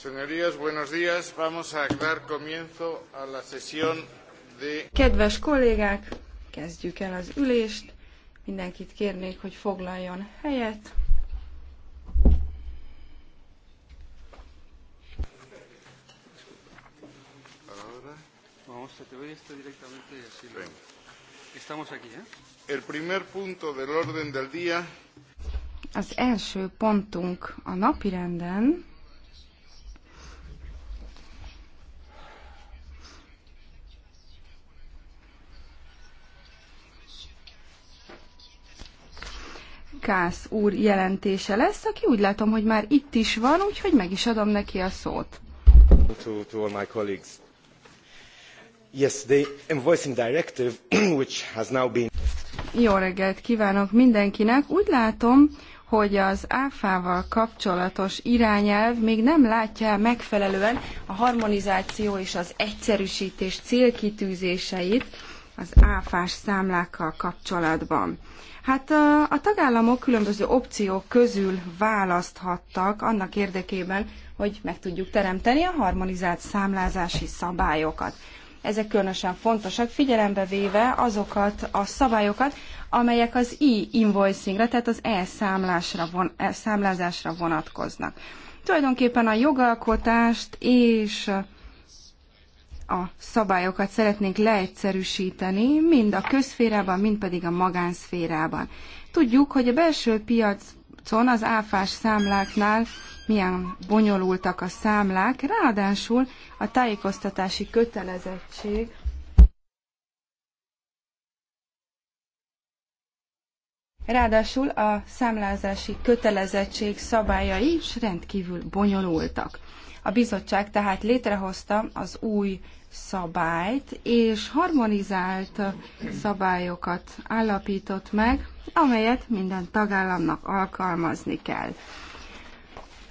Señorías, buenos días. Vamos a dar comienzo a la sesión de... Kedves kollégák, kezdjük el az ülést. Mindenkit kérnék, hogy foglaljon helyet. ¿eh? Az első pontunk a napirenden Dimász úr jelentése lesz, aki úgy látom, hogy már itt is van, úgyhogy meg is adom neki a szót. To, to all my colleagues. Yes, the invoicing directive, which has now been... Jó reggelt kívánok mindenkinek! Úgy látom, hogy az AF-val kapcsolatos irányelv még nem látja megfelelően a harmonizáció és az egyszerűsítés célkitűzéseit, az áfás számlákkal kapcsolatban. Hát a tagállamok különböző opciók közül választhattak annak érdekében, hogy meg tudjuk teremteni a harmonizált számlázási szabályokat. Ezek különösen fontosak, figyelembe véve azokat a szabályokat, amelyek az e-invoicingre, tehát az e-számlásra von, e számlázásra vonatkoznak. Tulajdonképpen a jogalkotást és a szabályokat szeretnénk leegyszerűsíteni, mind a közszférában, mind pedig a magánszférában. Tudjuk, hogy a belső piacon az áfás számláknál milyen bonyolultak a számlák, ráadásul a tájékoztatási kötelezettség Ráadásul a számlázási kötelezettség szabályai is rendkívül bonyolultak. A bizottság tehát létrehozta az új szabályt, és harmonizált szabályokat állapított meg, amelyet minden tagállamnak alkalmazni kell.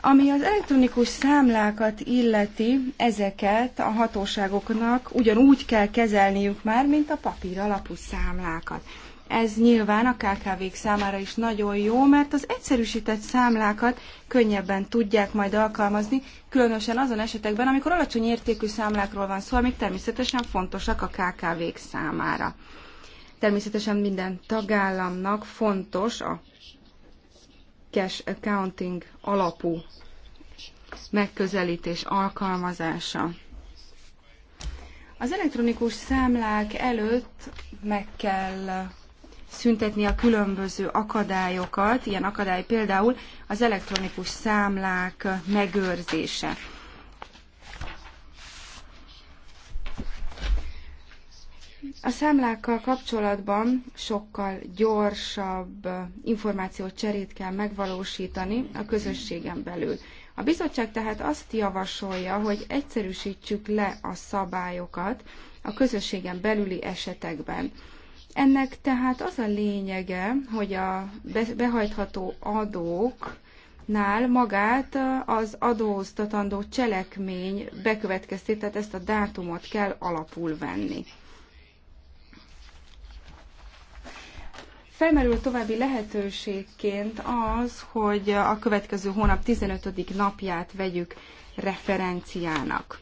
Ami az elektronikus számlákat illeti, ezeket a hatóságoknak ugyanúgy kell kezelniük már, mint a papír alapú számlákat. Ez nyilván a KKV-k számára is nagyon jó, mert az egyszerűsített számlákat könnyebben tudják majd alkalmazni, különösen azon esetekben, amikor alacsony értékű számlákról van szó, amik természetesen fontosak a KKV-k számára. Természetesen minden tagállamnak fontos a cash accounting alapú megközelítés alkalmazása. Az elektronikus számlák előtt meg kell szüntetni a különböző akadályokat, ilyen akadály például az elektronikus számlák megőrzése. A számlákkal kapcsolatban sokkal gyorsabb cserét kell megvalósítani a közösségen belül. A bizottság tehát azt javasolja, hogy egyszerűsítsük le a szabályokat a közösségen belüli esetekben. Ennek tehát az a lényege, hogy a behajtható adók Nál magát az adóztatandó cselekmény bekövetkeztét, tehát ezt a dátumot kell alapul venni. Felmerül további lehetőségként az, hogy a következő hónap 15. napját vegyük referenciának.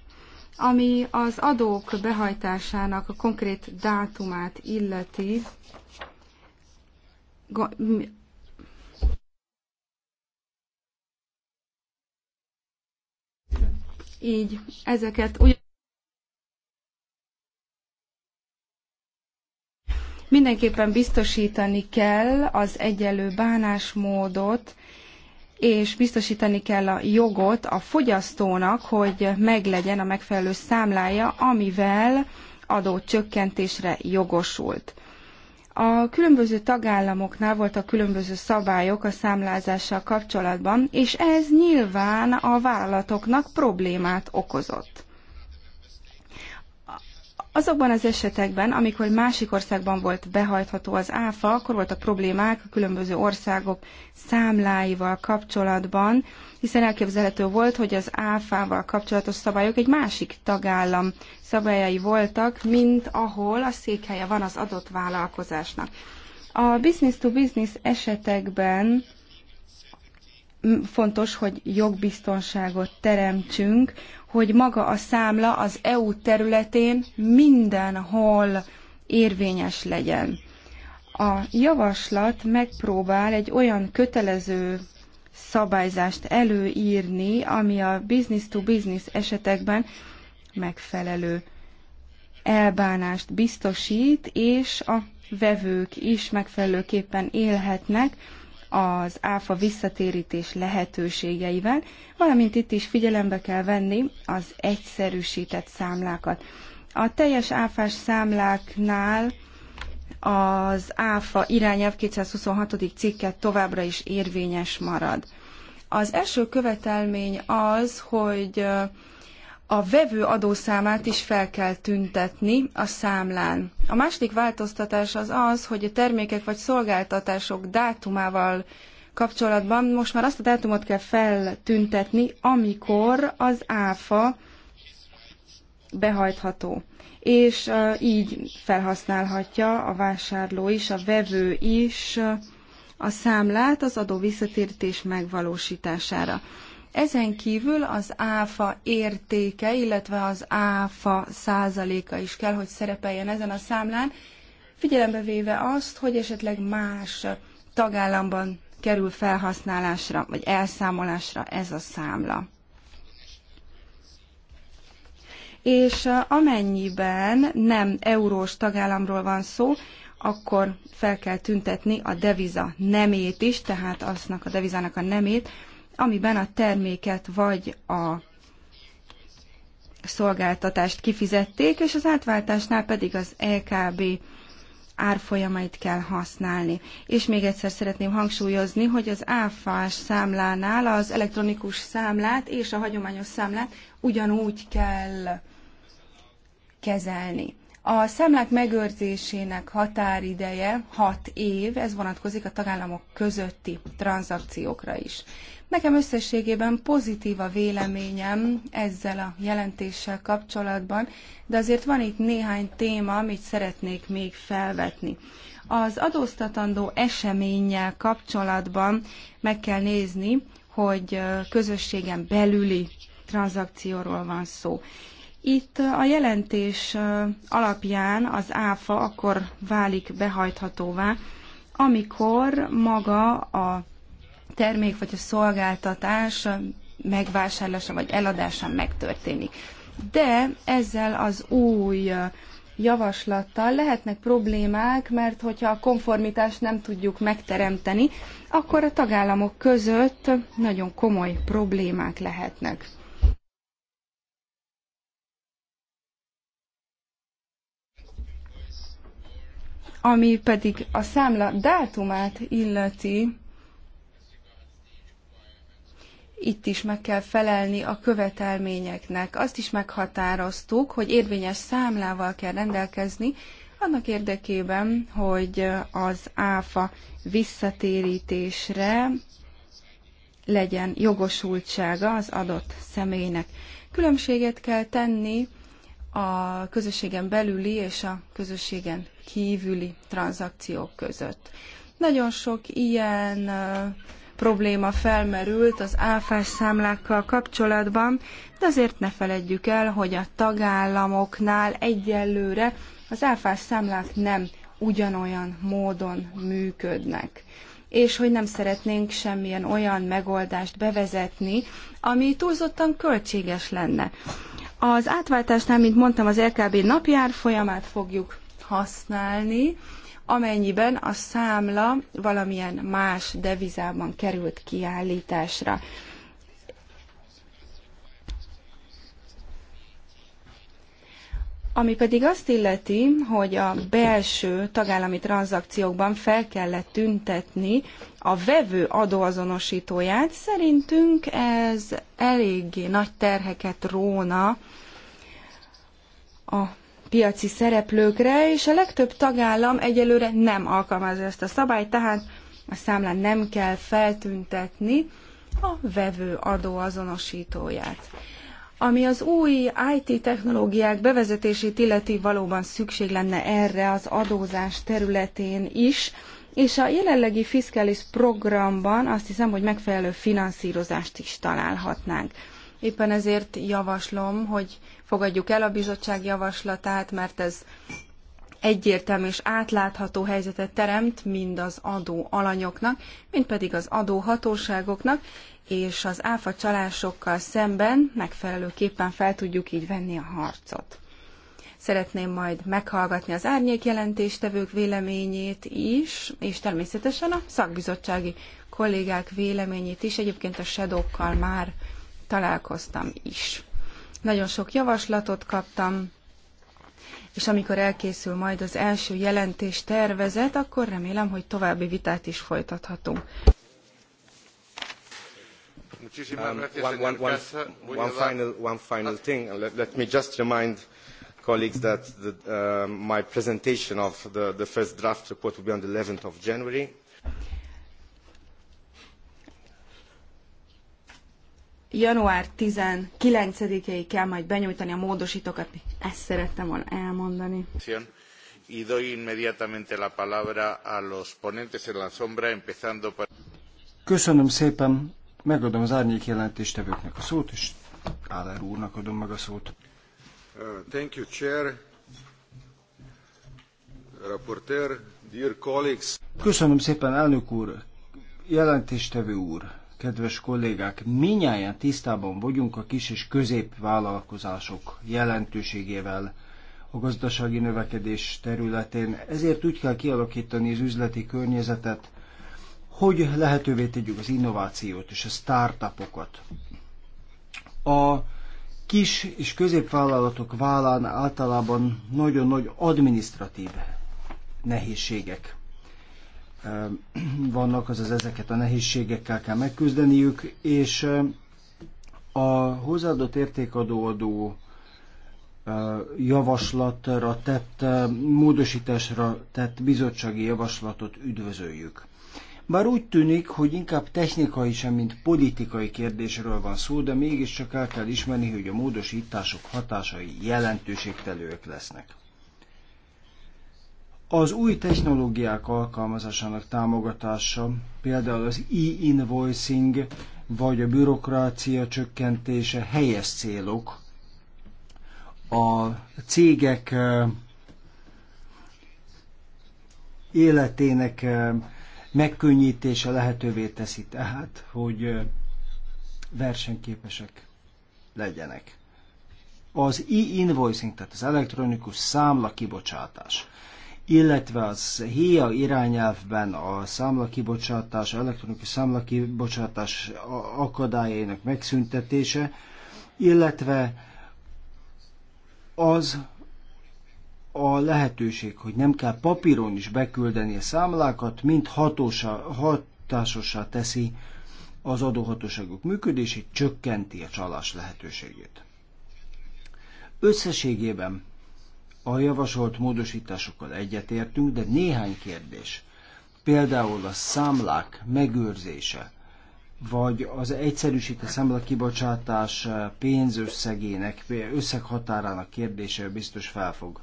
Ami az adók behajtásának a konkrét dátumát illeti, így ezeket úgy mindenképpen biztosítani kell az egyenlő bánásmódot és biztosítani kell a jogot a fogyasztónak, hogy meglegyen a megfelelő számlája, amivel adócsökkentésre jogosult. A különböző tagállamoknál voltak különböző szabályok a számlázással kapcsolatban, és ez nyilván a vállalatoknak problémát okozott. Azokban az esetekben, amikor másik országban volt behajtható az áfa, akkor voltak problémák a különböző országok számláival kapcsolatban, hiszen elképzelhető volt, hogy az áfával kapcsolatos szabályok egy másik tagállam szabályai voltak, mint ahol a székhelye van az adott vállalkozásnak. A business-to-business -business esetekben fontos, hogy jogbiztonságot teremtsünk, hogy maga a számla az EU területén mindenhol érvényes legyen. A javaslat megpróbál egy olyan kötelező szabályzást előírni, ami a business-to-business business esetekben megfelelő elbánást biztosít, és a vevők is megfelelőképpen élhetnek az áfa visszatérítés lehetőségeivel, valamint itt is figyelembe kell venni az egyszerűsített számlákat. A teljes áfás számláknál az áfa irányelv 226. cikket továbbra is érvényes marad. Az első követelmény az, hogy a vevő adószámát is fel kell tüntetni a számlán. A második változtatás az az, hogy a termékek vagy szolgáltatások dátumával kapcsolatban most már azt a dátumot kell feltüntetni, amikor az áfa behajtható. És így felhasználhatja a vásárló is, a vevő is a számlát az adó visszatérítés megvalósítására. Ezen kívül az áfa értéke, illetve az áfa százaléka is kell, hogy szerepeljen ezen a számlán, figyelembe véve azt, hogy esetleg más tagállamban kerül felhasználásra vagy elszámolásra ez a számla. És amennyiben nem eurós tagállamról van szó, akkor fel kell tüntetni a deviza nemét is, tehát aznak a devizának a nemét, amiben a terméket vagy a szolgáltatást kifizették, és az átváltásnál pedig az LKB árfolyamait kell használni. És még egyszer szeretném hangsúlyozni, hogy az áfás számlánál az elektronikus számlát és a hagyományos számlát ugyanúgy kell kezelni. A számlák megőrzésének határideje 6 év, ez vonatkozik a tagállamok közötti tranzakciókra is. Nekem összességében pozitív a véleményem ezzel a jelentéssel kapcsolatban, de azért van itt néhány téma, amit szeretnék még felvetni. Az adóztatandó eseménnyel kapcsolatban meg kell nézni, hogy közösségen belüli tranzakcióról van szó. Itt a jelentés alapján az áfa akkor válik behajthatóvá, amikor maga a termék vagy a szolgáltatás megvásárlása vagy eladása megtörténik. De ezzel az új javaslattal lehetnek problémák, mert hogyha a konformitást nem tudjuk megteremteni, akkor a tagállamok között nagyon komoly problémák lehetnek. Ami pedig a számla dátumát illeti, itt is meg kell felelni a követelményeknek. Azt is meghatároztuk, hogy érvényes számlával kell rendelkezni, annak érdekében, hogy az áfa visszatérítésre legyen jogosultsága az adott személynek. Különbséget kell tenni a közösségen belüli és a közösségen kívüli tranzakciók között. Nagyon sok ilyen uh, probléma felmerült az áfás számlákkal kapcsolatban, de azért ne feledjük el, hogy a tagállamoknál egyelőre az áfás számlák nem ugyanolyan módon működnek és hogy nem szeretnénk semmilyen olyan megoldást bevezetni, ami túlzottan költséges lenne. Az átváltásnál, mint mondtam, az LKB napjár folyamát fogjuk használni, amennyiben a számla valamilyen más devizában került kiállításra. Ami pedig azt illeti, hogy a belső tagállami tranzakciókban fel kellett tüntetni a vevő adóazonosítóját, szerintünk ez eléggé nagy terheket róna a piaci szereplőkre, és a legtöbb tagállam egyelőre nem alkalmazza ezt a szabályt, tehát a számlán nem kell feltüntetni a vevő adó azonosítóját. Ami az új IT technológiák bevezetését illeti, valóban szükség lenne erre az adózás területén is, és a jelenlegi fiskális programban azt hiszem, hogy megfelelő finanszírozást is találhatnánk. Éppen ezért javaslom, hogy fogadjuk el a bizottság javaslatát, mert ez egyértelmű és átlátható helyzetet teremt mind az adó alanyoknak, mind pedig az adóhatóságoknak, és az áfa csalásokkal szemben megfelelőképpen fel tudjuk így venni a harcot. Szeretném majd meghallgatni az árnyék jelentéstevők véleményét is, és természetesen a szakbizottsági kollégák véleményét is. Egyébként a sedókkal már találkoztam is. Nagyon sok javaslatot kaptam, és amikor elkészül majd az első jelentés tervezet, akkor remélem, hogy további vitát is folytathatunk. Um, one, one, one, one final, one final thing. Let, let me just remind colleagues that the, uh, my presentation of the, the first draft report will be on the 11th of January. január 19-éig kell majd benyújtani a módosítókat. Ezt szerettem volna elmondani. Y doy inmediatamente la palabra a los ponentes en la sombra, empezando por... Köszönöm szépen, megadom az árnyék jelentéstevőknek a szót, és Áder úrnak adom meg a szót. Uh, thank you, Chair. Rapporteur, dear colleagues. Köszönöm szépen, elnök úr, jelentéstevő úr, kedves kollégák, minnyáján tisztában vagyunk a kis és középvállalkozások jelentőségével a gazdasági növekedés területén. Ezért úgy kell kialakítani az üzleti környezetet, hogy lehetővé tegyük az innovációt és a startupokat. A kis és középvállalatok vállán általában nagyon nagy administratív nehézségek vannak, azaz ezeket a nehézségekkel kell megküzdeniük, és a hozzáadott értékadóadó javaslatra tett, módosításra tett bizottsági javaslatot üdvözöljük. Bár úgy tűnik, hogy inkább technikai sem, mint politikai kérdésről van szó, de mégiscsak el kell ismerni, hogy a módosítások hatásai jelentőségtelőek lesznek. Az új technológiák alkalmazásának támogatása, például az e-invoicing vagy a bürokrácia csökkentése helyes célok. A cégek eh, életének eh, megkönnyítése lehetővé teszi tehát, hogy eh, versenyképesek legyenek. Az e-invoicing, tehát az elektronikus számla kibocsátás illetve az HIA irányelvben a számlakibocsátás, elektronikus számlakibocsátás akadályainak megszüntetése, illetve az a lehetőség, hogy nem kell papíron is beküldeni a számlákat, mint hatósa, hatásossá teszi az adóhatóságok működését, csökkenti a csalás lehetőségét. Összességében a javasolt módosításokkal egyetértünk, de néhány kérdés, például a számlák megőrzése, vagy az egyszerűsített számlakibocsátás eh, pénzösszegének, összeghatárának kérdése biztos fel fog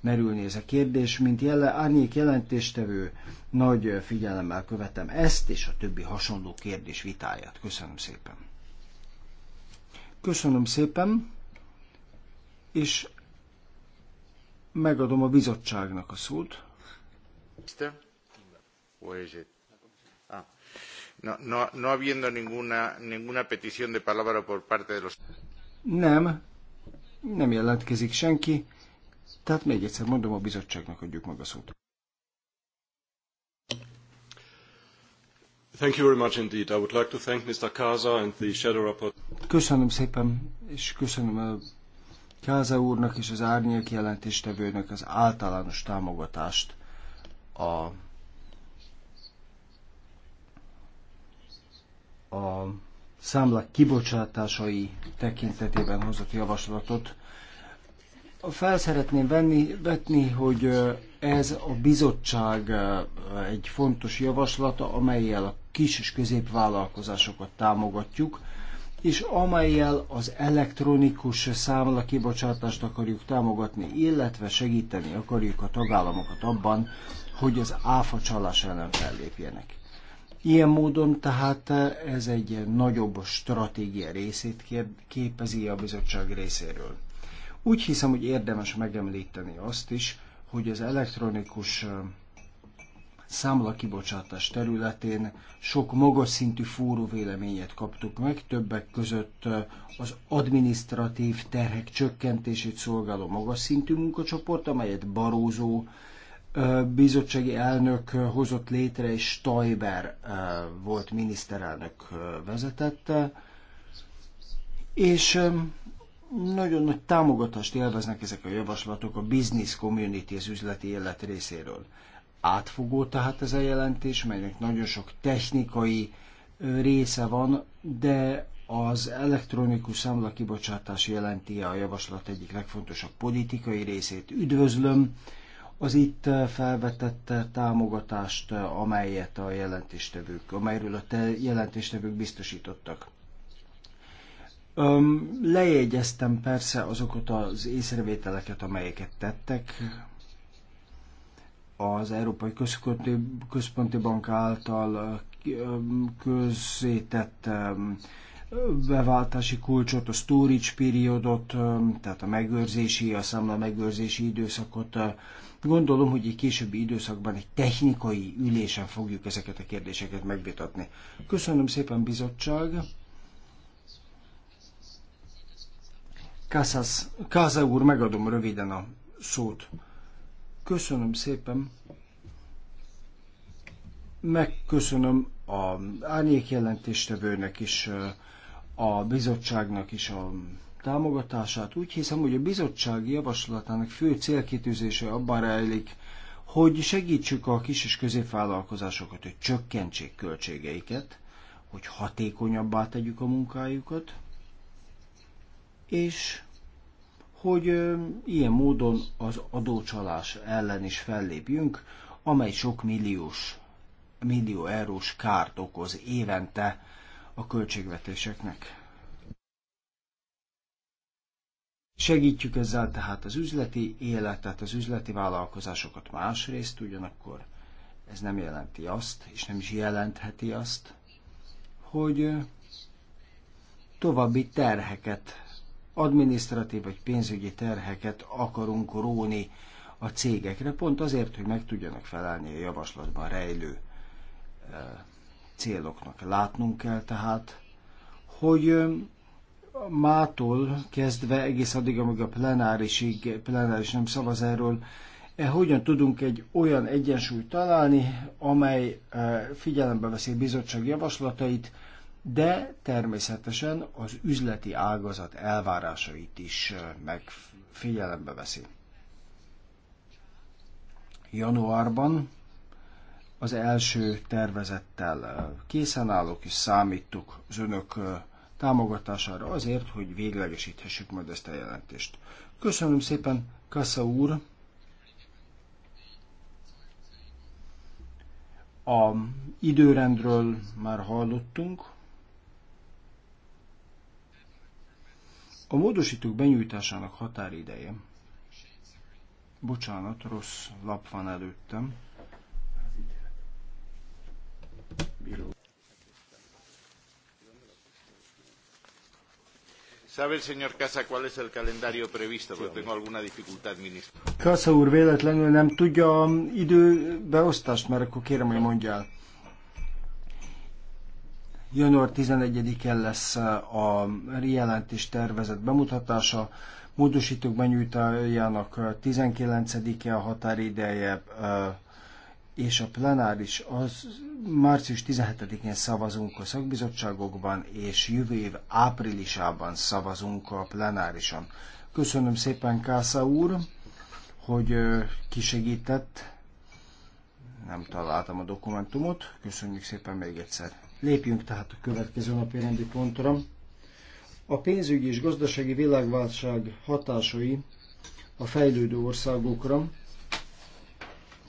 merülni ez a kérdés, mint jelle, árnyék jelentéstevő nagy figyelemmel követem ezt és a többi hasonló kérdés vitáját. Köszönöm szépen. Köszönöm szépen, és Megadom a bizottságnak a szót. Eh, ah, no, no, no habiendo ninguna, ninguna petición de palabra por parte de los... Nem, nem jelentkezik senki, tehát még egyszer mondom, a bizottságnak adjuk meg a szót. Thank you very much indeed. I would like to thank Mr. Kaza and the shadow rapport. Köszönöm szépen, és köszönöm a Káza úrnak és az árnyék jelentéstevőnek az általános támogatást a, a számlák kibocsátásai tekintetében hozott javaslatot. Fel szeretném venni, vetni, hogy ez a bizottság egy fontos javaslata, amelyel a kis és középvállalkozásokat támogatjuk, és amelyel az elektronikus számla kibocsátást akarjuk támogatni, illetve segíteni akarjuk a tagállamokat abban, hogy az áfa csalás ellen fellépjenek. Ilyen módon tehát ez egy nagyobb stratégia részét képezi a bizottság részéről. Úgy hiszem, hogy érdemes megemlíteni azt is, hogy az elektronikus számlakibocsátás területén sok magas szintű fóró véleményet kaptuk meg, többek között az administratív terhek csökkentését szolgáló magas szintű munkacsoport, amelyet Barózó bizottsági elnök hozott létre, és Stajber volt miniszterelnök vezetette, és nagyon nagy támogatást élveznek ezek a javaslatok a business community, az üzleti élet részéről átfogó tehát ez a jelentés, melynek nagyon sok technikai része van, de az elektronikus számlakibocsátás jelenti a javaslat egyik legfontosabb politikai részét. Üdvözlöm az itt felvetett támogatást, amelyet a jelentéstevők, amelyről a te jelentéstevők biztosítottak. Öm, lejegyeztem persze azokat az észrevételeket, amelyeket tettek, az Európai Központi, Központi Bank által közzétett beváltási kulcsot, a storage periodot, tehát a megőrzési, a számla megőrzési időszakot. Gondolom, hogy egy későbbi időszakban egy technikai ülésen fogjuk ezeket a kérdéseket megvitatni. Köszönöm szépen, bizottság! Kászasz, Káza úr, megadom röviden a szót. Köszönöm szépen. Megköszönöm a árnyék jelentéstevőnek is, a bizottságnak is a támogatását. Úgy hiszem, hogy a bizottság javaslatának fő célkitűzése abban rejlik, hogy segítsük a kis és középvállalkozásokat, hogy csökkentsék költségeiket, hogy hatékonyabbá tegyük a munkájukat, és hogy ilyen módon az adócsalás ellen is fellépjünk, amely sok milliós, millió eurós kárt okoz évente a költségvetéseknek. Segítjük ezzel tehát az üzleti életet, az üzleti vállalkozásokat másrészt, ugyanakkor ez nem jelenti azt, és nem is jelentheti azt, hogy további terheket adminisztratív vagy pénzügyi terheket akarunk róni a cégekre, pont azért, hogy meg tudjanak felelni a javaslatban rejlő e, céloknak. Látnunk kell tehát, hogy mától kezdve egész addig, amíg a plenárisig, plenáris nem szavaz erről, e, hogyan tudunk egy olyan egyensúlyt találni, amely e, figyelembe veszi a bizottság javaslatait, de természetesen az üzleti ágazat elvárásait is megfigyelembe veszi. Januárban az első tervezettel készen állok, és számítok az önök támogatására azért, hogy véglegesíthessük majd ezt a jelentést. Köszönöm szépen, Kassa úr! A időrendről már hallottunk, A módosítók benyújtásának határideje. Bocsánat, rossz lap van előttem. Bíró. ¿Sabe el señor Casa cuál es el calendario previsto? Porque tengo alguna dificultad Casa úr véletlenül nem tudja időbeosztást, mert akkor kérem, hogy mondja el. Január 11-en lesz a jelentés tervezet bemutatása, módosítók benyújtájának 19-e a határideje, és a plenáris az március 17-én szavazunk a szakbizottságokban, és jövő év áprilisában szavazunk a plenárison. Köszönöm szépen Kásza úr, hogy kisegített, nem találtam a dokumentumot, köszönjük szépen még egyszer. Lépjünk tehát a következő napi rendi pontra. A pénzügyi és gazdasági világválság hatásai a fejlődő országokra.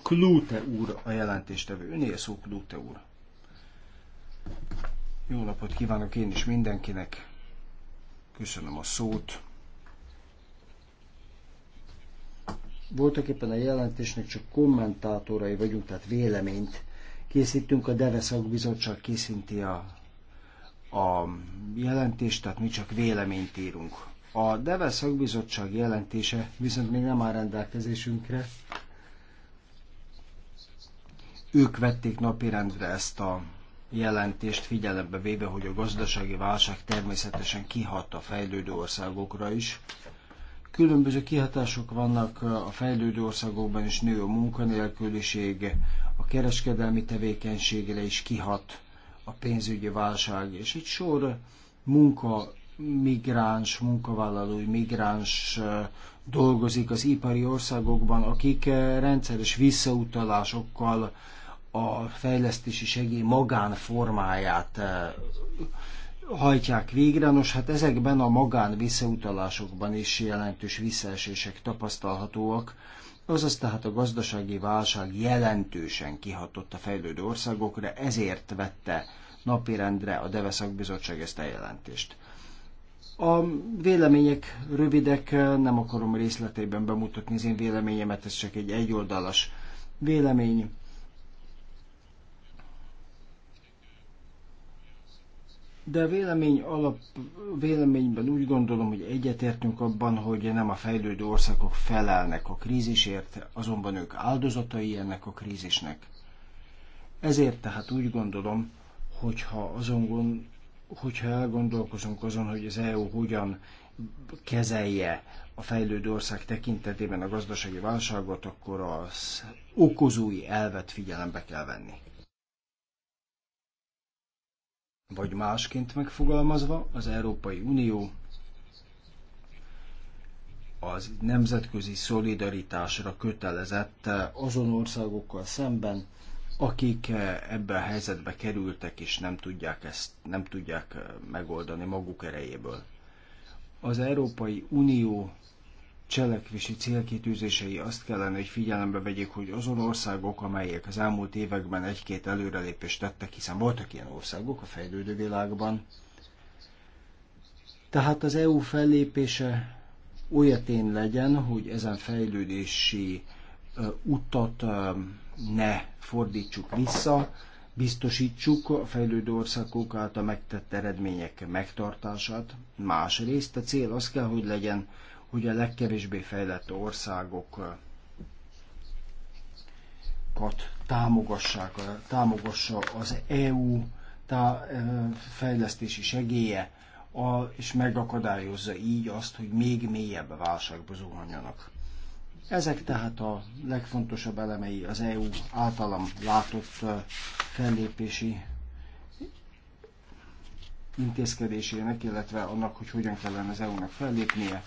Klúte úr a jelentéstevő. Önél szó Klúte úr. Jó napot kívánok én is mindenkinek. Köszönöm a szót. Voltak éppen a jelentésnek csak kommentátorai vagyunk, tehát véleményt készítünk, a Deveszak Bizottság készíti a, a jelentést, tehát mi csak véleményt írunk. A Deve Szakbizottság jelentése viszont még nem áll rendelkezésünkre. Ők vették napirendre ezt a jelentést figyelembe véve, hogy a gazdasági válság természetesen kihat a fejlődő országokra is. Különböző kihatások vannak a fejlődő országokban is nő a munkanélküliség, a kereskedelmi tevékenységre is kihat a pénzügyi válság, és egy sor munka migráns, munkavállalói migráns dolgozik az ipari országokban, akik rendszeres visszautalásokkal a fejlesztési segély magánformáját hajtják végre. Nos, hát ezekben a magán visszautalásokban is jelentős visszaesések tapasztalhatóak. Azaz tehát a gazdasági válság jelentősen kihatott a fejlődő országokra, ezért vette napirendre a Deve Szakbizottság ezt a jelentést. A vélemények rövidek, nem akarom részleteiben bemutatni az én véleményemet, ez csak egy egyoldalas vélemény. de vélemény alap, véleményben úgy gondolom, hogy egyetértünk abban, hogy nem a fejlődő országok felelnek a krízisért, azonban ők áldozatai ennek a krízisnek. Ezért tehát úgy gondolom, hogyha, azon gond, hogyha elgondolkozunk azon, hogy az EU hogyan kezelje a fejlődő ország tekintetében a gazdasági válságot, akkor az okozói elvet figyelembe kell venni. Vagy másként megfogalmazva, az Európai Unió az nemzetközi szolidaritásra kötelezett azon országokkal szemben, akik ebben a helyzetbe kerültek, és nem tudják ezt, nem tudják megoldani maguk erejéből. Az Európai Unió cselekvési célkitűzései azt kellene, hogy figyelembe vegyék, hogy azon országok, amelyek az elmúlt években egy-két előrelépést tettek, hiszen voltak ilyen országok a fejlődő világban. Tehát az EU fellépése olyatén legyen, hogy ezen fejlődési utat ne fordítsuk vissza, biztosítsuk a fejlődő országok által megtett eredmények megtartását. Másrészt a cél az kell, hogy legyen, hogy a legkevésbé fejlett országokat támogassák, támogassa az EU tá, fejlesztési segélye, a, és megakadályozza így azt, hogy még mélyebb válságba zuhanjanak. Ezek tehát a legfontosabb elemei az EU általam látott fellépési intézkedésének, illetve annak, hogy hogyan kellene az EU-nak fellépnie.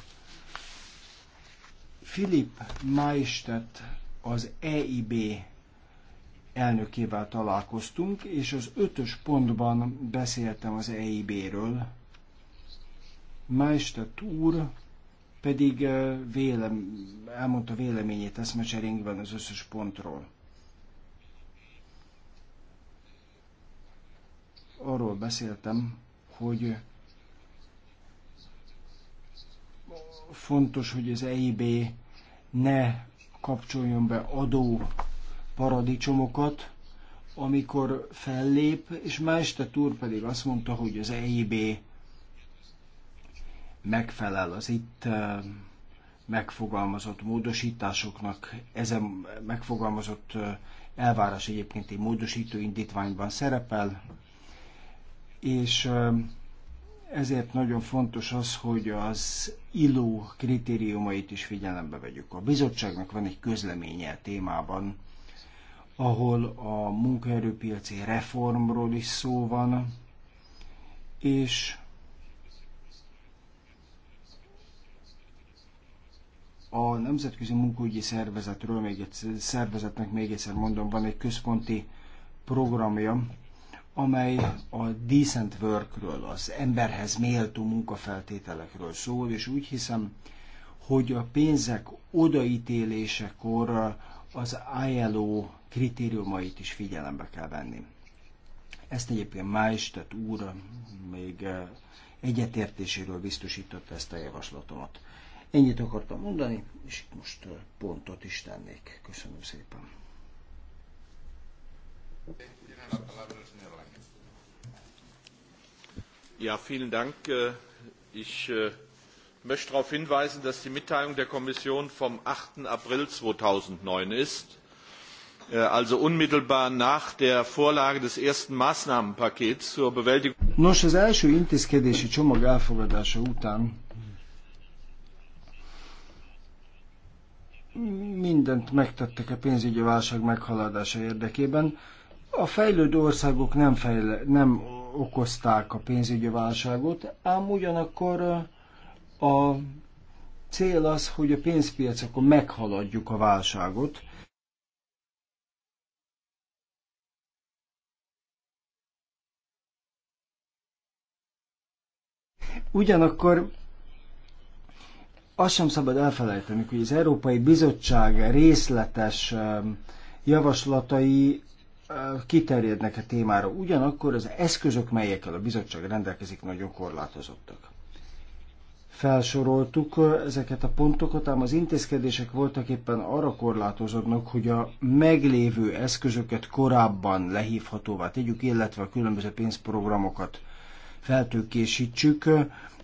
Philip Maistet az EIB elnökével találkoztunk, és az ötös pontban beszéltem az EIB-ről. Maistet úr pedig eh, vélem, elmondta véleményét eszmecserénkben az összes pontról. Arról beszéltem, hogy fontos, hogy az EIB ne kapcsoljon be adó paradicsomokat, amikor fellép, és Maestet Túr pedig azt mondta, hogy az EIB megfelel az itt eh, megfogalmazott módosításoknak, ezen megfogalmazott eh, elvárás egyébként egy módosító indítványban szerepel, és eh, ezért nagyon fontos az, hogy az ILO kritériumait is figyelembe vegyük. A bizottságnak van egy közleménye a témában, ahol a munkaerőpiaci reformról is szó van, és a Nemzetközi Munkaügyi Szervezetről, még egy, szervezetnek még egyszer mondom, van egy központi programja, amely a decent workről, az emberhez méltó munkafeltételekről szól, és úgy hiszem, hogy a pénzek odaítélésekor az ILO kritériumait is figyelembe kell venni. Ezt egyébként Máistet úr még eh, egyetértéséről biztosította ezt a javaslatomat. Ennyit akartam mondani, és itt most eh, pontot is tennék. Köszönöm szépen. Ja, vielen Dank. Äh, ich äh, möchte darauf hinweisen, dass die Mitteilung der Kommission vom 8. April 2009 ist, äh, also unmittelbar nach der Vorlage des ersten Maßnahmenpakets zur Bewältigung. Nos, az első intézkedési csomag elfogadása után mindent megtettek a pénzügyi válság meghaladása érdekében. A fejlődő országok nem, fejle, nem okozták a pénzügyi válságot, ám ugyanakkor a cél az, hogy a pénzpiacokon meghaladjuk a válságot, Ugyanakkor azt sem szabad elfelejteni, hogy az Európai Bizottság részletes javaslatai kiterjednek a témára, ugyanakkor az eszközök, melyekkel a bizottság rendelkezik, nagyon korlátozottak. Felsoroltuk ezeket a pontokat, ám az intézkedések voltak éppen arra korlátozódnak, hogy a meglévő eszközöket korábban lehívhatóvá tegyük, illetve a különböző pénzprogramokat feltőkésítsük.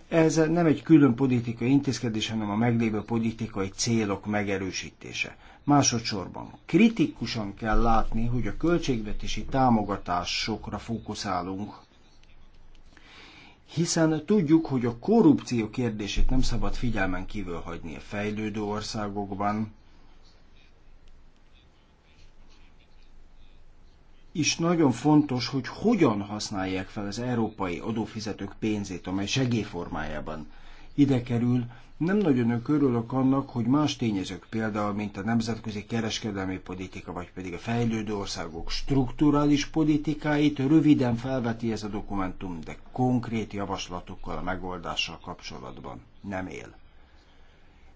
Ez nem egy külön politikai intézkedés, hanem a meglévő politikai célok megerősítése. Másodszorban kritikusan kell látni, hogy a költségvetési támogatásokra fókuszálunk, hiszen tudjuk, hogy a korrupció kérdését nem szabad figyelmen kívül hagyni a fejlődő országokban, és nagyon fontos, hogy hogyan használják fel az európai adófizetők pénzét, amely segélyformájában ide kerül, nem nagyon örülök annak, hogy más tényezők, például mint a nemzetközi kereskedelmi politika, vagy pedig a fejlődő országok strukturális politikáit röviden felveti ez a dokumentum, de konkrét javaslatokkal a megoldással kapcsolatban nem él.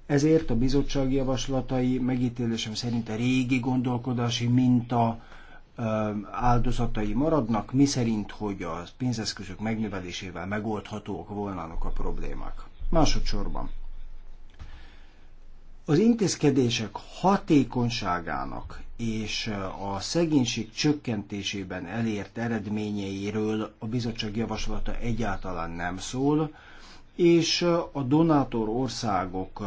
Ezért a bizottság javaslatai megítélésem szerint a régi gondolkodási minta áldozatai maradnak, miszerint, hogy a pénzeszközök megnövelésével megoldhatóak volnának a problémák. Másodszorban az intézkedések hatékonyságának és a szegénység csökkentésében elért eredményeiről a bizottság javaslata egyáltalán nem szól, és a donátor országok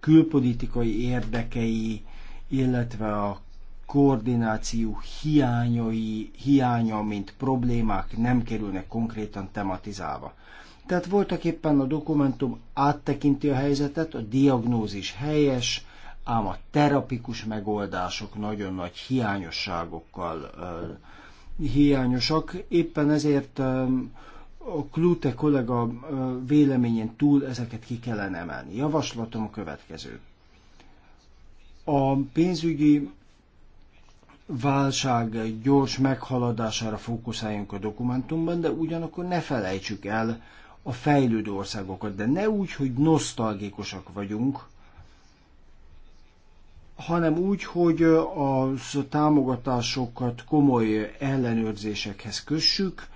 külpolitikai érdekei, illetve a koordináció hiányai, hiánya, mint problémák nem kerülnek konkrétan tematizálva. Tehát voltak éppen a dokumentum áttekinti a helyzetet, a diagnózis helyes, ám a terapikus megoldások nagyon nagy hiányosságokkal hiányosak. Éppen ezért a Klute kollega véleményen túl ezeket ki kellene emelni. Javaslatom a következő. A pénzügyi válság gyors meghaladására fókuszáljunk a dokumentumban, de ugyanakkor ne felejtsük el, a fejlődő országokat, de ne úgy, hogy nosztalgikusak vagyunk, hanem úgy, hogy a támogatásokat komoly ellenőrzésekhez kössük.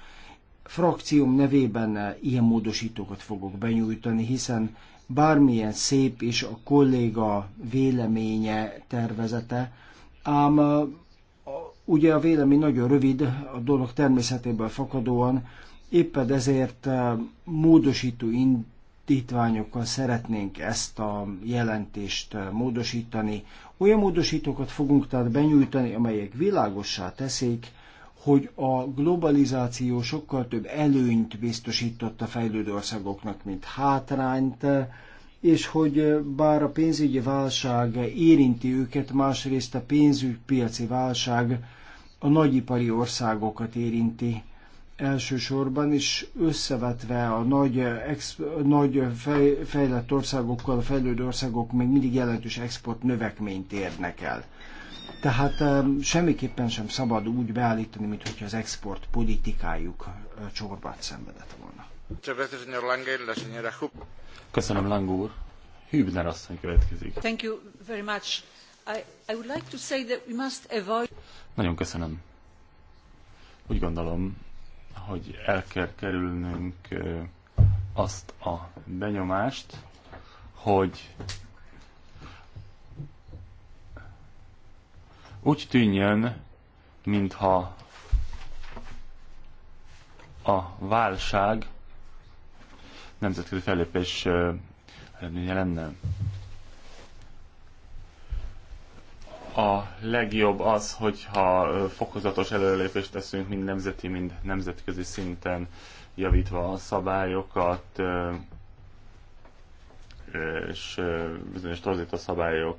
Frakcióm nevében ilyen módosítókat fogok benyújtani, hiszen bármilyen szép is a kolléga véleménye, tervezete, ám ugye a vélemény nagyon rövid, a dolog természetéből fakadóan, Éppen ezért eh, módosító indítványokkal szeretnénk ezt a jelentést eh, módosítani. Olyan módosítókat fogunk tehát benyújtani, amelyek világossá teszik, hogy a globalizáció sokkal több előnyt biztosított a fejlődő országoknak, mint hátrányt, eh, és hogy bár a pénzügyi válság érinti őket, másrészt a pénzügypiaci válság a nagyipari országokat érinti, elsősorban is összevetve a nagy, ex, nagy fej, fejlett országokkal, a fejlődő országok még mindig jelentős export növekményt érnek el. Tehát semmiképpen sem szabad úgy beállítani, mint hogyha az export politikájuk csorbát szenvedett volna. Köszönöm, Lang úr. Hübner asszony következik. Thank you very much. I, I would like to say that we must avoid... Nagyon köszönöm. Úgy gondolom, hogy el kell kerülnünk azt a benyomást, hogy úgy tűnjön, mintha a válság nemzetközi fellépés eredménye lenne. a legjobb az, hogyha fokozatos előrelépést teszünk mind nemzeti, mind nemzetközi szinten, javítva a szabályokat, és bizonyos torzító szabályok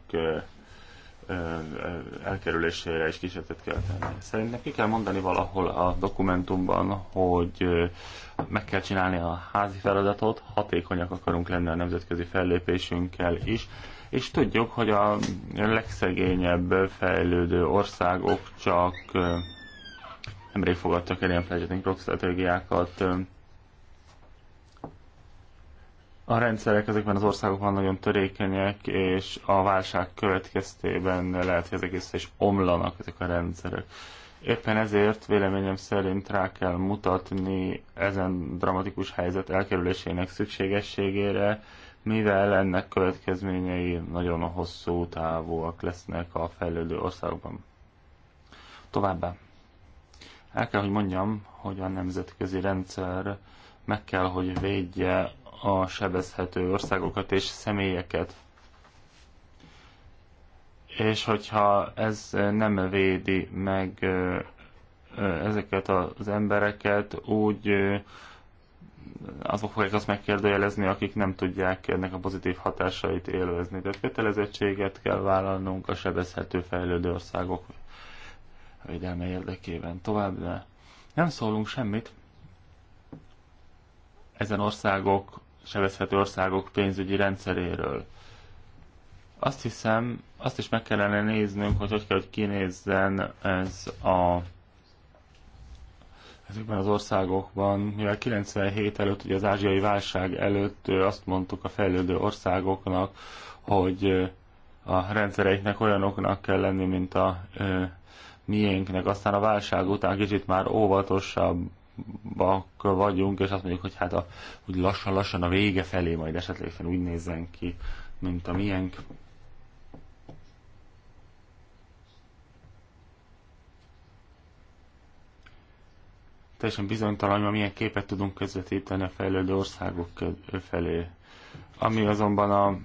elkerülésére is kísérletet kell tenni. Szerintem ki kell mondani valahol a dokumentumban, hogy meg kell csinálni a házi feladatot, hatékonyak akarunk lenni a nemzetközi fellépésünkkel is, és tudjuk, hogy a legszegényebb fejlődő országok csak nemrég fogadtak el ilyen fledgeting stratégiákat. A rendszerek ezekben az országokban nagyon törékenyek, és a válság következtében lehet, hogy ezek is, is omlanak ezek a rendszerek. Éppen ezért véleményem szerint rá kell mutatni ezen dramatikus helyzet elkerülésének szükségességére, mivel ennek következményei nagyon hosszú távúak lesznek a fejlődő országban. Továbbá, el kell, hogy mondjam, hogy a nemzetközi rendszer meg kell, hogy védje a sebezhető országokat és személyeket. És hogyha ez nem védi meg ezeket az embereket, úgy azok fogják azt megkérdőjelezni, akik nem tudják ennek a pozitív hatásait élvezni. Tehát kötelezettséget kell vállalnunk a sebezhető fejlődő országok védelme érdekében. de nem szólunk semmit ezen országok, sebezhető országok pénzügyi rendszeréről. Azt hiszem, azt is meg kellene néznünk, hogy hogy kell, hogy kinézzen ez a ezekben az országokban, mivel 97 előtt, ugye az ázsiai válság előtt azt mondtuk a fejlődő országoknak, hogy a rendszereiknek olyanoknak kell lenni, mint a miénknek. Aztán a válság után kicsit már óvatosabbak vagyunk, és azt mondjuk, hogy hát a, úgy lassan-lassan a vége felé majd esetleg úgy nézzen ki, mint a miénk. teljesen bizonytalan, hogy milyen képet tudunk közvetíteni a fejlődő országok felé. Ami azonban a,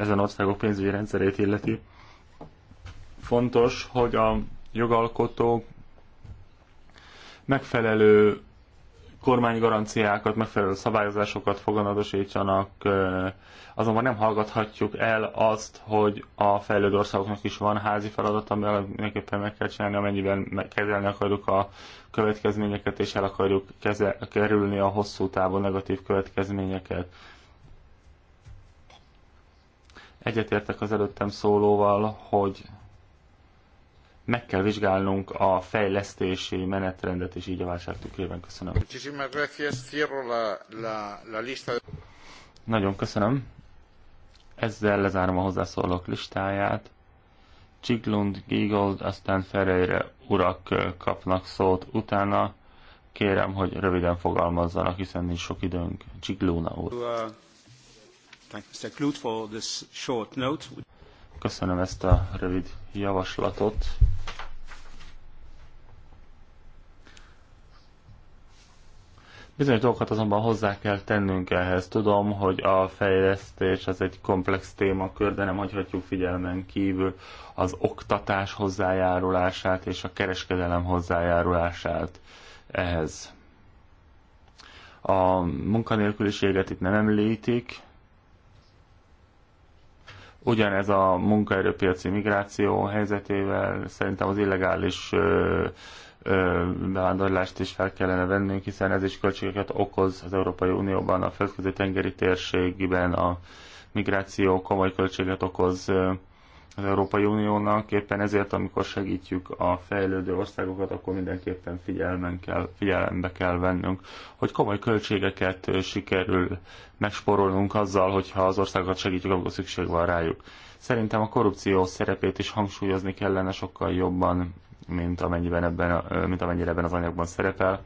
ezen országok pénzügyi rendszerét illeti, fontos, hogy a jogalkotók megfelelő kormánygaranciákat, megfelelő szabályozásokat foganatosítsanak, azonban nem hallgathatjuk el azt, hogy a fejlődő országoknak is van házi feladat, amivel mindenképpen meg kell csinálni, amennyiben kezelni akarjuk a következményeket, és el akarjuk kezel- kerülni a hosszú távú negatív következményeket. Egyetértek az előttem szólóval, hogy meg kell vizsgálnunk a fejlesztési menetrendet, és így a válság tükrében köszönöm. Nagyon köszönöm. Ezzel lezárom a hozzászólók listáját. Csiglund, Gigold, aztán Ferreire urak kapnak szót. Utána kérem, hogy röviden fogalmazzanak, hiszen nincs sok időnk. Csiglóna úr. Uh, Köszönöm ezt a rövid javaslatot. Bizonyos dolgokat azonban hozzá kell tennünk ehhez. Tudom, hogy a fejlesztés az egy komplex témakör, de nem hagyhatjuk figyelmen kívül az oktatás hozzájárulását és a kereskedelem hozzájárulását ehhez. A munkanélküliséget itt nem említik, Ugyanez a munkaerőpiaci migráció helyzetével szerintem az illegális bevándorlást is fel kellene vennünk, hiszen ez is költségeket okoz az Európai Unióban, a földközi tengeri térségben a migráció komoly költséget okoz. Ö, az Európai Uniónak, éppen ezért, amikor segítjük a fejlődő országokat, akkor mindenképpen figyelmen kell, figyelembe kell vennünk, hogy komoly költségeket sikerül megsporolnunk azzal, hogyha az országokat segítjük, akkor szükség van rájuk. Szerintem a korrupció szerepét is hangsúlyozni kellene sokkal jobban, mint, amennyiben ebben, mint amennyire ebben az anyagban szerepel.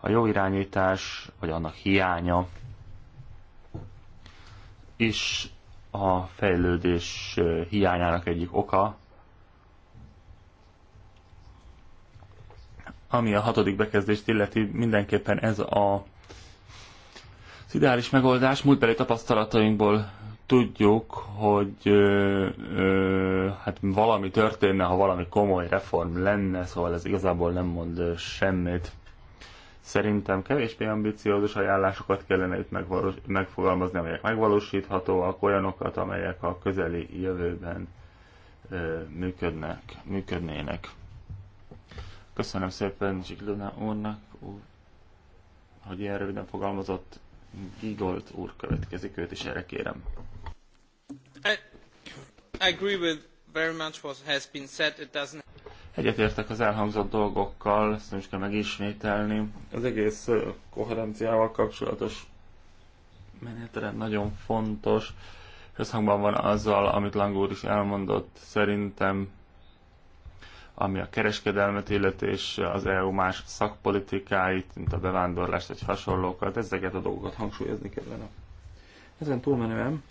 A jó irányítás, vagy annak hiánya és a fejlődés hiányának egyik oka, ami a hatodik bekezdést illeti, mindenképpen ez a az ideális megoldás. Múltbeli tapasztalatainkból tudjuk, hogy ö, ö, hát valami történne, ha valami komoly reform lenne, szóval ez igazából nem mond semmit. Szerintem kevésbé ambiciózus ajánlásokat kellene itt megfogalmazni, amelyek megvalósíthatóak, olyanokat, amelyek a közeli jövőben ö, működnek, működnének. Köszönöm szépen Zsiglona úrnak, úr, hogy ilyen röviden fogalmazott. Gigolt úr következik, őt is erre kérem. I, I agree with very much what has been said. It doesn't Egyetértek az elhangzott dolgokkal, ezt nem is kell megismételni. Az egész koherenciával kapcsolatos menetrend nagyon fontos. Összhangban van azzal, amit Langúr is elmondott, szerintem ami a kereskedelmet illeti és az EU más szakpolitikáit, mint a bevándorlást egy hasonlókat, ezeket a dolgokat hangsúlyozni kellene. Ezen túlmenően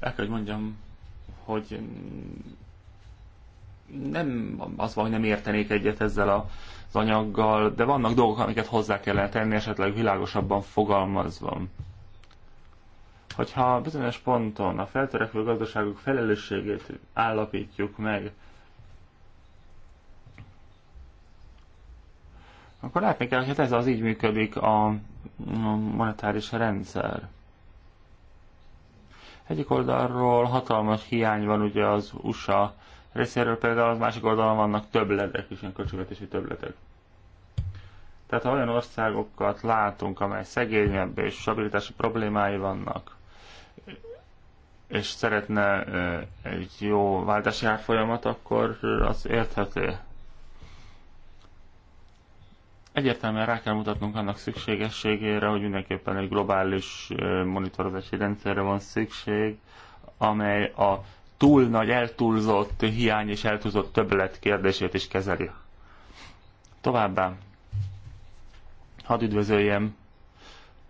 el kell, hogy mondjam, hogy nem az van, hogy nem értenék egyet ezzel az anyaggal, de vannak dolgok, amiket hozzá kellene tenni, esetleg világosabban fogalmazva. Hogyha bizonyos ponton a feltörekvő gazdaságok felelősségét állapítjuk meg, akkor látni kell, hogy hát ez az így működik a monetáris rendszer. Egyik oldalról hatalmas hiány van ugye az USA részéről, például az másik oldalon vannak többletek is, ilyen költségvetési többletek. Tehát ha olyan országokat látunk, amely szegényebb és stabilitási problémái vannak, és szeretne egy jó váltási árfolyamat, akkor az érthető egyértelműen rá kell mutatnunk annak szükségességére, hogy mindenképpen egy globális monitorozási rendszerre van szükség, amely a túl nagy, eltúlzott hiány és eltúlzott többlet kérdését is kezeli. Továbbá, hadd üdvözöljem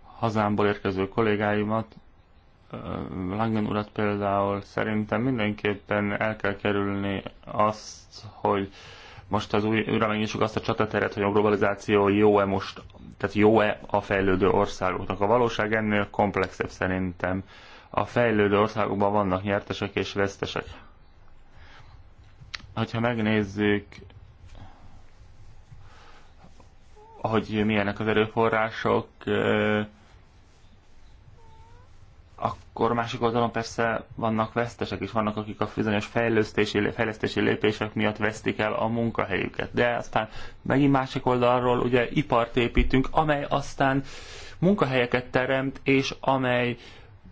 hazámból érkező kollégáimat, Langen urat például szerintem mindenképpen el kell kerülni azt, hogy most az új, újra megnyissuk azt a csatateret, hogy a globalizáció jó-e most, tehát jó-e a fejlődő országoknak. A valóság ennél komplexebb szerintem. A fejlődő országokban vannak nyertesek és vesztesek. Hogyha megnézzük, hogy milyenek az erőforrások, akkor másik oldalon persze vannak vesztesek is, vannak akik a bizonyos fejlesztési, fejlesztési lépések miatt vesztik el a munkahelyüket. De aztán megint másik oldalról ugye ipart építünk, amely aztán munkahelyeket teremt, és amely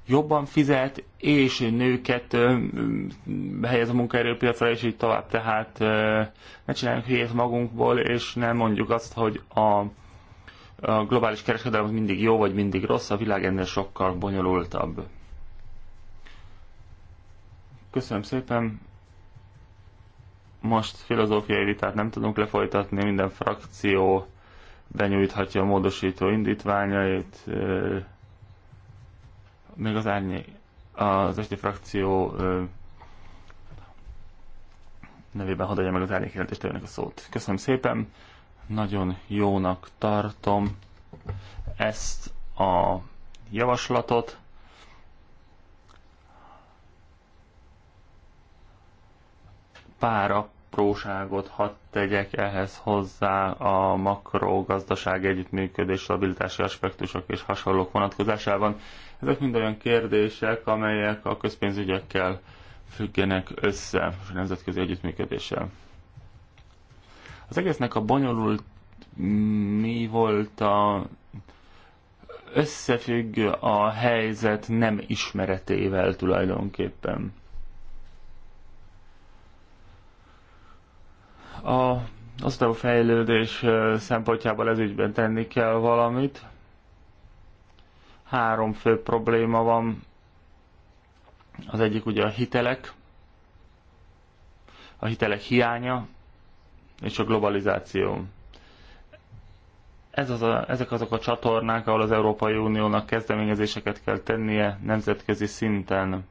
jobban fizet, és nőket ö, ö, helyez a munkaerőpiacra, és így tovább. Tehát ö, ne csináljunk hülyét magunkból, és nem mondjuk azt, hogy a a globális kereskedelem mindig jó, vagy mindig rossz, a világ ennél sokkal bonyolultabb. Köszönöm szépen. Most filozófiai vitát nem tudunk lefolytatni, minden frakció benyújthatja a módosító indítványait. Még az árnyék, az esti frakció nevében hadd meg az árnyékjelentéstevőnek a szót. Köszönöm szépen, nagyon jónak tartom ezt a javaslatot. pár apróságot hadd tegyek ehhez hozzá a makrogazdaság együttműködés, stabilitási aspektusok és hasonlók vonatkozásában. Ezek mind olyan kérdések, amelyek a közpénzügyekkel függenek össze, a nemzetközi együttműködéssel. Az egésznek a bonyolult mm, mi volt a összefügg a helyzet nem ismeretével tulajdonképpen. A aztán a fejlődés szempontjából ez ügyben tenni kell valamit. Három fő probléma van. Az egyik ugye a hitelek, a hitelek hiánya és a globalizáció. Ez az a, ezek azok a csatornák, ahol az Európai Uniónak kezdeményezéseket kell tennie nemzetközi szinten.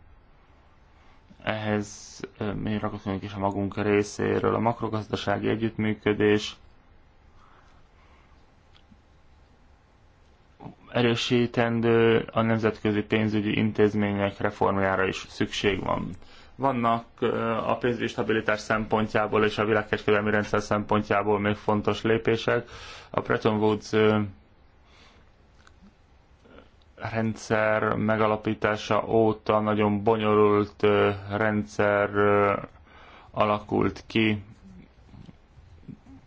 Ehhez mi rakottunk is a magunk részéről. A makrogazdasági együttműködés erősítendő, a nemzetközi pénzügyi intézmények reformjára is szükség van. Vannak a pénzügyi stabilitás szempontjából és a világkereskedelmi rendszer szempontjából még fontos lépések. A Bretton Woods rendszer megalapítása óta nagyon bonyolult rendszer alakult ki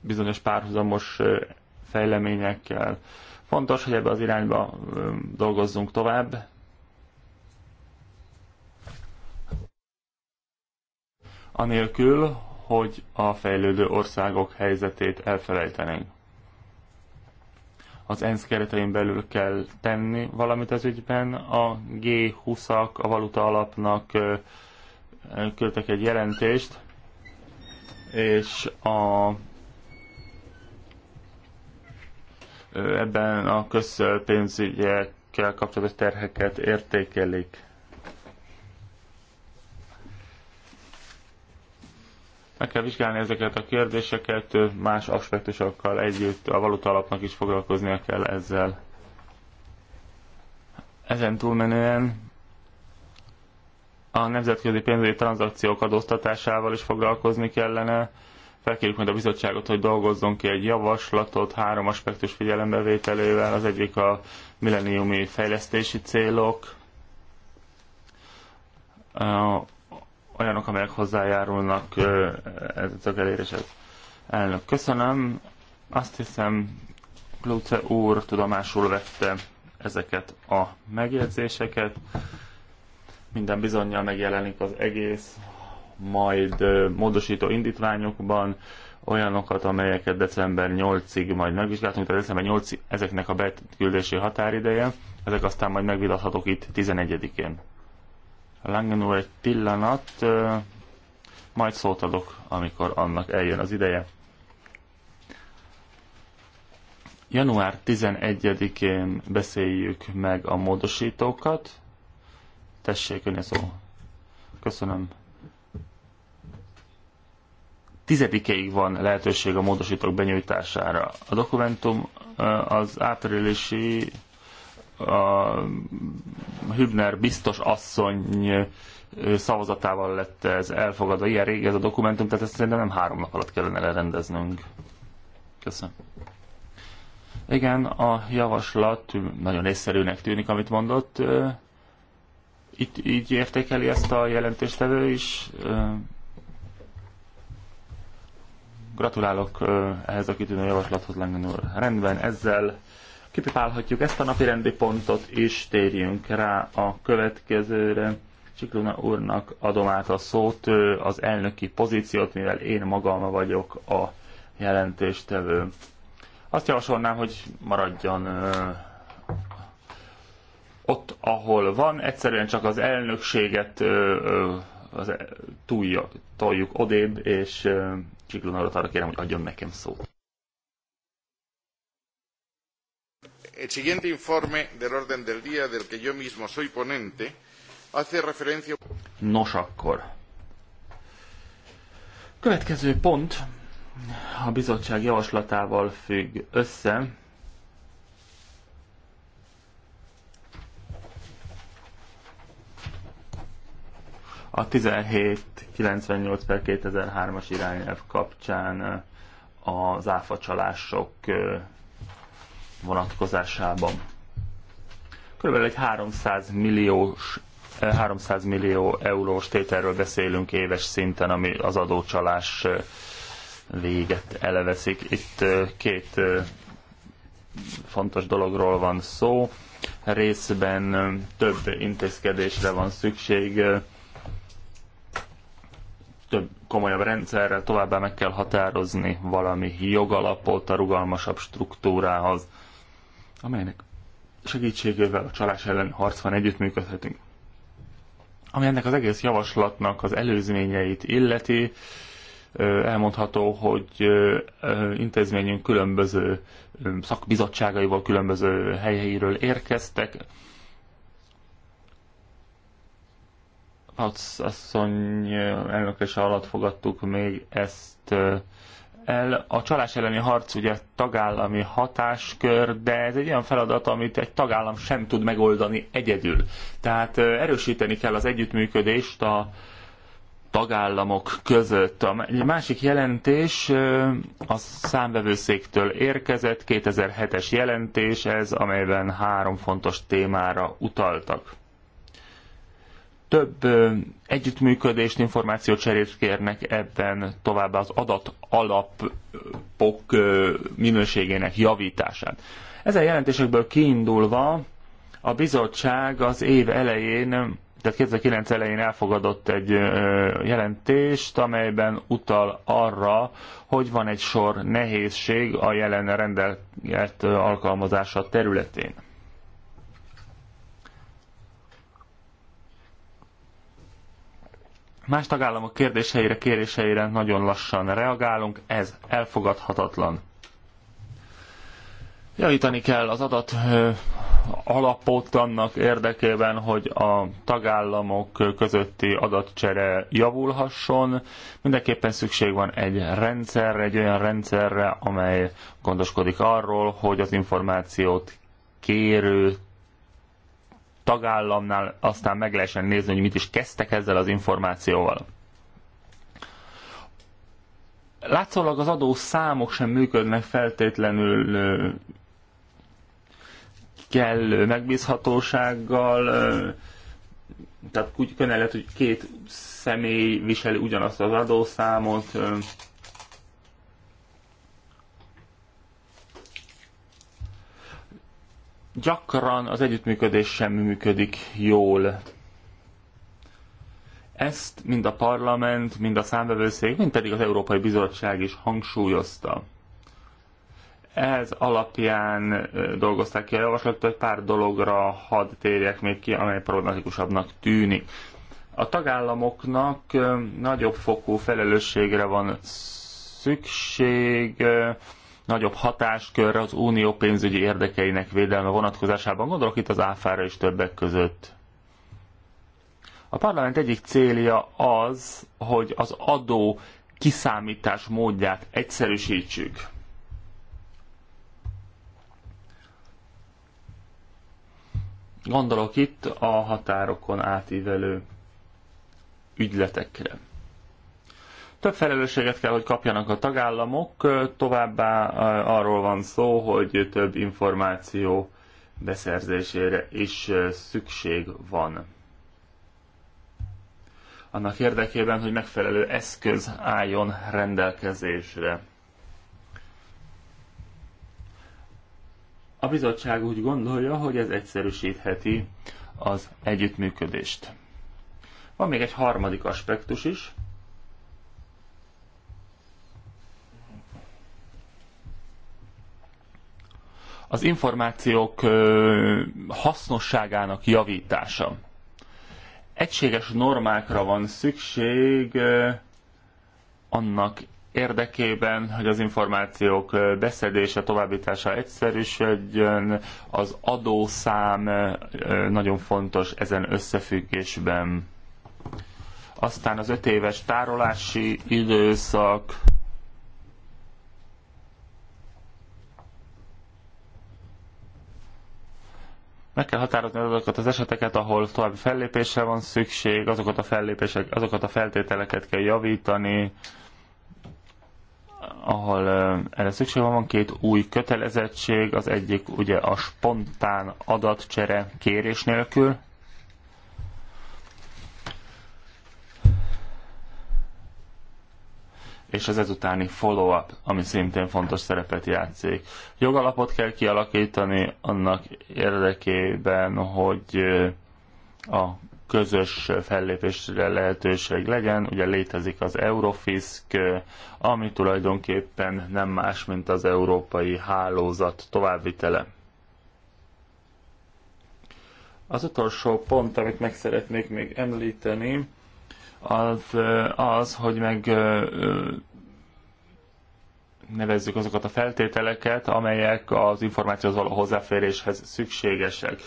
bizonyos párhuzamos fejleményekkel. Fontos, hogy ebbe az irányba dolgozzunk tovább. Anélkül, hogy a fejlődő országok helyzetét elfelejtenénk az ENSZ keretein belül kell tenni valamit az ügyben. A G20-ak, a valuta alapnak küldtek egy jelentést, és a ebben a közpénzügyekkel kapcsolatos terheket értékelik. Meg kell vizsgálni ezeket a kérdéseket, más aspektusokkal együtt a valuta alapnak is foglalkoznia kell ezzel. Ezen túlmenően a nemzetközi pénzügyi tranzakciók adóztatásával is foglalkozni kellene. Felkérjük majd a bizottságot, hogy dolgozzon ki egy javaslatot három aspektus figyelembevételével. Az egyik a milleniumi fejlesztési célok, olyanok, amelyek hozzájárulnak ez a eléréshez. Elnök, köszönöm. Azt hiszem, Klóce úr tudomásul vette ezeket a megjegyzéseket. Minden bizonyal megjelenik az egész, majd módosító indítványokban olyanokat, amelyeket december 8-ig majd megvizsgáltunk, tehát december 8 ezeknek a beküldési határideje, ezek aztán majd megvitathatók itt 11-én. Langen egy pillanat, majd szót adok, amikor annak eljön az ideje. Január 11-én beszéljük meg a módosítókat. Tessék, ön szó. Köszönöm. Tizedikeig van lehetőség a módosítók benyújtására. A dokumentum az áprilisi a Hübner biztos asszony szavazatával lett ez elfogadva. Ilyen régi ez a dokumentum, tehát ezt szerintem nem három nap alatt kellene lerendeznünk. Köszönöm. Igen, a javaslat nagyon észszerűnek tűnik, amit mondott. Itt így értékeli ezt a jelentéstevő is. Gratulálok ehhez a kitűnő javaslathoz, Lengen úr. Rendben, ezzel kipipálhatjuk ezt a napi rendi pontot, és térjünk rá a következőre. Csiklóna úrnak adom át a szót, az elnöki pozíciót, mivel én magam vagyok a jelentéstevő. Azt javasolnám, hogy maradjon ott, ahol van, egyszerűen csak az elnökséget az, e- túlja, toljuk odébb, és csiklóna urat arra kérem, hogy adjon nekem szót. El siguiente informe del orden del día del que yo mismo soy ponente hace referencia... Nos akkor. Következő pont a bizottság javaslatával függ össze. A 1798 per 2003-as irányelv kapcsán eh, az áfacsalások eh, vonatkozásában. Körülbelül egy 300 milliós 300 eh, millió eurós tételről beszélünk éves szinten, ami az adócsalás eh, véget eleveszik. Itt eh, két fontos dologról van szó. Részben több intézkedésre van szükség, több komolyabb rendszerrel, továbbá meg kell határozni valami jogalapot a rugalmasabb struktúrához amelynek segítségével a csalás ellen harcban együttműködhetünk. Ami ennek az egész javaslatnak az előzményeit illeti, elmondható, hogy intézményünk különböző szakbizottságaival, különböző helyeiről érkeztek. Hatsz asszony elnöklése alatt fogadtuk még ezt el. A csalás elleni harc ugye tagállami hatáskör, de ez egy olyan feladat, amit egy tagállam sem tud megoldani egyedül. Tehát erősíteni kell az együttműködést a tagállamok között. A másik jelentés a számvevőszéktől érkezett, 2007-es jelentés ez, amelyben három fontos témára utaltak több együttműködést, információcserét kérnek ebben tovább az adat alapok minőségének javítását. Ezen jelentésekből kiindulva a bizottság az év elején, tehát 2009 elején elfogadott egy jelentést, amelyben utal arra, hogy van egy sor nehézség a jelen rendelt alkalmazása területén. Más tagállamok kérdéseire, kéréseire nagyon lassan reagálunk, ez elfogadhatatlan. Javítani kell az adat alapot annak érdekében, hogy a tagállamok közötti adatcsere javulhasson. Mindenképpen szükség van egy rendszerre, egy olyan rendszerre, amely gondoskodik arról, hogy az információt kérő tagállamnál aztán meg lehessen nézni, hogy mit is kezdtek ezzel az információval. Látszólag az adó számok sem működnek feltétlenül kellő megbízhatósággal, tehát úgy könnyen lehet, hogy két személy viseli ugyanazt az adószámot, Gyakran az együttműködés sem működik jól. Ezt mind a parlament, mind a számvevőszék, mind pedig az Európai Bizottság is hangsúlyozta. Ez alapján dolgozták ki a javaslatot, hogy pár dologra hadd térjek még ki, amely problematikusabbnak tűnik. A tagállamoknak nagyobb fokú felelősségre van szükség, nagyobb hatáskörre az unió pénzügyi érdekeinek védelme vonatkozásában. Gondolok itt az áfára is többek között. A parlament egyik célja az, hogy az adó kiszámítás módját egyszerűsítsük. Gondolok itt a határokon átívelő ügyletekre. Több felelősséget kell, hogy kapjanak a tagállamok, továbbá arról van szó, hogy több információ beszerzésére is szükség van. Annak érdekében, hogy megfelelő eszköz álljon rendelkezésre. A bizottság úgy gondolja, hogy ez egyszerűsítheti az együttműködést. Van még egy harmadik aspektus is, az információk hasznosságának javítása. Egységes normákra van szükség annak érdekében, hogy az információk beszedése, továbbítása egyszerűsödjön, az adószám nagyon fontos ezen összefüggésben. Aztán az öt éves tárolási időszak, Meg kell határozni azokat az eseteket, ahol további fellépésre van szükség, azokat a fellépések, azokat a feltételeket kell javítani, ahol erre szükség van, van két új kötelezettség, az egyik ugye a spontán adatcsere kérés nélkül, és az ezutáni follow-up, ami szintén fontos szerepet játszik. Jogalapot kell kialakítani annak érdekében, hogy a közös fellépésre lehetőség legyen. Ugye létezik az Eurofisk, ami tulajdonképpen nem más, mint az európai hálózat továbbvitele. Az utolsó pont, amit meg szeretnék még említeni, az, az hogy meg nevezzük azokat a feltételeket, amelyek az információhoz való hozzáféréshez szükségesek.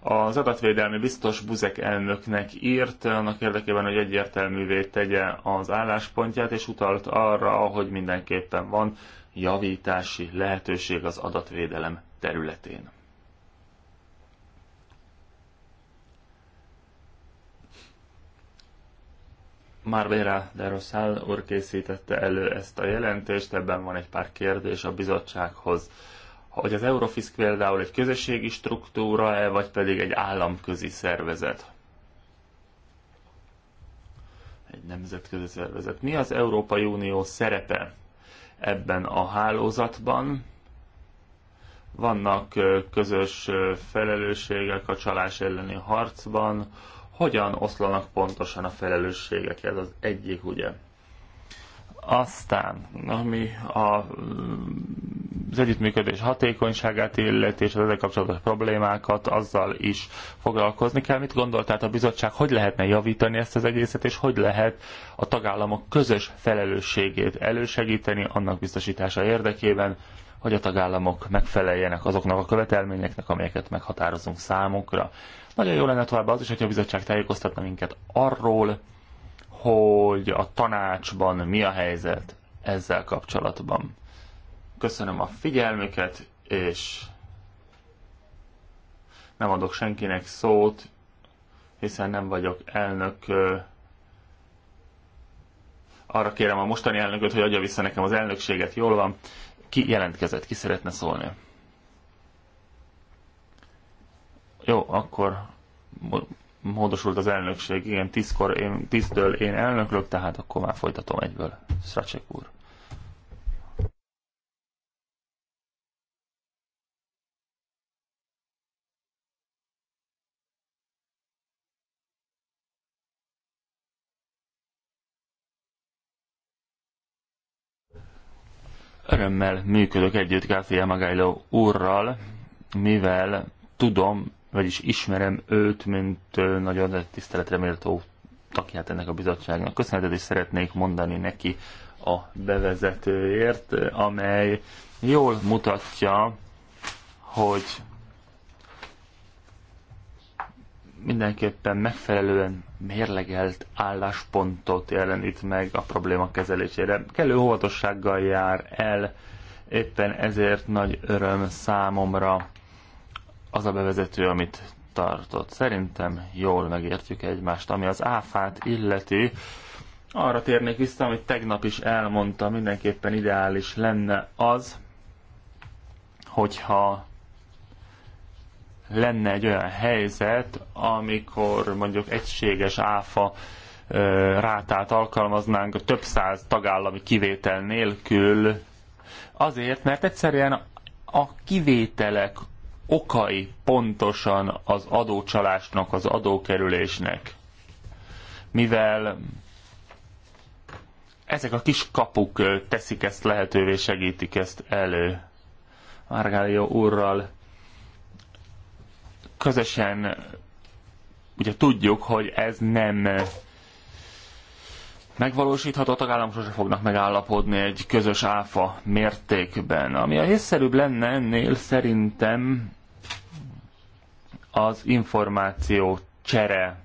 Az adatvédelmi biztos Buzek elnöknek írt, annak érdekében, hogy egyértelművé tegye az álláspontját, és utalt arra, hogy mindenképpen van javítási lehetőség az adatvédelem területén. Marbera de Rosal úr készítette elő ezt a jelentést, ebben van egy pár kérdés a bizottsághoz. Hogy az Eurofisk például egy közösségi struktúra-e, vagy pedig egy államközi szervezet? Egy nemzetközi szervezet. Mi az Európai Unió szerepe ebben a hálózatban? Vannak közös felelősségek a csalás elleni harcban, hogyan oszlanak pontosan a felelősségek, ez az egyik, ugye. Aztán, ami a, az együttműködés hatékonyságát illeti, és az ezzel kapcsolatos problémákat, azzal is foglalkozni kell. Mit gondolt tehát a bizottság, hogy lehetne javítani ezt az egészet, és hogy lehet a tagállamok közös felelősségét elősegíteni annak biztosítása érdekében, hogy a tagállamok megfeleljenek azoknak a követelményeknek, amelyeket meghatározunk számukra. Nagyon jó lenne továbbá az is, hogyha a bizottság tájékoztatna minket arról, hogy a tanácsban mi a helyzet ezzel kapcsolatban. Köszönöm a figyelmüket, és nem adok senkinek szót, hiszen nem vagyok elnök. Arra kérem a mostani elnököt, hogy adja vissza nekem az elnökséget, jól van. Ki jelentkezett, ki szeretne szólni? Jó, akkor módosult az elnökség, igen, tízkor én, tíztől én elnöklök, tehát akkor már folytatom egyből. Szracsek úr. Örömmel működök együtt Gáfia Magáló úrral, mivel tudom, vagyis ismerem őt, mint nagyon tiszteletre méltó tagját ennek a bizottságnak. Köszönetet is szeretnék mondani neki a bevezetőért, amely jól mutatja, hogy mindenképpen megfelelően mérlegelt álláspontot jelenít meg a probléma kezelésére. Kellő óvatossággal jár el, éppen ezért nagy öröm számomra, az a bevezető, amit tartott. Szerintem jól megértjük egymást, ami az áfát illeti. Arra térnék vissza, amit tegnap is elmondtam, mindenképpen ideális lenne az, hogyha lenne egy olyan helyzet, amikor mondjuk egységes áfa rátát alkalmaznánk a több száz tagállami kivétel nélkül, azért, mert egyszerűen a kivételek okai pontosan az adócsalásnak, az adókerülésnek. Mivel ezek a kis kapuk teszik ezt lehetővé, segítik ezt elő. Márgálió úrral közösen ugye tudjuk, hogy ez nem megvalósítható, a tagállamok sose fognak megállapodni egy közös áfa mértékben. Ami a észszerűbb lenne ennél szerintem az információ csere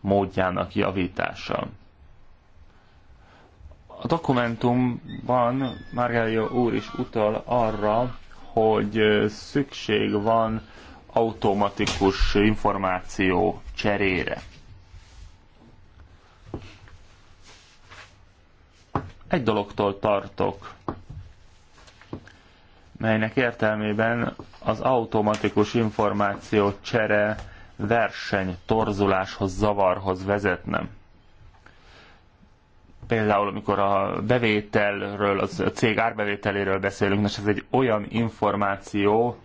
módjának javítása. A dokumentumban Margelio úr is utal arra, hogy szükség van automatikus információ cserére. Egy dologtól tartok, melynek értelmében az automatikus információ csere verseny torzuláshoz, zavarhoz vezetne. Például, amikor a bevételről, a cég árbevételéről beszélünk, most ez egy olyan információ,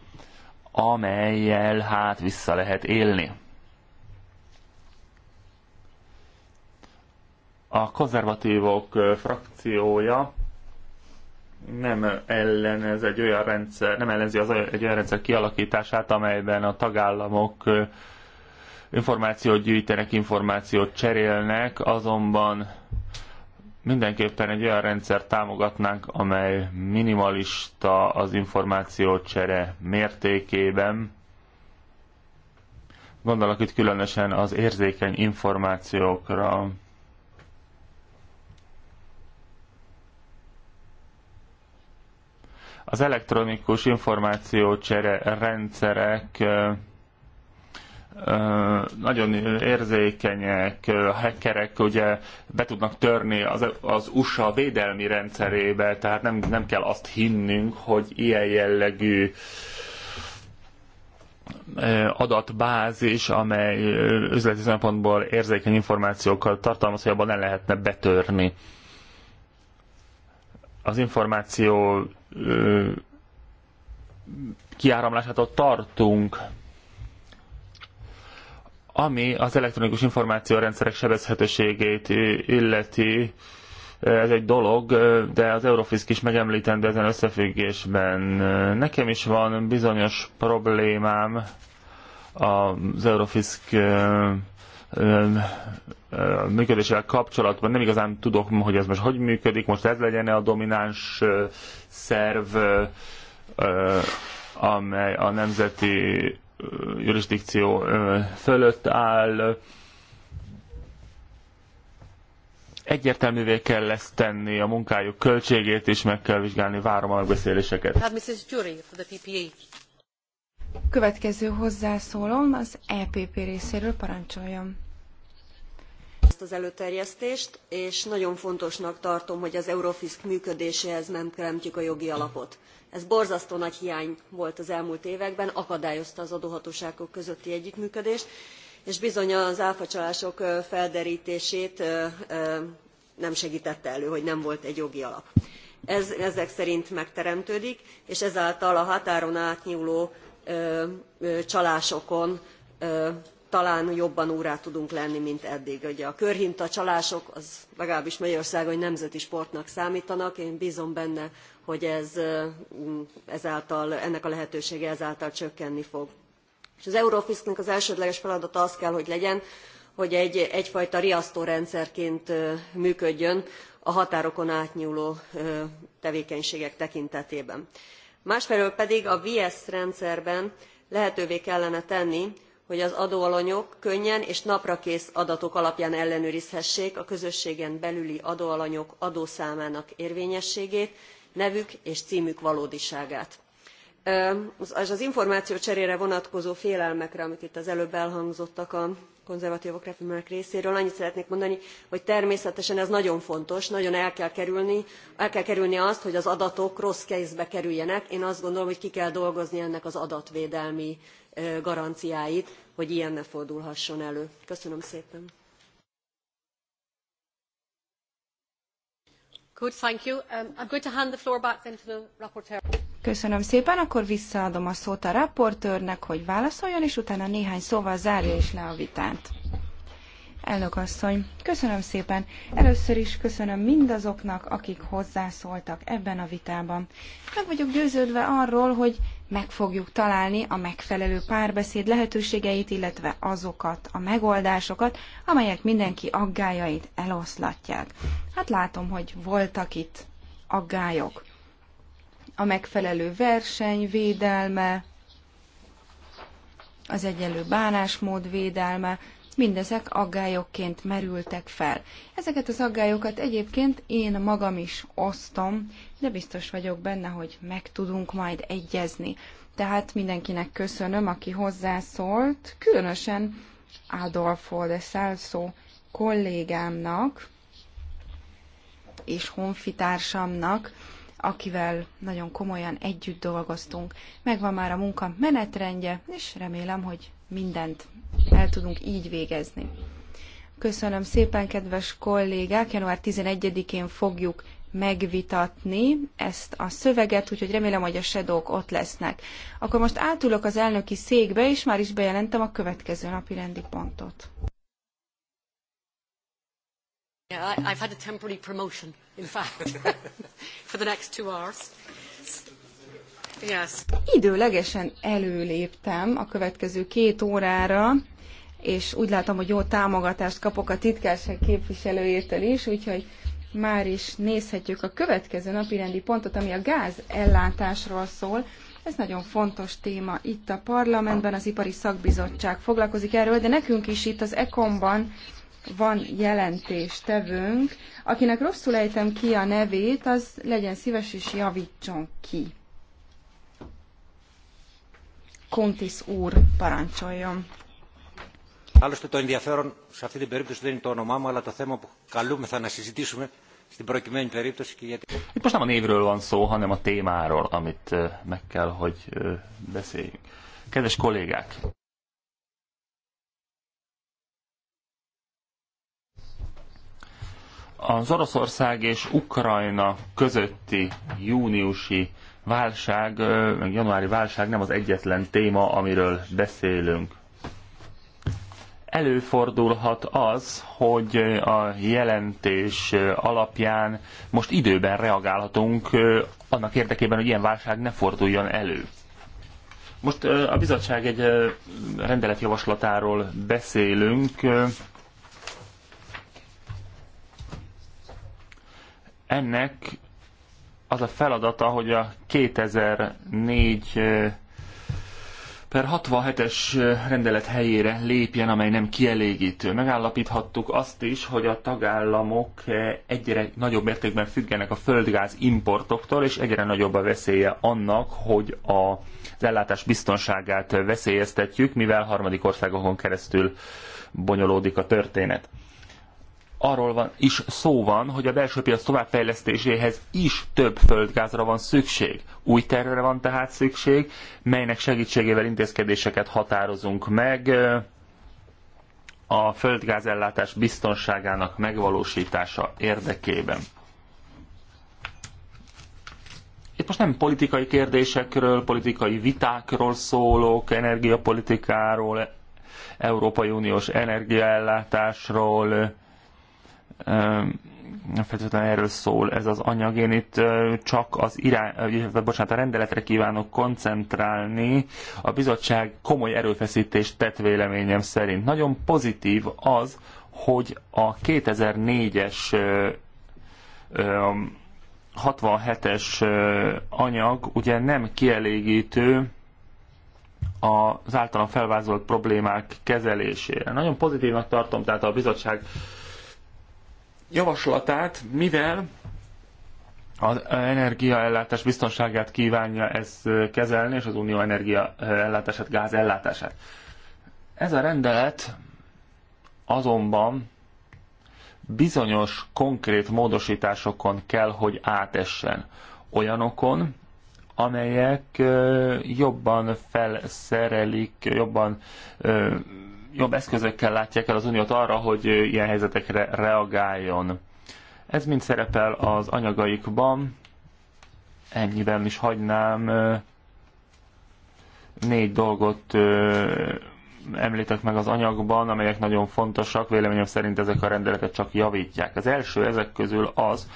amelyel hát vissza lehet élni. a konzervatívok frakciója nem ellenez egy olyan rendszer, nem ellenzi az egy olyan rendszer kialakítását, amelyben a tagállamok információt gyűjtenek, információt cserélnek, azonban mindenképpen egy olyan rendszer támogatnánk, amely minimalista az csere mértékében. Gondolok itt különösen az érzékeny információkra. Az elektronikus információcsere rendszerek nagyon érzékenyek, hackerek ugye be tudnak törni az, az USA védelmi rendszerébe, tehát nem, nem kell azt hinnünk, hogy ilyen jellegű adatbázis, amely üzleti szempontból érzékeny információkkal tartalmaz, hogy abban ne lehetne betörni. Az információ kiáramlását kiáramlásától tartunk, ami az elektronikus információrendszerek sebezhetőségét illeti, ez egy dolog, de az Eurofisk is megemlítendő ezen összefüggésben. Nekem is van bizonyos problémám az Eurofisk működésével kapcsolatban nem igazán tudok, hogy ez most hogy működik, most ez legyen-e a domináns szerv, amely a nemzeti jurisdikció fölött áll. Egyértelművé kell ezt tenni, a munkájuk költségét és meg kell vizsgálni, várom a megbeszéléseket. Hát, e. Következő hozzászólom az EPP részéről, parancsoljon ezt az előterjesztést, és nagyon fontosnak tartom, hogy az Eurofisk működéséhez nem teremtjük a jogi alapot. Ez borzasztó nagy hiány volt az elmúlt években, akadályozta az adóhatóságok közötti együttműködést, és bizony az áfacsalások felderítését nem segítette elő, hogy nem volt egy jogi alap. Ez ezek szerint megteremtődik, és ezáltal a határon átnyúló csalásokon talán jobban órá tudunk lenni, mint eddig. Ugye a körhinta csalások, az legalábbis Magyarországon egy nemzeti sportnak számítanak. Én bízom benne, hogy ez, mm, ezáltal, ennek a lehetősége ezáltal csökkenni fog. És az Eurofisknek az elsődleges feladata az kell, hogy legyen, hogy egy, egyfajta riasztórendszerként működjön a határokon átnyúló tevékenységek tekintetében. Másfelől pedig a VS rendszerben lehetővé kellene tenni, hogy az adóalanyok könnyen és naprakész adatok alapján ellenőrizhessék a közösségen belüli adóalanyok adószámának érvényességét nevük és címük valódiságát. Az az információ cserére vonatkozó félelmekre amit itt az előbb elhangzottak a konzervatvok reformerek részéről annyit szeretnék mondani hogy természetesen ez nagyon fontos nagyon el kell kerülni el kell kerülni azt hogy az adatok rossz kézbe kerüljenek én azt gondolom hogy ki kell dolgozni ennek az adatvédelmi garanciáit, hogy ilyen ne fordulhasson elő. Köszönöm szépen. Good, thank you. Um, I'm going to hand the floor back then to the rapporteur. Köszönöm szépen, akkor visszaadom a szót a raportőrnek, hogy válaszoljon, és utána néhány szóval zárja is le a vitát. Elnök asszony, köszönöm szépen. Először is köszönöm mindazoknak, akik hozzászóltak ebben a vitában. Meg vagyok győződve arról, hogy meg fogjuk találni a megfelelő párbeszéd lehetőségeit, illetve azokat a megoldásokat, amelyek mindenki aggájait eloszlatják. Hát látom, hogy voltak itt aggályok. A megfelelő verseny védelme, az egyenlő bánásmód védelme, mindezek aggályokként merültek fel. Ezeket az aggályokat egyébként én magam is osztom, de biztos vagyok benne, hogy meg tudunk majd egyezni. Tehát mindenkinek köszönöm, aki hozzászólt, különösen Adolfo de Salso kollégámnak és honfitársamnak, akivel nagyon komolyan együtt dolgoztunk. Megvan már a munka menetrendje, és remélem, hogy mindent el tudunk így végezni. Köszönöm szépen, kedves kollégák! Január 11-én fogjuk megvitatni ezt a szöveget, úgyhogy remélem, hogy a sedók ott lesznek. Akkor most átülök az elnöki székbe, és már is bejelentem a következő napi rendi pontot. Yeah, I've had a temporary promotion, in fact, for the next two hours. Yes. Időlegesen előléptem a következő két órára, és úgy látom, hogy jó támogatást kapok a titkárság képviselőjétől is, úgyhogy már is nézhetjük a következő napirendi pontot, ami a gáz ellátásról szól. Ez nagyon fontos téma itt a parlamentben, az Ipari Szakbizottság foglalkozik erről, de nekünk is itt az ECOM-ban van jelentéstevőnk. Akinek rosszul ejtem ki a nevét, az legyen szíves és javítson ki. Kontis úr, parancsoljon! Άλλωστε το ενδιαφέρον σε αυτή την περίπτωση δεν είναι το όνομά μου, αλλά το θέμα που καλούμεθα να συζητήσουμε στην προκειμένη περίπτωση και γιατί... Itt most nem a névről van szó, hanem a témáról, amit meg kell, hogy beszéljünk. Kedves kollégák! Az Oroszország és Ukrajna közötti júniusi válság, meg januári válság nem az egyetlen téma, amiről beszélünk előfordulhat az, hogy a jelentés alapján most időben reagálhatunk annak érdekében, hogy ilyen válság ne forduljon elő. Most a bizottság egy rendeletjavaslatáról beszélünk. Ennek az a feladata, hogy a 2004 per 67-es rendelet helyére lépjen, amely nem kielégítő. Megállapíthattuk azt is, hogy a tagállamok egyre nagyobb mértékben függenek a földgáz importoktól, és egyre nagyobb a veszélye annak, hogy a, az ellátás biztonságát veszélyeztetjük, mivel harmadik országokon keresztül bonyolódik a történet arról van, is szó van, hogy a belső piac továbbfejlesztéséhez is több földgázra van szükség. Új tervre van tehát szükség, melynek segítségével intézkedéseket határozunk meg a földgázellátás biztonságának megvalósítása érdekében. Itt most nem politikai kérdésekről, politikai vitákról szólok, energiapolitikáról, Európai Uniós energiaellátásról, feltétlenül erről szól ez az anyag. Én itt csak az irány, bocsánat, a rendeletre kívánok koncentrálni. A bizottság komoly erőfeszítést tett véleményem szerint. Nagyon pozitív az, hogy a 2004-es 67-es anyag ugye nem kielégítő az általam felvázolt problémák kezelésére. Nagyon pozitívnak tartom tehát a bizottság javaslatát, mivel az energiaellátás biztonságát kívánja ez kezelni, és az unió energiaellátását, gázellátását. Ez a rendelet azonban bizonyos konkrét módosításokon kell, hogy átessen. Olyanokon, amelyek jobban felszerelik, jobban jobb eszközökkel látják el az Uniót arra, hogy ilyen helyzetekre reagáljon. Ez mind szerepel az anyagaikban. Ennyiben is hagynám. Négy dolgot említek meg az anyagban, amelyek nagyon fontosak. Véleményem szerint ezek a rendeletet csak javítják. Az első ezek közül az,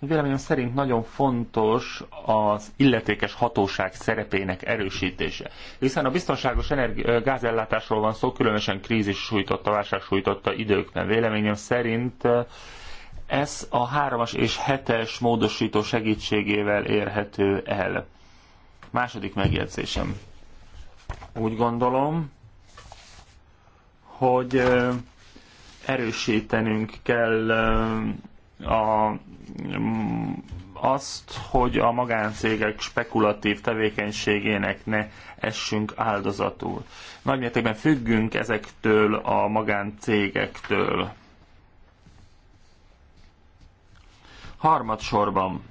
Véleményem szerint nagyon fontos az illetékes hatóság szerepének erősítése. Hiszen a biztonságos energi- gázellátásról van szó, különösen krízis sújtotta, válság sújtotta időkben. Véleményem szerint ez a 3 és 7-es módosító segítségével érhető el. Második megjegyzésem. Úgy gondolom, hogy erősítenünk kell a, mm, azt, hogy a magáncégek spekulatív tevékenységének ne essünk áldozatul. mértékben függünk ezektől a magáncégektől. Harmadsorban,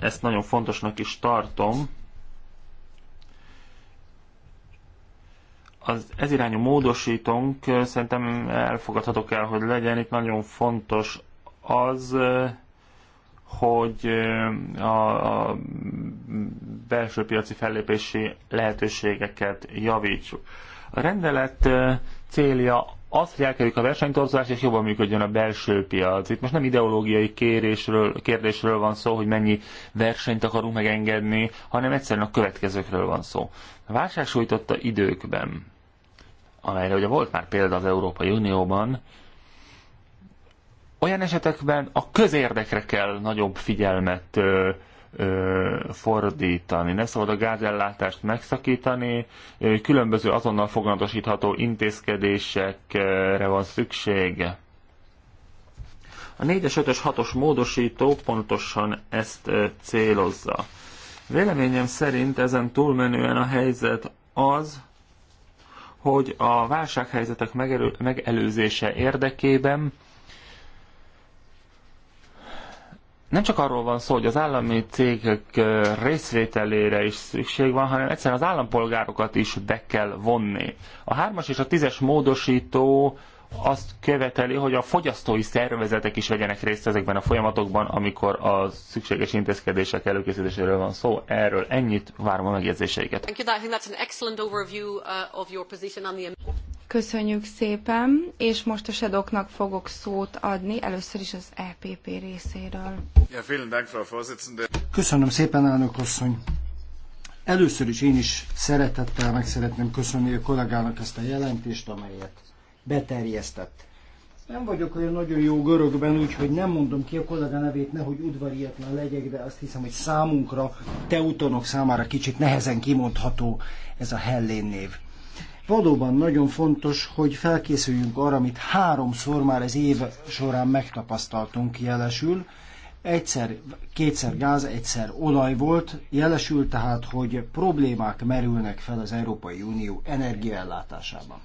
ezt nagyon fontosnak is tartom, az ezirányú módosítónk szerintem elfogadhatok el, hogy legyen. Itt nagyon fontos az, hogy a, belső piaci fellépési lehetőségeket javítsuk. A rendelet célja az, hogy elkerüljük a versenytorzulást, és jobban működjön a belső piac. Itt most nem ideológiai kérésről, kérdésről van szó, hogy mennyi versenyt akarunk megengedni, hanem egyszerűen a következőkről van szó. A válság sújtotta időkben, amelyre ugye volt már példa az Európai Unióban, olyan esetekben a közérdekre kell nagyobb figyelmet ö, ö, fordítani. Ne szabad a gázellátást megszakítani, ö, különböző azonnal foglalatosítható intézkedésekre van szükség. A 4-es, 5-ös, 6-os módosító pontosan ezt célozza. Véleményem szerint ezen túlmenően a helyzet az, hogy a válsághelyzetek megelőzése érdekében nem csak arról van szó, hogy az állami cégek részvételére is szükség van, hanem egyszerűen az állampolgárokat is be kell vonni. A hármas és a tízes módosító azt követeli, hogy a fogyasztói szervezetek is vegyenek részt ezekben a folyamatokban, amikor a szükséges intézkedések előkészítéséről van szó. Erről ennyit várom a megjegyzéseiket. Köszönjük szépen, és most a sedoknak fogok szót adni, először is az EPP részéről. Köszönöm szépen, elnök asszony. Először is én is szeretettel meg szeretném köszönni a kollégának ezt a jelentést, amelyet beterjesztett. Nem vagyok olyan nagyon jó görögben, úgyhogy nem mondom ki a kollega nevét, nehogy udvariatlan legyek, de azt hiszem, hogy számunkra, teutonok számára kicsit nehezen kimondható ez a Hellén név. Valóban nagyon fontos, hogy felkészüljünk arra, amit háromszor már az év során megtapasztaltunk jelesül. Egyszer, kétszer gáz, egyszer olaj volt, jelesül tehát, hogy problémák merülnek fel az Európai Unió energiaellátásában.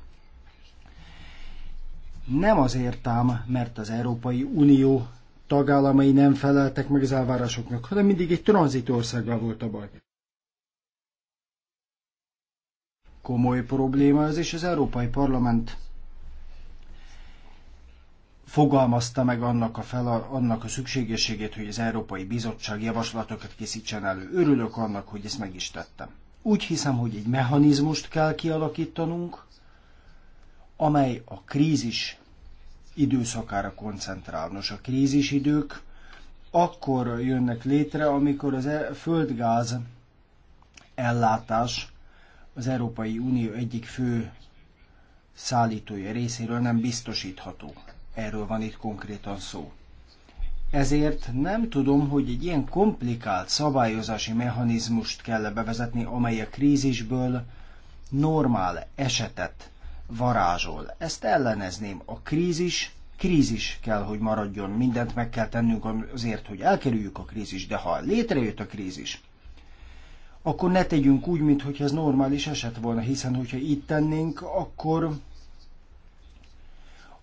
Nem azért ám, mert az Európai Unió tagállamai nem feleltek meg az elvárásoknak, hanem mindig egy tranzitországgal volt a baj. komoly probléma ez, és az Európai Parlament fogalmazta meg annak a, fel, annak a szükségességét, hogy az Európai Bizottság javaslatokat készítsen elő. Örülök annak, hogy ezt meg is tettem. Úgy hiszem, hogy egy mechanizmust kell kialakítanunk, amely a krízis időszakára koncentrál. Nos, a krízis idők akkor jönnek létre, amikor az e- földgáz ellátás az Európai Unió egyik fő szállítója részéről nem biztosítható. Erről van itt konkrétan szó. Ezért nem tudom, hogy egy ilyen komplikált szabályozási mechanizmust kell -e bevezetni, amely a krízisből normál esetet varázsol. Ezt ellenezném. A krízis krízis kell, hogy maradjon. Mindent meg kell tennünk azért, hogy elkerüljük a krízis, de ha létrejött a krízis, akkor ne tegyünk úgy, mintha ez normális eset volna, hiszen hogyha így tennénk, akkor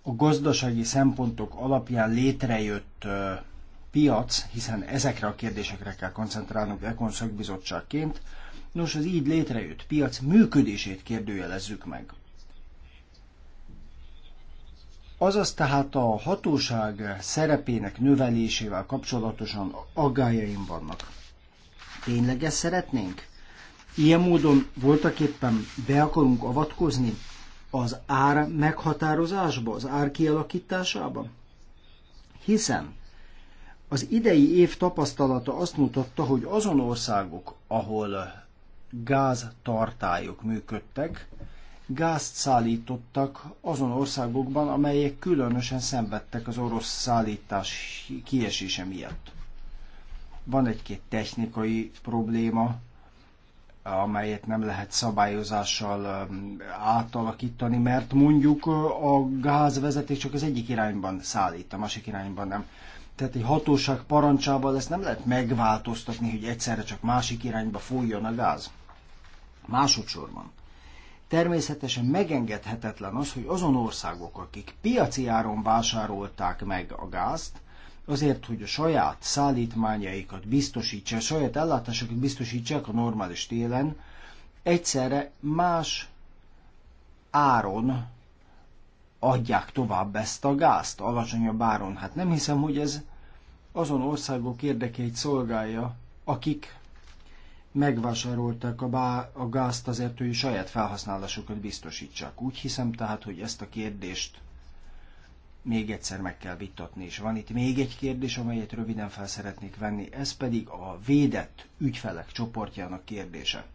a gazdasági szempontok alapján létrejött piac, hiszen ezekre a kérdésekre kell koncentrálnunk Ekon szakbizottságként, nos, az így létrejött piac működését kérdőjelezzük meg. Azaz tehát a hatóság szerepének növelésével kapcsolatosan aggájaim vannak. Tényleg ezt szeretnénk? Ilyen módon voltak éppen be akarunk avatkozni az ár meghatározásba, az ár kialakításába? Hiszen az idei év tapasztalata azt mutatta, hogy azon országok, ahol gáztartályok működtek, gázt szállítottak azon országokban, amelyek különösen szenvedtek az orosz szállítás kiesése miatt. Van egy-két technikai probléma, amelyet nem lehet szabályozással um, átalakítani, mert mondjuk uh, a gázvezeték csak az egyik irányban szállít, a másik irányban nem. Tehát egy hatóság parancsával ezt nem lehet megváltoztatni, hogy egyszerre csak másik irányba folyjon a gáz. Másodszorban. Természetesen megengedhetetlen az, hogy azon országok, akik piaci áron vásárolták meg a gázt, azért, hogy a saját szállítmányaikat biztosítsák, saját ellátásokat biztosítsák a normális télen, egyszerre más áron adják tovább ezt a gázt, alacsonyabb áron. Hát nem hiszem, hogy ez azon országok érdekeit szolgálja, akik megvásárolták a, bá, a gázt azért, hogy saját felhasználásokat biztosítsák. Úgy hiszem tehát, hogy ezt a kérdést még egyszer meg kell vitatni. És van itt még egy kérdés, amelyet röviden fel szeretnék venni, ez pedig a védett ügyfelek csoportjának kérdése.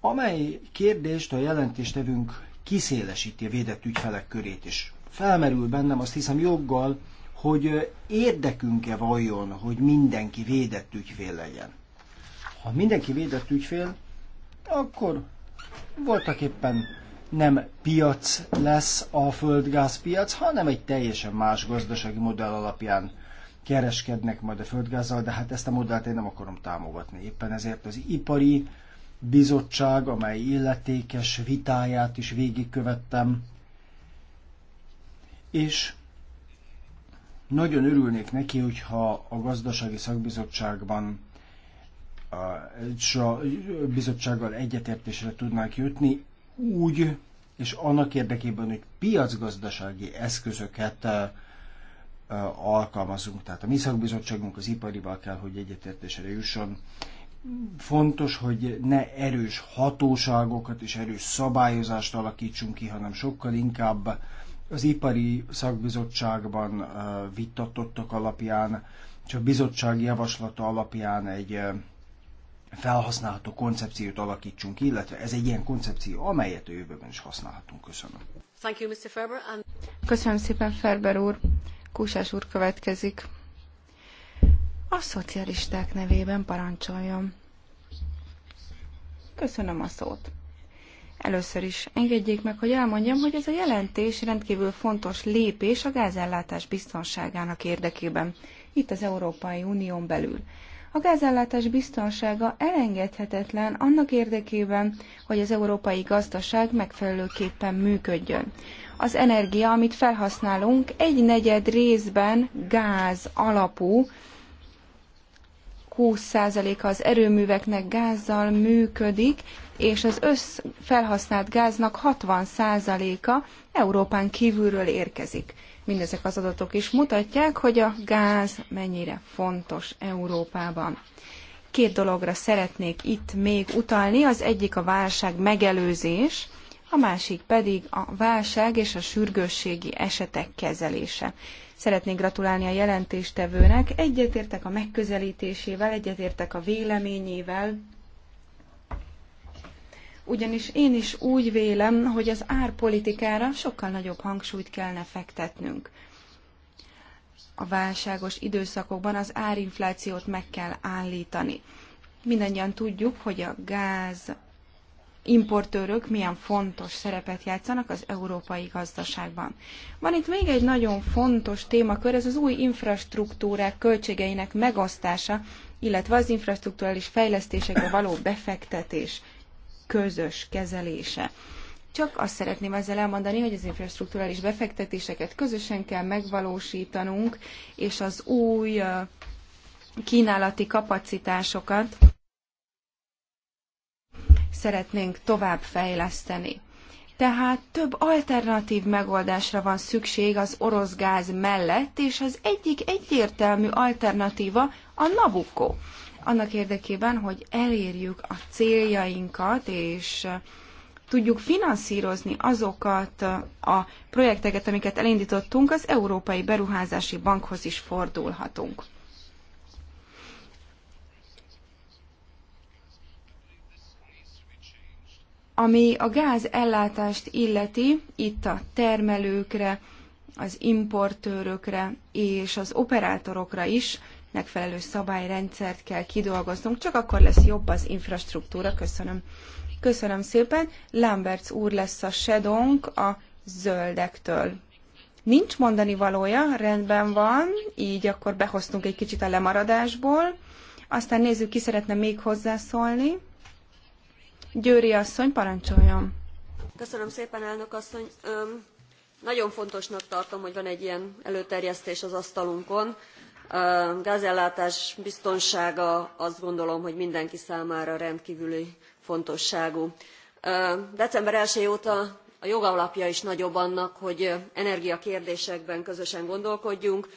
Amely kérdést a jelentéstevünk kiszélesíti a védett ügyfelek körét is. Felmerül bennem azt hiszem joggal, hogy érdekünk-e vajon, hogy mindenki védett ügyfél legyen. Ha mindenki védett ügyfél, akkor voltak éppen nem piac lesz a földgázpiac, hanem egy teljesen más gazdasági modell alapján kereskednek majd a földgázzal, de hát ezt a modellt én nem akarom támogatni. Éppen ezért az ipari bizottság, amely illetékes vitáját is végigkövettem, és nagyon örülnék neki, hogyha a gazdasági szakbizottságban a bizottsággal egyetértésre tudnánk jutni, úgy, és annak érdekében, hogy piacgazdasági eszközöket eh, eh, alkalmazunk. Tehát a mi szakbizottságunk az iparival kell, hogy egyetértésre jusson. Fontos, hogy ne erős hatóságokat és erős szabályozást alakítsunk ki, hanem sokkal inkább az ipari szakbizottságban eh, vitatottak alapján, csak bizottsági bizottság javaslata alapján egy felhasználható koncepciót alakítsunk ki, illetve ez egy ilyen koncepció, amelyet a jövőben is használhatunk. Köszönöm. Thank you, Mr. Ferber. And... Köszönöm szépen, Ferber úr. Kúsás úr következik. A szocialisták nevében parancsoljon. Köszönöm a szót. Először is engedjék meg, hogy elmondjam, hogy ez a jelentés rendkívül fontos lépés a gázellátás biztonságának érdekében, itt az Európai Unión belül. A gázellátás biztonsága elengedhetetlen annak érdekében, hogy az európai gazdaság megfelelőképpen működjön. Az energia, amit felhasználunk, egy negyed részben gáz alapú, 20%-a az erőműveknek gázzal működik, és az össz felhasznált gáznak 60%-a Európán kívülről érkezik. Mindezek az adatok is mutatják, hogy a gáz mennyire fontos Európában. Két dologra szeretnék itt még utalni, az egyik a válság megelőzés, a másik pedig a válság és a sürgősségi esetek kezelése. Szeretnék gratulálni a jelentéstevőnek, egyetértek a megközelítésével, egyetértek a véleményével, ugyanis én is úgy vélem, hogy az árpolitikára sokkal nagyobb hangsúlyt kellene fektetnünk. A válságos időszakokban az árinflációt meg kell állítani. Mindannyian tudjuk, hogy a gáz importőrök milyen fontos szerepet játszanak az európai gazdaságban. Van itt még egy nagyon fontos témakör, ez az új infrastruktúrák költségeinek megosztása, illetve az infrastruktúrális fejlesztésekbe való befektetés közös kezelése. Csak azt szeretném ezzel elmondani, hogy az infrastruktúrális befektetéseket közösen kell megvalósítanunk, és az új kínálati kapacitásokat szeretnénk tovább fejleszteni. Tehát több alternatív megoldásra van szükség az orosz gáz mellett, és az egyik egyértelmű alternatíva a Nabucco annak érdekében, hogy elérjük a céljainkat, és eh, tudjuk finanszírozni azokat eh, a projekteket, amiket elindítottunk, az Európai Beruházási Bankhoz is fordulhatunk. Ami a gáz ellátást illeti, itt a termelőkre, az importőrökre és az operátorokra is megfelelő szabályrendszert kell kidolgoznunk, csak akkor lesz jobb az infrastruktúra. Köszönöm. Köszönöm szépen. Lamberts úr lesz a sedónk a zöldektől. Nincs mondani valója, rendben van, így akkor behoztunk egy kicsit a lemaradásból. Aztán nézzük, ki szeretne még hozzászólni. Győri asszony, parancsoljon! Köszönöm szépen, elnök asszony! Öm, nagyon fontosnak tartom, hogy van egy ilyen előterjesztés az asztalunkon a gázellátás biztonsága azt gondolom, hogy mindenki számára rendkvüli fontosságú. December 1 óta a jogalapja is nagyobb annak, hogy energiakérdésekben közösen gondolkodjunk.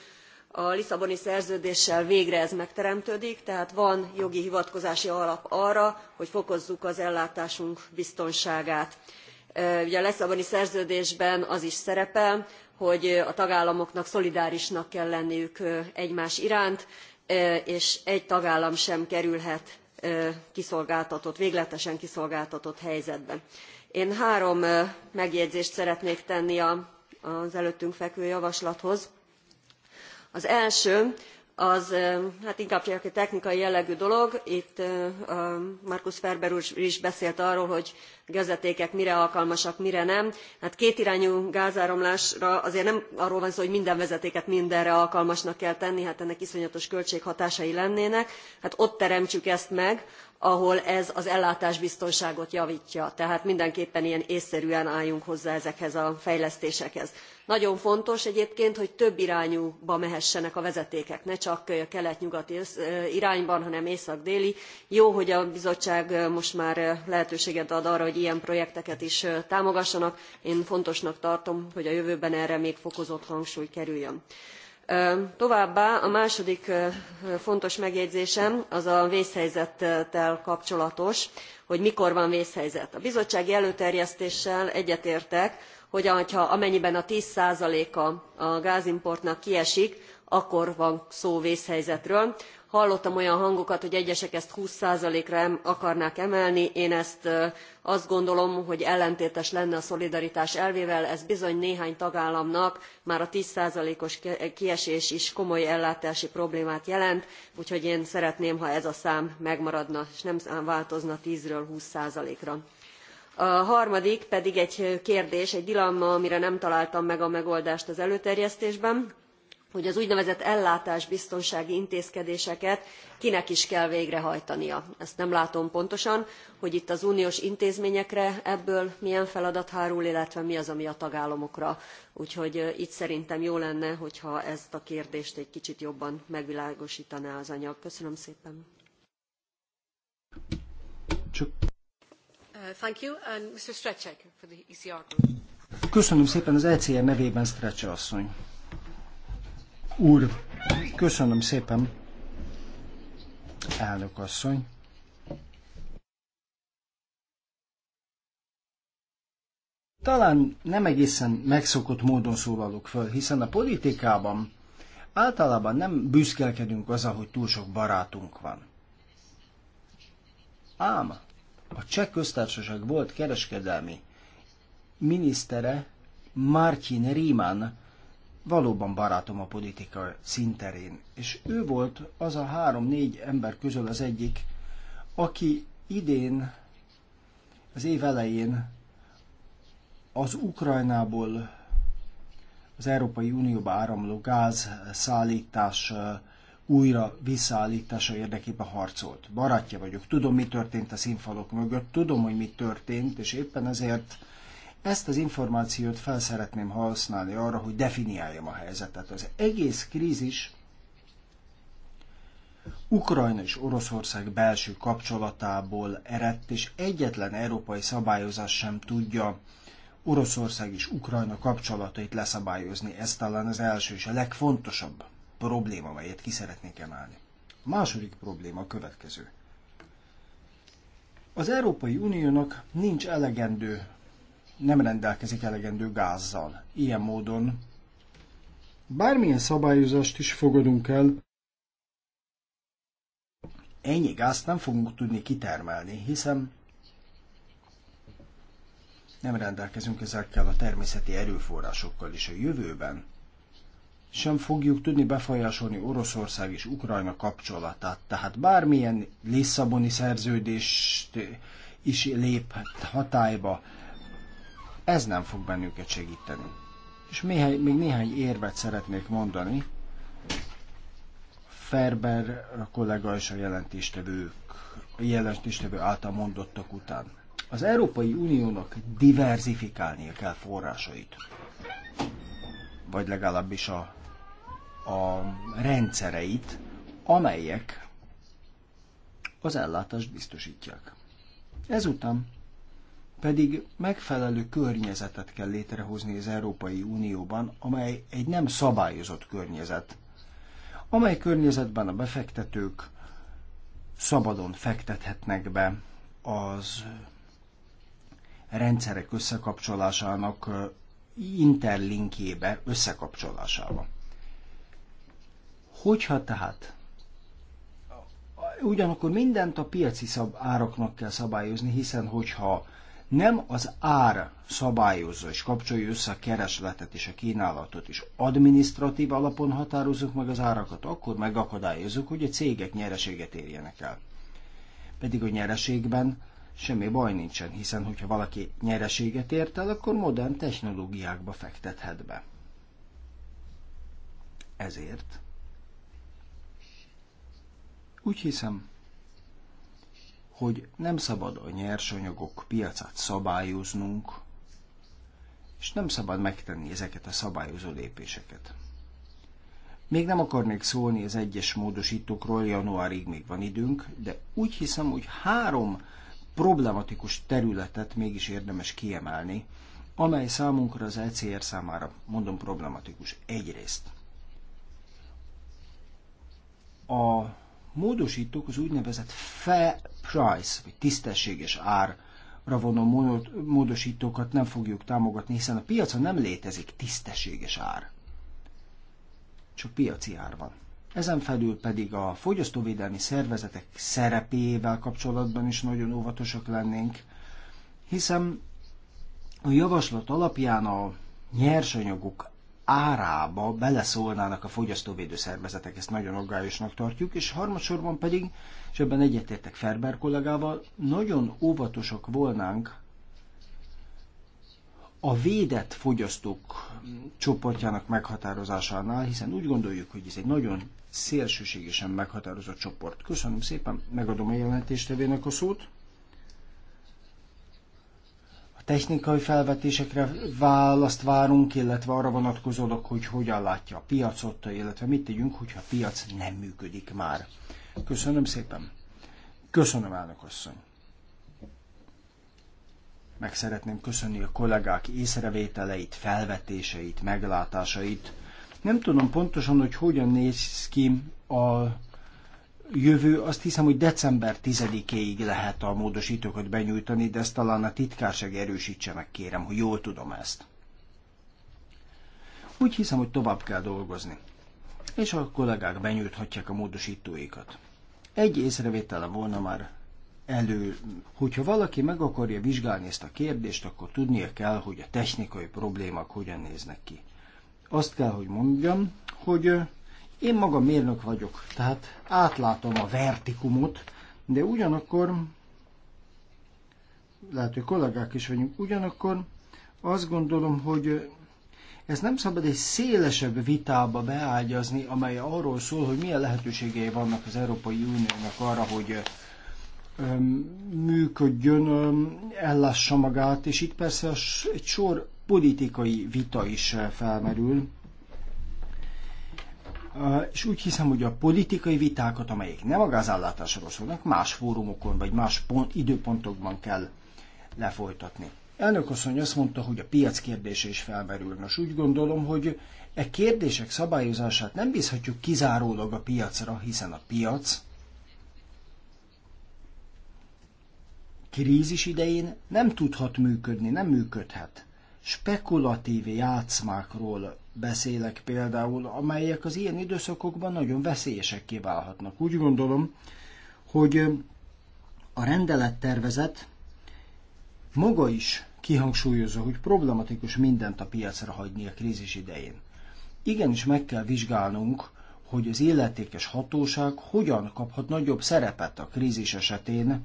A Lisszaboni szerződéssel végre ez megteremtődik, tehát van jogi hivatkozási alap arra, hogy fokozzuk az ellátásunk biztonságát. Ugye a Lisszaboni szerződésben az is szerepel, hogy a tagállamoknak szolidárisnak kell lenniük egymás iránt és egy tagállam sem kerülhet kiszolgáltatott végletesen kiszolgáltatott helyzetbe. én három megjegyzést szeretnék tenni az előttünk fekvő javaslathoz. az első az hát inkább csak egy technikai jellegű dolog. Itt Markus Ferber úr is beszélt arról, hogy gazetékek mire alkalmasak, mire nem. Hát kétirányú gázáramlásra azért nem arról van szó, hogy minden vezetéket mindenre alkalmasnak kell tenni, hát ennek iszonyatos költséghatásai lennének. Hát ott teremtsük ezt meg, ahol ez az ellátásbiztonságot javtja tehát mindenképpen ilyen ésszerűen álljunk hozzá ezekhez a fejlesztésekhez. nagyon fontos egyébként hogy több irányúba mehessenek a vezetékek ne csak kelet nyugat irányban hanem észak déli. jó hogy a bizottság most már lehetőséget ad arra hogy ilyen projekteket is támogassanak én fontosnak tartom hogy a jövőben erre még fokozott hangsúly kerüljön továbbá a második fontos megjegyzésem az a vészhelyzettel kapcsolatos hogy mikor van vészhelyzet. a bizottsági előterjesztéssel egyetértek hogy amennyiben a ten a a gázimportnak kiesik akkor van szó vészhelyzetről hallottam olyan hangokat hogy egyesek ezt twenty ra akarnák emelni én ezt azt gondolom hogy ellentétes lenne a szolidaritás elvével ez bizony néhány tagállamnak már a ten os kiesés is komoly ellátási problémát jelent úgyhogy én szeretném ha ez a szám megmaradna és nem változna ten ről twenty ra. a harmadik pedig egy kérdés egy dilemma amire nem találtam meg a megoldást az előterjesztésben hogy az úgynevezett ellátásbiztonsági intézkedéseket kinek is kell végrehajtania. ezt nem látom pontosan hogy itt az uniós intézményekre ebből milyen feladat hárul illetve mi az ami a tagállamokra úgyhogy itt szerintem jó lenne hogy ha ezt a kérdést egy kicsit jobban megvilágostaná az anyag. köszönöm szépen. Uh, e köszönöm szépen az ECR nevében Strecse asszony úr, köszönöm szépen, elnök asszony. Talán nem egészen megszokott módon szólalok föl, hiszen a politikában általában nem büszkelkedünk az, hogy túl sok barátunk van. Ám a cseh köztársaság volt kereskedelmi minisztere Martin Riemann valóban barátom a politika szinterén. És ő volt az a három-négy ember közül az egyik, aki idén, az év elején az Ukrajnából az Európai Unióba áramló gáz szállítás újra visszaállítása érdekében harcolt. Barátja vagyok, tudom, mi történt a színfalok mögött, tudom, hogy mi történt, és éppen ezért ezt az információt fel szeretném használni arra, hogy definiáljam a helyzetet. Az egész krízis Ukrajna és Oroszország belső kapcsolatából eredt, és egyetlen európai szabályozás sem tudja Oroszország és Ukrajna kapcsolatait leszabályozni. Ez talán az első és a legfontosabb probléma, amelyet ki szeretnék emelni. A második probléma a következő. Az Európai Uniónak nincs elegendő nem rendelkezik elegendő gázzal. Ilyen módon bármilyen szabályozást is fogadunk el, ennyi gázt nem fogunk tudni kitermelni, hiszen nem rendelkezünk ezekkel a természeti erőforrásokkal, és a jövőben sem fogjuk tudni befolyásolni Oroszország és Ukrajna kapcsolatát. Tehát bármilyen Lisszaboni szerződést is lép hatályba, ez nem fog bennünket segíteni. És még, még néhány érvet szeretnék mondani. Ferber kollega és a jelentéstevők, a jelentéstevő által mondottak után. Az Európai Uniónak diverzifikálnia kell forrásait. Vagy legalábbis a, a rendszereit, amelyek az ellátást biztosítják. Ezután pedig megfelelő környezetet kell létrehozni az Európai Unióban, amely egy nem szabályozott környezet, amely környezetben a befektetők szabadon fektethetnek be az rendszerek összekapcsolásának interlinkjébe, összekapcsolásába. Hogyha tehát ugyanakkor mindent a piaci szab áraknak kell szabályozni, hiszen hogyha nem az ár szabályozza és kapcsolja össze a keresletet és a kínálatot, és adminisztratív alapon határozunk meg az árakat, akkor megakadályozunk, hogy a cégek nyereséget érjenek el. Pedig a nyereségben semmi baj nincsen, hiszen hogyha valaki nyereséget ért el, akkor modern technológiákba fektethet be. Ezért úgy hiszem, hogy nem szabad a nyersanyagok piacát szabályoznunk, és nem szabad megtenni ezeket a szabályozó lépéseket. Még nem akarnék szólni az egyes módosítókról, januárig még van időnk, de úgy hiszem, hogy három problematikus területet mégis érdemes kiemelni, amely számunkra az ECR számára, mondom, problematikus. Egyrészt a módosítók az úgynevezett fair price, vagy tisztességes ár vonó módosítókat nem fogjuk támogatni, hiszen a piacon nem létezik tisztességes ár. Csak piaci ár van. Ezen felül pedig a fogyasztóvédelmi szervezetek szerepével kapcsolatban is nagyon óvatosak lennénk, hiszen a javaslat alapján a nyersanyagok árába beleszólnának a fogyasztóvédő szervezetek, ezt nagyon aggályosnak tartjuk, és harmadsorban pedig, és ebben egyetértek Ferber kollégával, nagyon óvatosak volnánk a védett fogyasztók csoportjának meghatározásánál, hiszen úgy gondoljuk, hogy ez egy nagyon szélsőségesen meghatározott csoport. Köszönöm szépen, megadom a jelentéstevének a szót technikai felvetésekre választ várunk, illetve arra vonatkozólag, hogy hogyan látja a piacot, illetve mit tegyünk, hogyha a piac nem működik már. Köszönöm szépen. Köszönöm, elnök asszony. Meg szeretném köszönni a kollégák észrevételeit, felvetéseit, meglátásait. Nem tudom pontosan, hogy hogyan néz ki a jövő, azt hiszem, hogy december 10-éig lehet a módosítókat benyújtani, de ezt talán a titkárság erősítse meg, kérem, hogy jól tudom ezt. Úgy hiszem, hogy tovább kell dolgozni, és a kollégák benyújthatják a módosítóikat. Egy észrevétele volna már elő, hogyha valaki meg akarja vizsgálni ezt a kérdést, akkor tudnia kell, hogy a technikai problémák hogyan néznek ki. Azt kell, hogy mondjam, hogy én magam mérnök vagyok, tehát átlátom a vertikumot, de ugyanakkor, lehet, hogy kollégák is vagyunk, ugyanakkor azt gondolom, hogy ez nem szabad egy szélesebb vitába beágyazni, amely arról szól, hogy milyen lehetőségei vannak az Európai Uniónak arra, hogy működjön, ellássa magát, és itt persze egy sor politikai vita is felmerül és úgy hiszem, hogy a politikai vitákat, amelyek nem a gázállátásról szólnak, más fórumokon vagy más pont, időpontokban kell lefolytatni. Elnök asszony azt mondta, hogy a piac kérdése is felmerül. Nos, úgy gondolom, hogy e kérdések szabályozását nem bízhatjuk kizárólag a piacra, hiszen a piac krízis idején nem tudhat működni, nem működhet. Spekulatív játszmákról beszélek például, amelyek az ilyen időszakokban nagyon veszélyesek kiválhatnak. Úgy gondolom, hogy a rendelettervezet maga is kihangsúlyozza, hogy problematikus mindent a piacra hagyni a krízis idején. Igenis meg kell vizsgálnunk, hogy az illetékes hatóság hogyan kaphat nagyobb szerepet a krízis esetén,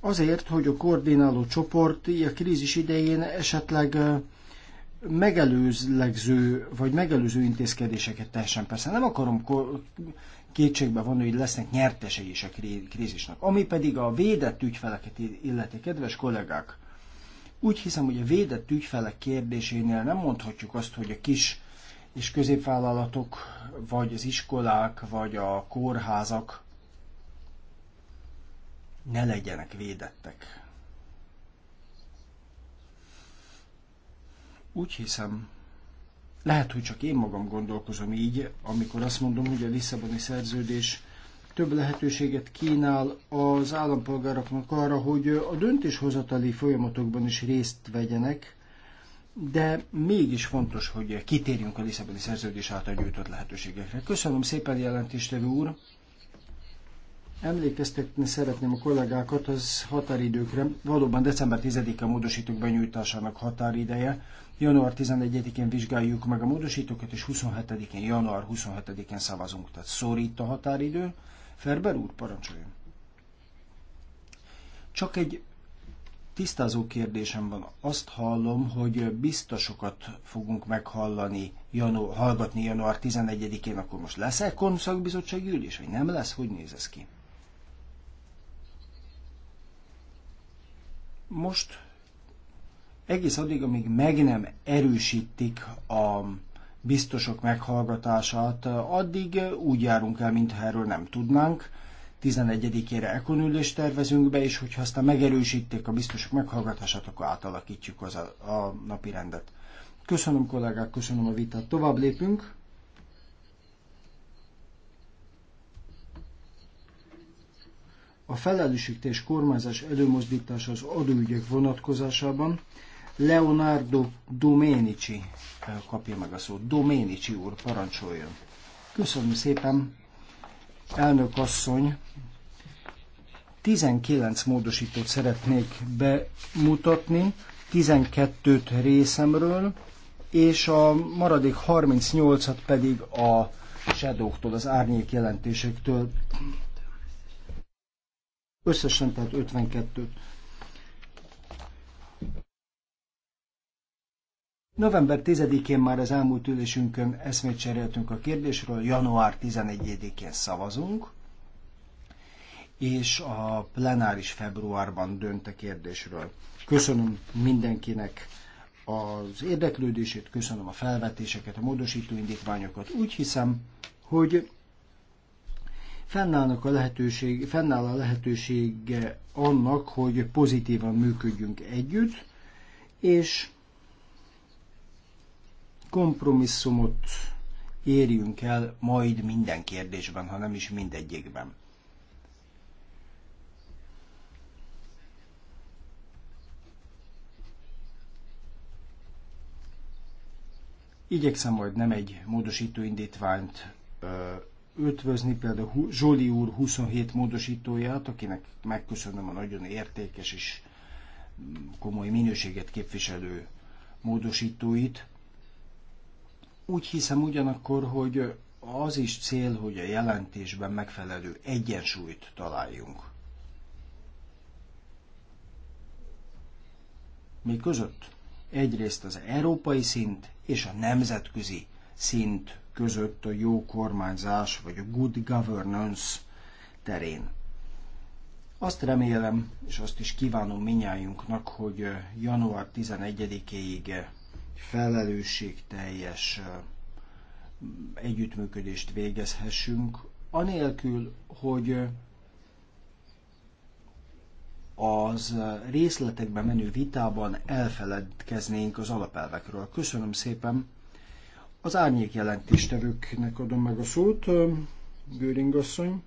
azért, hogy a koordináló csoport a krízis idején esetleg megelőzlegző vagy megelőző intézkedéseket teljesen Persze nem akarom kétségbe vonni, hogy lesznek nyertesei is a krízisnak. Ami pedig a védett ügyfeleket illeti, kedves kollégák, úgy hiszem, hogy a védett ügyfelek kérdésénél nem mondhatjuk azt, hogy a kis és középvállalatok, vagy az iskolák, vagy a kórházak ne legyenek védettek. Úgy hiszem, lehet, hogy csak én magam gondolkozom így, amikor azt mondom, hogy a Lisszaboni szerződés több lehetőséget kínál az állampolgároknak arra, hogy a döntéshozatali folyamatokban is részt vegyenek, de mégis fontos, hogy kitérjünk a Lisszaboni szerződés által gyűjtött lehetőségekre. Köszönöm szépen, jelentéstevő úr! Emlékeztetni szeretném a kollégákat az határidőkre. Valóban december 10-e módosítók benyújtásának határideje. Január 11-én vizsgáljuk meg a módosítókat, és 27-én, január 27-én szavazunk. Tehát szorít a határidő. Ferber úr, parancsoljon. Csak egy tisztázó kérdésem van. Azt hallom, hogy biztosokat fogunk meghallani, janu- hallgatni január 11-én, akkor most lesz-e konszakbizottsági ülés, vagy nem lesz? Hogy néz ez ki? Most egész addig, amíg meg nem erősítik a biztosok meghallgatását, addig úgy járunk el, mintha erről nem tudnánk. 11-ére ekonülést tervezünk be, és hogyha aztán megerősítik a biztosok meghallgatását, akkor átalakítjuk az a, a napi rendet. Köszönöm kollégák, köszönöm a vitát. Tovább lépünk. A felelősség és kormányzás előmozdítása az adóügyek vonatkozásában Leonardo Domenici eh, kapja meg a szót. Domenici úr, parancsoljon. Köszönöm szépen, elnök asszony. 19 módosítót szeretnék bemutatni, 12-t részemről, és a maradék 38-at pedig a shadow az árnyék jelentésektől. Összesen tehát 52-t. November 10-én már az elmúlt ülésünkön eszmét cseréltünk a kérdésről, január 11-én szavazunk, és a plenáris februárban dönt a kérdésről. Köszönöm mindenkinek az érdeklődését, köszönöm a felvetéseket, a módosító indítványokat. Úgy hiszem, hogy fennállnak a lehetőség, fennáll a lehetőség annak, hogy pozitívan működjünk együtt, és kompromisszumot érjünk el majd minden kérdésben, ha nem is mindegyikben. Igyekszem majd nem egy módosító indítványt ötvözni, például Zsoli úr 27 módosítóját, akinek megköszönöm a nagyon értékes és mm, komoly minőséget képviselő módosítóit. Úgy hiszem ugyanakkor, hogy az is cél, hogy a jelentésben megfelelő egyensúlyt találjunk. Mi között? Egyrészt az európai szint és a nemzetközi szint között a jó kormányzás vagy a good governance terén. Azt remélem, és azt is kívánom minnyájunknak, hogy január 11-éig felelősségteljes együttműködést végezhessünk, anélkül, hogy az részletekben menő vitában elfeledkeznénk az alapelvekről. Köszönöm szépen. Az árnyék jelentéstevőknek adom meg a szót, Göring asszony.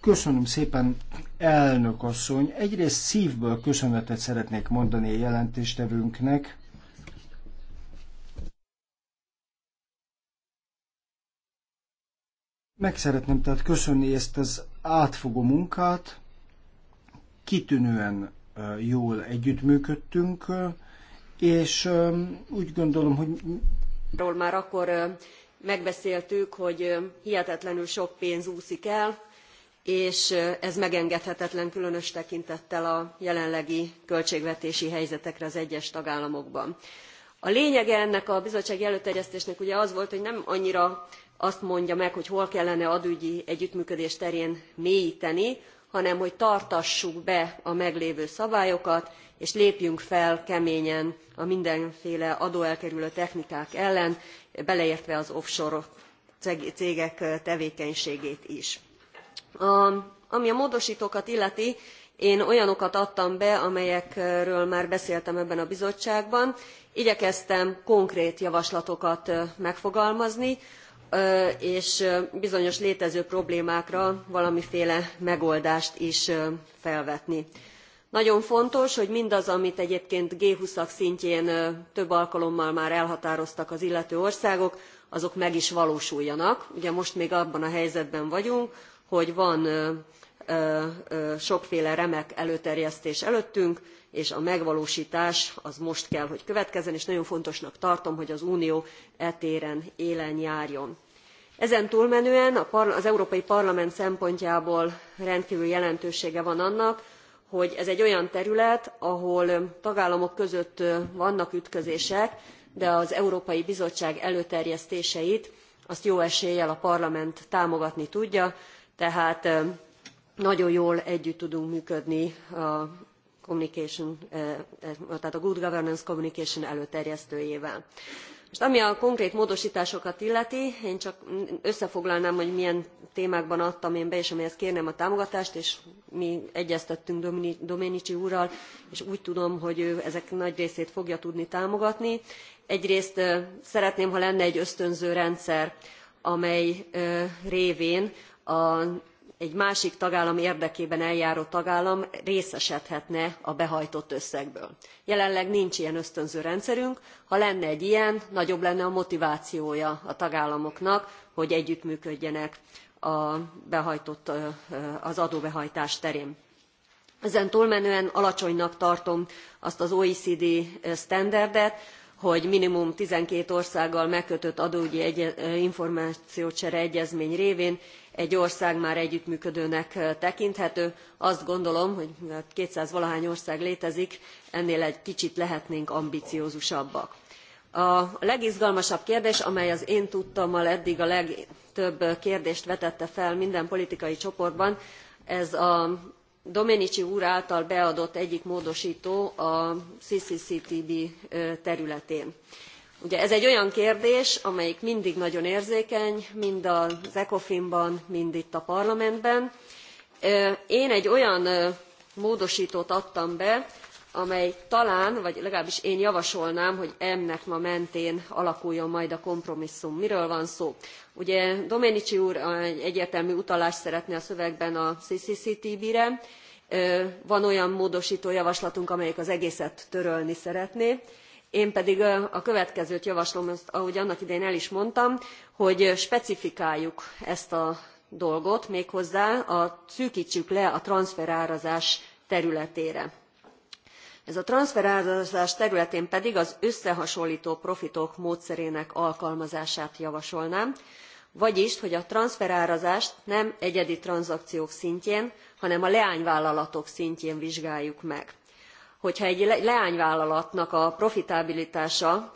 Köszönöm szépen, elnök asszony. Egyrészt szívből köszönetet szeretnék mondani a jelentéstevőnknek, Meg szeretném tehát köszönni ezt az átfogó munkát. Kitűnően jól együttműködtünk, és úgy gondolom, hogy... Ról már akkor megbeszéltük, hogy hihetetlenül sok pénz úszik el, és ez megengedhetetlen különös tekintettel a jelenlegi költségvetési helyzetekre az egyes tagállamokban. A lényege ennek a bizottsági előterjesztésnek ugye az volt, hogy nem annyira azt mondja meg, hogy hol kellene adügyi együttműködés terén mélyteni hanem hogy tartassuk be a meglévő szabályokat, és lépjünk fel keményen a mindenféle adóelkerülő technikák ellen, beleértve az offshore cégek tevékenységét is. A, ami a módostókat illeti én olyanokat adtam be amelyekről már beszéltem ebben a bizottságban igyekeztem konkrét javaslatokat megfogalmazni és bizonyos létező problémákra valamiféle megoldást is felvetni. nagyon fontos hogy mindaz amit egyébként g twenty ak szintjén több alkalommal már elhatároztak az illető országok azok meg is valósuljanak. ugye most még abban a helyzetben vagyunk hogy van sokféle remek előterjesztés előttünk és a megvalóstás az most kell hogy következzen és nagyon fontosnak tartom hogy az unió e téren élen járjon. ezen túlmenően az európai parlament szempontjából rendkvül jelentősége van annak hogy ez egy olyan terület ahol tagállamok között vannak ütközések de az európai bizottság előterjesztéseit azt jó eséllyel a parlament támogatni tudja tehát nagyon jól együtt tudunk működni communication, eh, eh, tehát a good governance communication előterjesztőjével. Most ami a konkrét módosításokat illeti, én csak összefoglalnám, hogy milyen témákban adtam én be, és amihez kérném a támogatást, és mi egyeztettünk Domenici úrral, és úgy tudom, hogy ő ezek nagy részét fogja tudni támogatni. Egyrészt eh, szeretném, ha lenne egy ösztönző rendszer, amely révén a egy másik tagállam érdekében eljáró tagállam részesedhetne a behajtott összegből. jelenleg nincs ilyen ösztönző rendszerünk ha lenne egy ilyen nagyobb lenne a motivációja a tagállamoknak hogy együttműködjenek a behajtott, az adóbehajtás terén. ezen túlmenően alacsonynak tartom azt az oecd standardet hogy minimum twelve országgal megkötött adóügyi információcsere egyezmény révén egy ország már együttműködőnek tekinthető azt gondolom hogy mivel valahány ország létezik ennél egy kicsit lehetnénk ambiciózusabbak. a legizgalmasabb kérdés amely az én tudtommal eddig a legtöbb kérdést vetette fel minden politikai csoportban ez a domenici úr által beadott egyik módostó a ccctb területén. Ugye ez egy olyan kérdés, amelyik mindig nagyon érzékeny, mind az ECOFIN-ban, mind itt a parlamentben. Én egy olyan módosítót adtam be, amely talán, vagy legalábbis én javasolnám, hogy ennek ma mentén alakuljon majd a kompromisszum. Miről van szó? Ugye Domenici úr egyértelmű utalást szeretne a szövegben a CCCTB-re, van olyan módosító javaslatunk, amelyik az egészet törölni szeretné, én pedig a következőt javaslom ezt ahogy annak idején el is mondtam hogy specifikáljuk ezt a dolgot méghozzá a, le a transzferárazás területére. ez a transzferárazás területén pedig az összehasonltó profitok módszerének alkalmazását javasolnám vagyis hogy a transzferárazást nem egyedi tranzakciók szintjén hanem a leányvállalatok szintjén vizsgáljuk meg hogyha egy leányvállalatnak a profitabilitása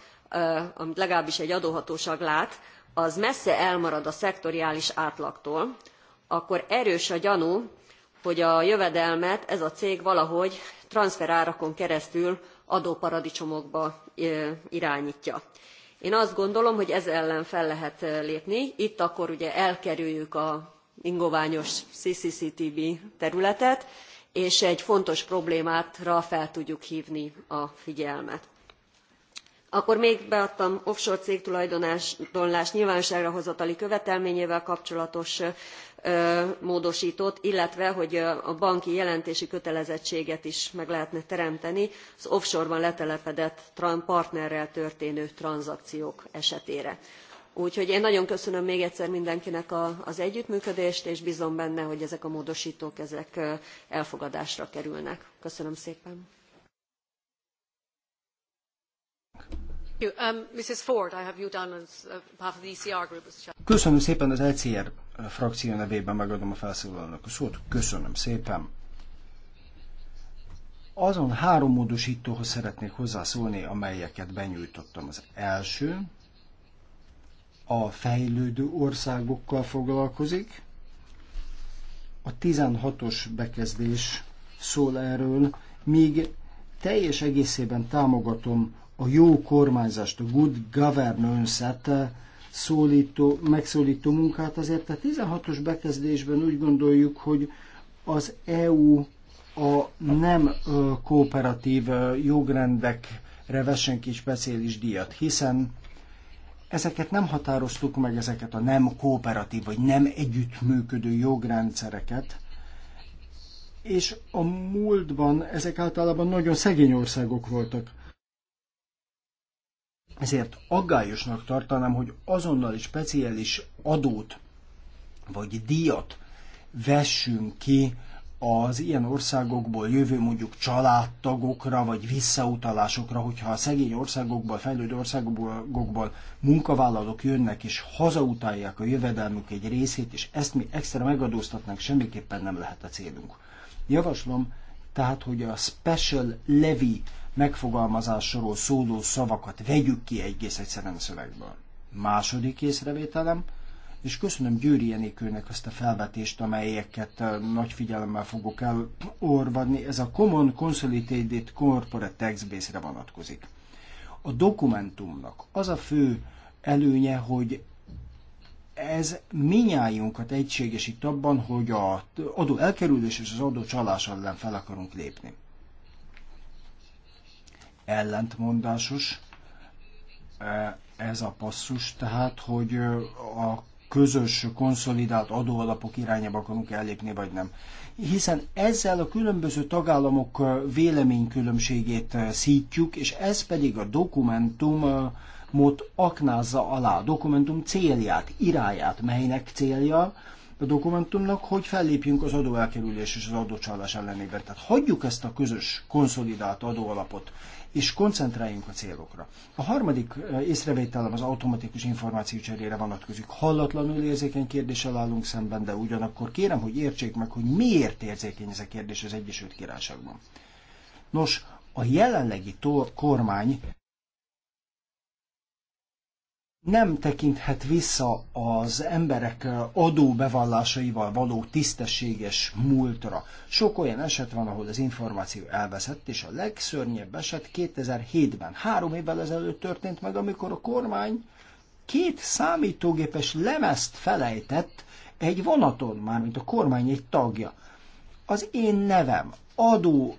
amit legalábbis egy adóhatóság lát az messze elmarad a szektoriális átlagtól akkor erős a gyanú hogy a jövedelmet ez a cég valahogy transferárakon keresztül adóparadicsomokba iránytja. én azt gondolom hogy ez ellen fel lehet lépni itt akkor ugye elkerüljük a ingoványos ccctb területet és egy fontos problémára fel tudjuk hívni a figyelmet. Akkor még beadtam offshore cégtulajdonlás nyilvánosságra hozatali követelményével kapcsolatos módostót illetve hogy a banki jelentési kötelezettséget is meg lehetne teremteni az offshore ban letelepedett partnerrel történő tranzakciók esetére úgyhogy én nagyon köszönöm még egyszer mindenkinek a, az együttműködést és bzom benne hogy ezek a módostók ezek elfogadásra kerülnek. köszönöm szépen. Köszönöm szépen az ECR uh, frakció nevében megadom a felszólalónak a szót. Köszönöm szépen. Azon három módosítóhoz szeretnék hozzászólni, amelyeket benyújtottam. Az első, a fejlődő országokkal foglalkozik. A 16-os bekezdés szól erről, míg teljes egészében támogatom a jó kormányzást, a good governance-et szólító, megszólító munkát, azért a 16-os bekezdésben úgy gondoljuk, hogy az EU a nem kooperatív jogrendekre vessen kis speciális díjat, hiszen Ezeket nem határoztuk meg, ezeket a nem kooperatív vagy nem együttműködő jogrendszereket, és a múltban ezek általában nagyon szegény országok voltak. Ezért aggályosnak tartanám, hogy azonnal is speciális adót vagy díjat vessünk ki az ilyen országokból jövő mondjuk családtagokra, vagy visszautalásokra, hogyha a szegény országokból, fejlődő országokból munkavállalók jönnek és hazautálják a jövedelmük egy részét, és ezt mi extra megadóztatnánk, semmiképpen nem lehet a célunk. Javaslom tehát, hogy a special levy megfogalmazásról szóló szavakat vegyük ki egész egyszerűen a szövegből. Második észrevételem – és köszönöm Győri Enikőnek azt a felvetést, amelyeket nagy figyelemmel fogok elorvadni. Ez a Common Consolidated Corporate Tax Base-re vonatkozik. A dokumentumnak az a fő előnye, hogy ez minnyájunkat egységesít abban, hogy az adó elkerülés és az adó csalás ellen fel akarunk lépni. Ellentmondásos ez a passzus, tehát, hogy a közös konszolidált adóalapok irányába akarunk ellépni, vagy nem. Hiszen ezzel a különböző tagállamok véleménykülönbségét szítjük, és ez pedig a dokumentumot aknázza alá, a dokumentum célját, iráját, melynek célja, a dokumentumnak, hogy fellépjünk az adóelkerülés és az adócsalás ellenében. Tehát hagyjuk ezt a közös konszolidált adóalapot, és koncentráljunk a célokra. A harmadik észrevételem az automatikus cserére vonatkozik. Hallatlanul érzékeny kérdéssel állunk szemben, de ugyanakkor kérem, hogy értsék meg, hogy miért érzékeny ez a kérdés az Egyesült Királyságban. Nos, a jelenlegi kormány nem tekinthet vissza az emberek adóbevallásaival való tisztességes múltra. Sok olyan eset van, ahol az információ elveszett, és a legszörnyebb eset 2007-ben, három évvel ezelőtt történt meg, amikor a kormány két számítógépes lemezt felejtett egy vonaton, mármint a kormány egy tagja. Az én nevem, adó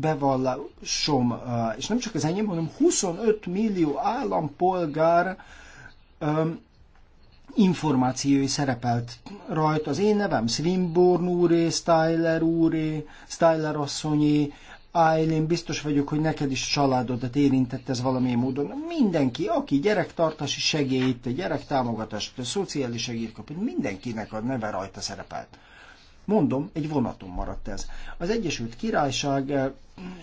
bevallásom, és nem csak az enyém, hanem 25 millió állampolgár információi szerepelt rajta. Az én nevem Swinburne úré, Styler úré, Styler asszonyé, Eileen, biztos vagyok, hogy neked is családodat érintett ez valamilyen módon. Mindenki, aki gyerektartási segélyt, gyerektámogatást, szociális segélyt kap, mindenkinek a neve rajta szerepelt. Mondom, egy vonaton maradt ez. Az Egyesült Királyság eh,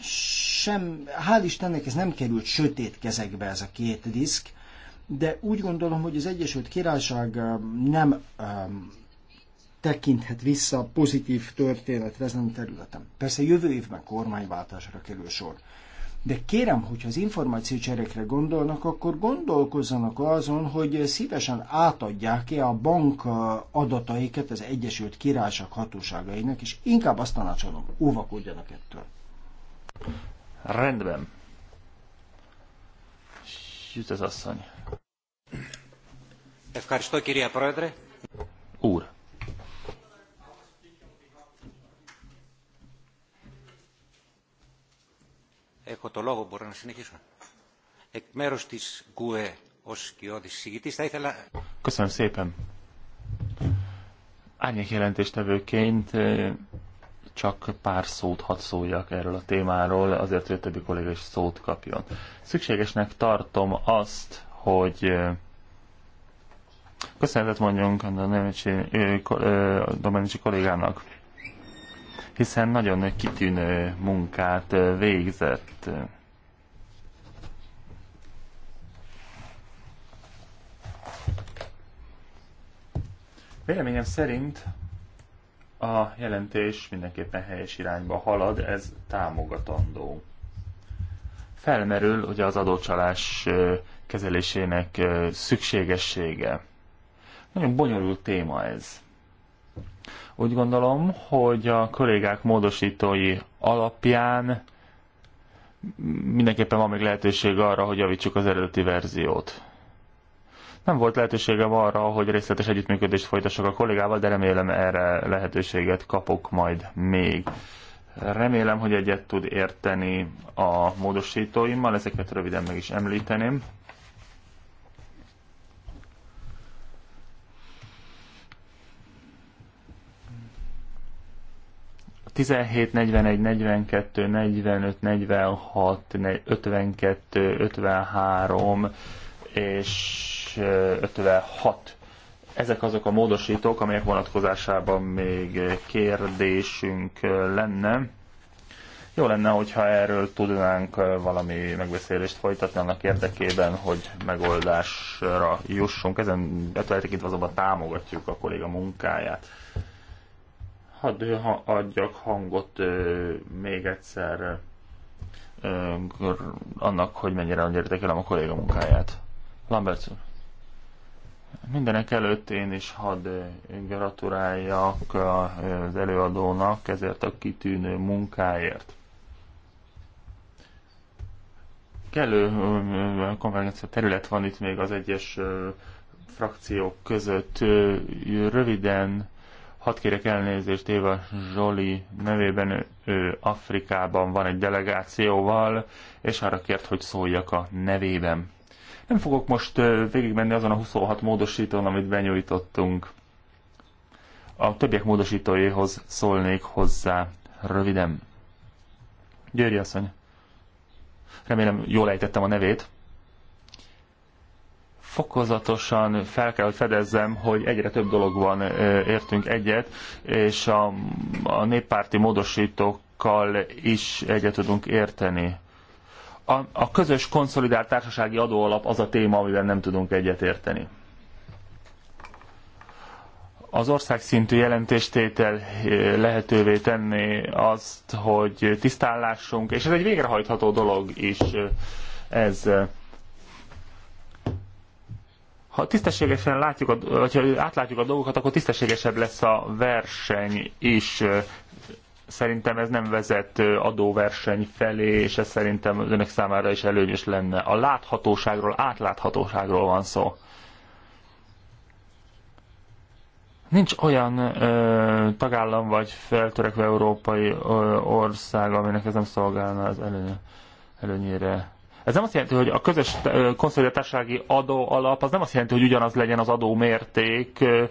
sem, hál' Istennek ez nem került sötét kezekbe ez a két diszk, de úgy gondolom, hogy az Egyesült Királyság eh, nem um, tekinthet vissza pozitív történetre ezen a területen. Persze jövő évben kormányváltásra kerül sor. De kérem, hogyha az információcserekre gondolnak, akkor gondolkozzanak azon, hogy szívesen átadják-e a bank adataikat az Egyesült Királyság hatóságainak, és inkább azt tanácsolom, óvakodjanak ettől. Rendben. Jut az asszony. Úr. Έχω το λόγο, μπορώ να συνεχίσω. Εκ μέρους της ΚΟΕ ως σκιώδης συγητής θα ήθελα... Köszönöm szépen. Árnyék jelentéstevőként csak pár szót hadd szóljak erről a témáról, azért, hogy a többi kolléga is szót kapjon. Szükségesnek tartom azt, hogy köszönetet mondjunk a Domenici kollégának hiszen nagyon kitűnő munkát végzett. Véleményem szerint a jelentés mindenképpen helyes irányba halad, ez támogatandó. Felmerül ugye az adócsalás kezelésének szükségessége. Nagyon bonyolult téma ez. Úgy gondolom, hogy a kollégák módosítói alapján mindenképpen van még lehetőség arra, hogy javítsuk az eredeti verziót. Nem volt lehetőségem arra, hogy részletes együttműködést folytassak a kollégával, de remélem erre lehetőséget kapok majd még. Remélem, hogy egyet tud érteni a módosítóimmal, ezeket röviden meg is említeném. 17, 41, 42, 45, 46, 52, 53 és 56. Ezek azok a módosítók, amelyek vonatkozásában még kérdésünk lenne. Jó lenne, hogyha erről tudnánk valami megbeszélést folytatni annak érdekében, hogy megoldásra jussunk. Ezen beteltekintve azonban támogatjuk a kolléga munkáját hadd ha adjak hangot ö, még egyszer ö, annak, hogy mennyire nagy értékelem a kolléga munkáját. Lambert úr. Mindenek előtt én is hadd gratuláljak az előadónak ezért a kitűnő munkáért. Kellő konvergencia terület van itt még az egyes frakciók között. Röviden Hadd kérek elnézést Éva Zsoli nevében, ő Afrikában van egy delegációval, és arra kért, hogy szóljak a nevében. Nem fogok most végigmenni azon a 26 módosítón, amit benyújtottunk. A többiek módosítójéhoz szólnék hozzá röviden. Győri asszony, remélem jól ejtettem a nevét fokozatosan fel kell, hogy fedezzem, hogy egyre több dologban értünk egyet, és a, a néppárti módosítókkal is egyet tudunk érteni. A, a közös konszolidált társasági adóalap az a téma, amivel nem tudunk egyet érteni. Az országszintű jelentéstétel lehetővé tenni azt, hogy tisztállásunk, és ez egy végrehajtható dolog is, ez ha tisztességesen látjuk, a, ha átlátjuk a dolgokat, akkor tisztességesebb lesz a verseny is. Szerintem ez nem vezet adóverseny felé, és ez szerintem önök számára is előnyös lenne. A láthatóságról, átláthatóságról van szó. Nincs olyan ö, tagállam vagy feltörekve európai ö, ország, aminek ez nem szolgálna az előny, előnyére. Ez nem azt jelenti, hogy a közös eh, konszolidált adó alap, az nem azt jelenti, hogy ugyanaz legyen az adó mérték, eh, eh,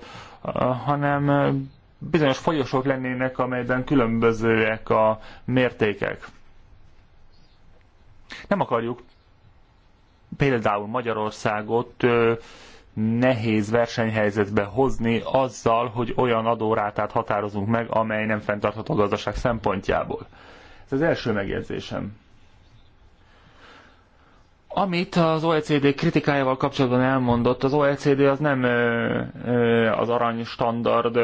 hanem bizonyos folyosók lennének, amelyben különbözőek a mértékek. Nem akarjuk például Magyarországot nehéz versenyhelyzetbe hozni azzal, hogy olyan adórátát határozunk meg, amely nem fenntartható a gazdaság szempontjából. Ez az első megjegyzésem. Amit az OECD kritikájával kapcsolatban elmondott, az OECD az nem az arany standard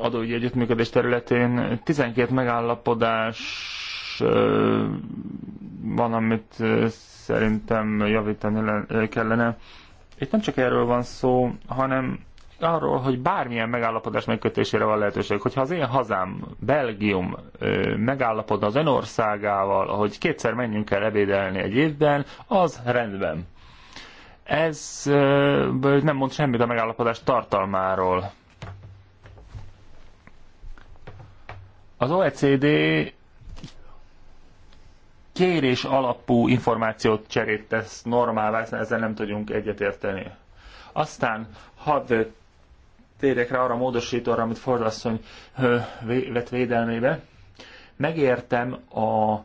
adói együttműködés területén 12 megállapodás van, amit szerintem javítani kellene. Itt nem csak erről van szó, hanem arról, hogy bármilyen megállapodás megkötésére van lehetőség. Hogyha az én hazám, Belgium megállapodna az önországával, hogy kétszer menjünk el ebédelni egy évben, az rendben. Ez nem mond semmit a megállapodás tartalmáról. Az OECD kérés alapú információt cserét tesz normálvá, ezzel nem tudjunk egyetérteni. Aztán hadd térjek rá arra a módosítóra, amit Fordasszony vett védelmébe. Megértem a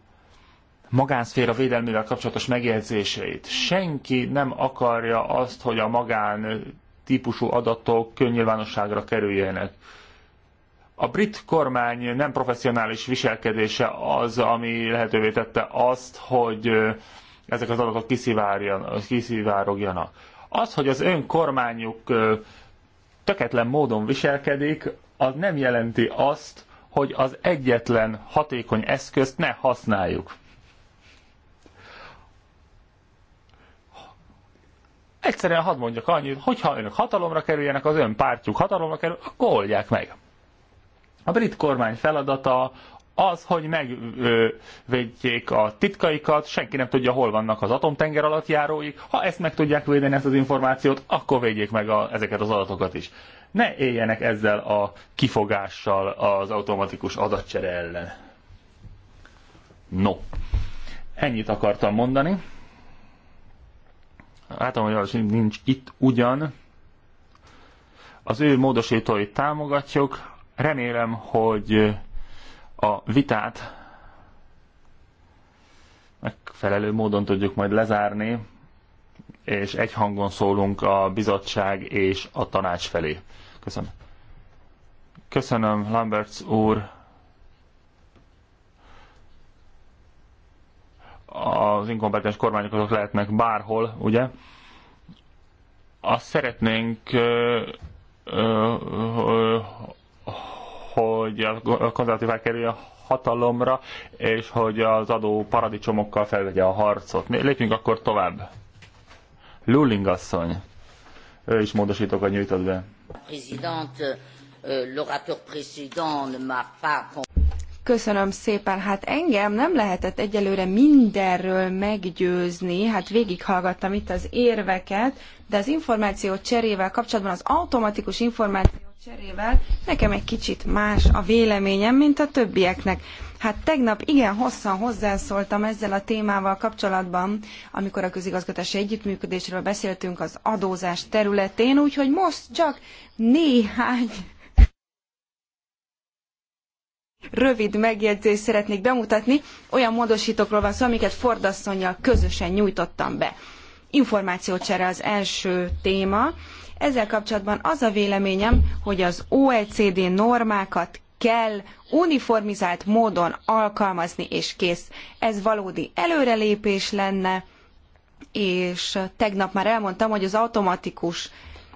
magánszféra védelmével kapcsolatos megjegyzéseit. Senki nem akarja azt, hogy a magán típusú adatok könnyilvánosságra kerüljenek. A brit kormány nem professzionális viselkedése az, ami lehetővé tette azt, hogy ezek az adatok kiszivárogjanak. Az, hogy az ön kormányuk töketlen módon viselkedik, az nem jelenti azt, hogy az egyetlen hatékony eszközt ne használjuk. Egyszerűen hadd mondjak annyit, hogyha önök hatalomra kerüljenek, az ön pártjuk hatalomra kerül, akkor oldják meg. A brit kormány feladata az, hogy megvédjék a titkaikat, senki nem tudja, hol vannak az atomtenger alatt járóik. Ha ezt meg tudják védeni, ezt az információt, akkor védjék meg a, ezeket az adatokat is. Ne éljenek ezzel a kifogással az automatikus adatcsere ellen. No, ennyit akartam mondani. Látom, hogy az nincs itt ugyan. Az ő módosítóit támogatjuk. Remélem, hogy a vitát megfelelő módon tudjuk majd lezárni, és egy hangon szólunk a bizottság és a tanács felé. Köszönöm. Köszönöm, Lamberts úr. Az inkompetens kormányok azok lehetnek bárhol, ugye? Azt szeretnénk, ö, ö, ö, hogy a konzervatív kerülje a hatalomra, és hogy az adó paradicsomokkal felvegye a harcot. Lépjünk akkor tovább. Luling asszony. Ő is a nyújtott be. Euh, Köszönöm szépen. Hát engem nem lehetett egyelőre mindenről meggyőzni, hát végighallgattam itt az érveket, de az információ cserével kapcsolatban az automatikus információ cserével nekem egy kicsit más a véleményem, mint a többieknek. Hát tegnap igen hosszan hozzászóltam ezzel a témával kapcsolatban, amikor a közigazgatási együttműködésről beszéltünk az adózás területén, úgyhogy most csak néhány rövid megjegyzést szeretnék bemutatni. Olyan módosítókról van szó, amiket Fordasszonyjal közösen nyújtottam be. Információcsere az első téma ezzel kapcsolatban az a véleményem, hogy az OECD normákat kell uniformizált módon alkalmazni, és kész. Ez valódi előrelépés lenne, és tegnap már elmondtam, hogy az automatikus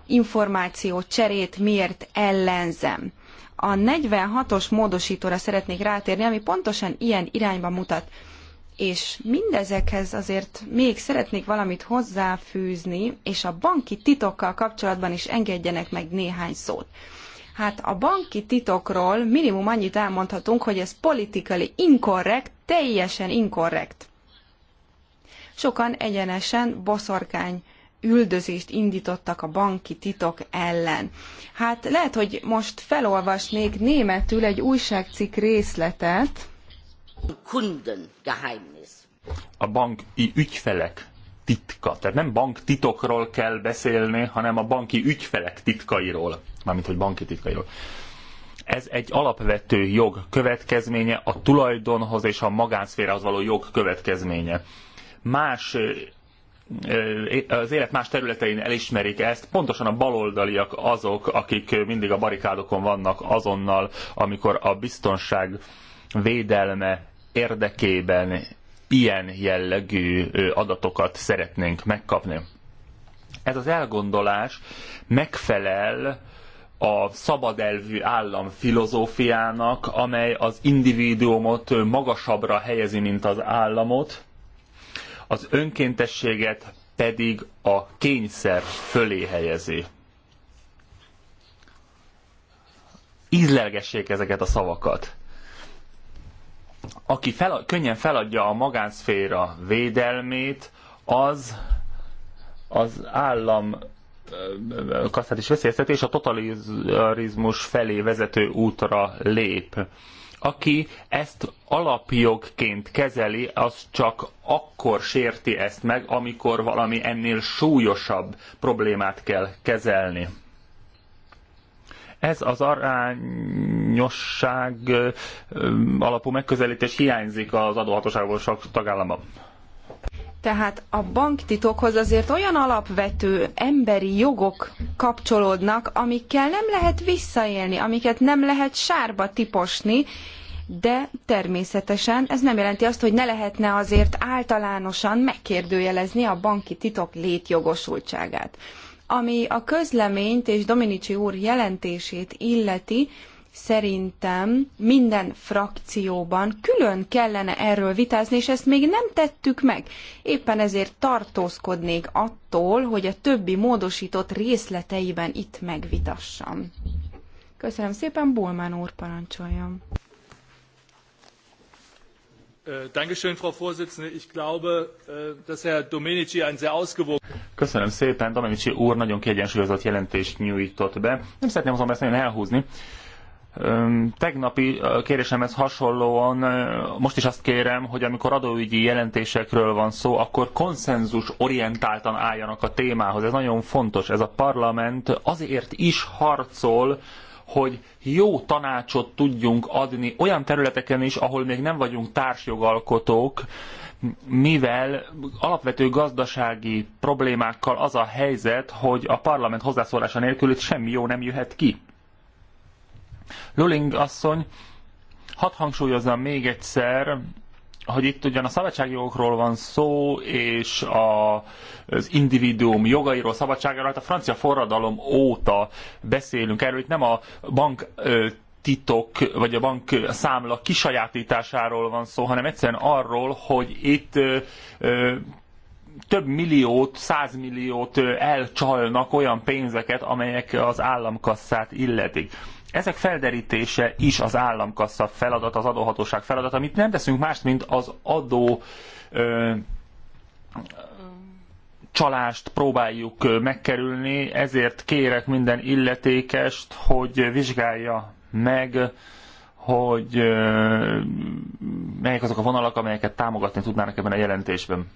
információ cserét miért ellenzem. A 46-os módosítóra szeretnék rátérni, ami pontosan ilyen irányba mutat és mindezekhez azért még szeretnék valamit hozzáfűzni, és a banki titokkal kapcsolatban is engedjenek meg néhány szót. Hát a banki titokról minimum annyit elmondhatunk, hogy ez politikai inkorrekt, teljesen inkorrekt. Sokan egyenesen boszorkány üldözést indítottak a banki titok ellen. Hát lehet, hogy most felolvasnék németül egy újságcikk részletet. Kunden geheim a banki ügyfelek titka. Tehát nem banktitokról kell beszélni, hanem a banki ügyfelek titkairól. Mármint, hogy banki titkairól. Ez egy alapvető jog következménye, a tulajdonhoz és a magánszférához való jog következménye. Más az élet más területein elismerik ezt, pontosan a baloldaliak azok, akik mindig a barikádokon vannak azonnal, amikor a biztonság védelme érdekében ilyen jellegű adatokat szeretnénk megkapni. Ez az elgondolás megfelel a szabad elvű állam filozófiának, amely az individuumot magasabbra helyezi, mint az államot, az önkéntességet pedig a kényszer fölé helyezi. Ízlelgessék ezeket a szavakat aki fel, könnyen feladja a magánszféra védelmét, az az állam kasszát is veszélyezteti, és a totalizmus felé vezető útra lép. Aki ezt alapjogként kezeli, az csak akkor sérti ezt meg, amikor valami ennél súlyosabb problémát kell kezelni. Ez az arányosság alapú megközelítés hiányzik az adóhatóságból sok tagállamban. Tehát a banktitokhoz azért olyan alapvető emberi jogok kapcsolódnak, amikkel nem lehet visszaélni, amiket nem lehet sárba tiposni, de természetesen ez nem jelenti azt, hogy ne lehetne azért általánosan megkérdőjelezni a banki titok létjogosultságát. Ami a közleményt és Dominici úr jelentését illeti, szerintem minden frakcióban külön kellene erről vitázni, és ezt még nem tettük meg. Éppen ezért tartózkodnék attól, hogy a többi módosított részleteiben itt megvitassam. Köszönöm szépen, Bulmán úr parancsoljon. Äh, Frau Vorsitzende. Ich glaube, äh, dass Herr Domenici ein sehr ausgewogen... Köszönöm szépen, Domenici úr nagyon kiegyensúlyozott jelentést nyújtott be. Nem szeretném azonban ezt nagyon elhúzni. Tegnapi kérésemhez hasonlóan most is azt kérem, hogy amikor adóügyi jelentésekről van szó, akkor konszenzus orientáltan álljanak a témához. Ez nagyon fontos. Ez a parlament azért is harcol, hogy jó tanácsot tudjunk adni olyan területeken is, ahol még nem vagyunk társjogalkotók, mivel alapvető gazdasági problémákkal az a helyzet, hogy a parlament hozzászólása nélkül itt semmi jó nem jöhet ki. Luling asszony, hadd hangsúlyozzam még egyszer, hogy itt ugyan a szabadságjogokról van szó, és a, az individuum jogairól, szabadságáról, hát a francia forradalom óta beszélünk erről, itt nem a bank ö, titok, vagy a bank számla kisajátításáról van szó, hanem egyszerűen arról, hogy itt ö, ö, több milliót, százmilliót elcsalnak olyan pénzeket, amelyek az államkasszát illetik ezek felderítése is az államkassa feladat, az adóhatóság feladat, amit nem teszünk más, mint az adó ö, csalást próbáljuk megkerülni, ezért kérek minden illetékest, hogy vizsgálja meg, hogy ö, melyek azok a vonalak, amelyeket támogatni tudnának ebben a jelentésben.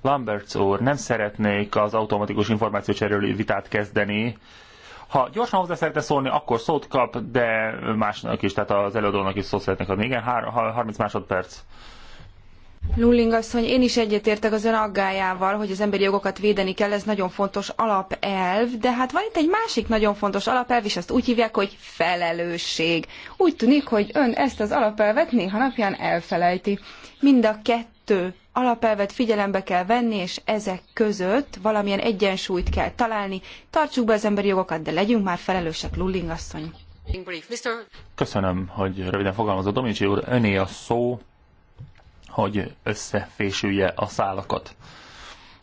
Lamberts úr, nem szeretnék az automatikus információcseréli vitát kezdeni, ha gyorsan hozzá szeretne szólni, akkor szót kap, de másnak is, tehát az előadónak is szót szeretnék adni. Igen, 30 másodperc. Lulling asszony, én is egyetértek az ön aggájával, hogy az emberi jogokat védeni kell, ez nagyon fontos alapelv, de hát van itt egy másik nagyon fontos alapelv, és azt úgy hívják, hogy felelősség. Úgy tűnik, hogy ön ezt az alapelvet néha napján elfelejti. Mind a kettő alapelvet figyelembe kell venni, és ezek között valamilyen egyensúlyt kell találni. Tartsuk be az emberi jogokat, de legyünk már felelősek, Lulling asszony. Köszönöm, hogy röviden fogalmazott. Domicsi úr, öné a szó hogy összefésülje a szálakat.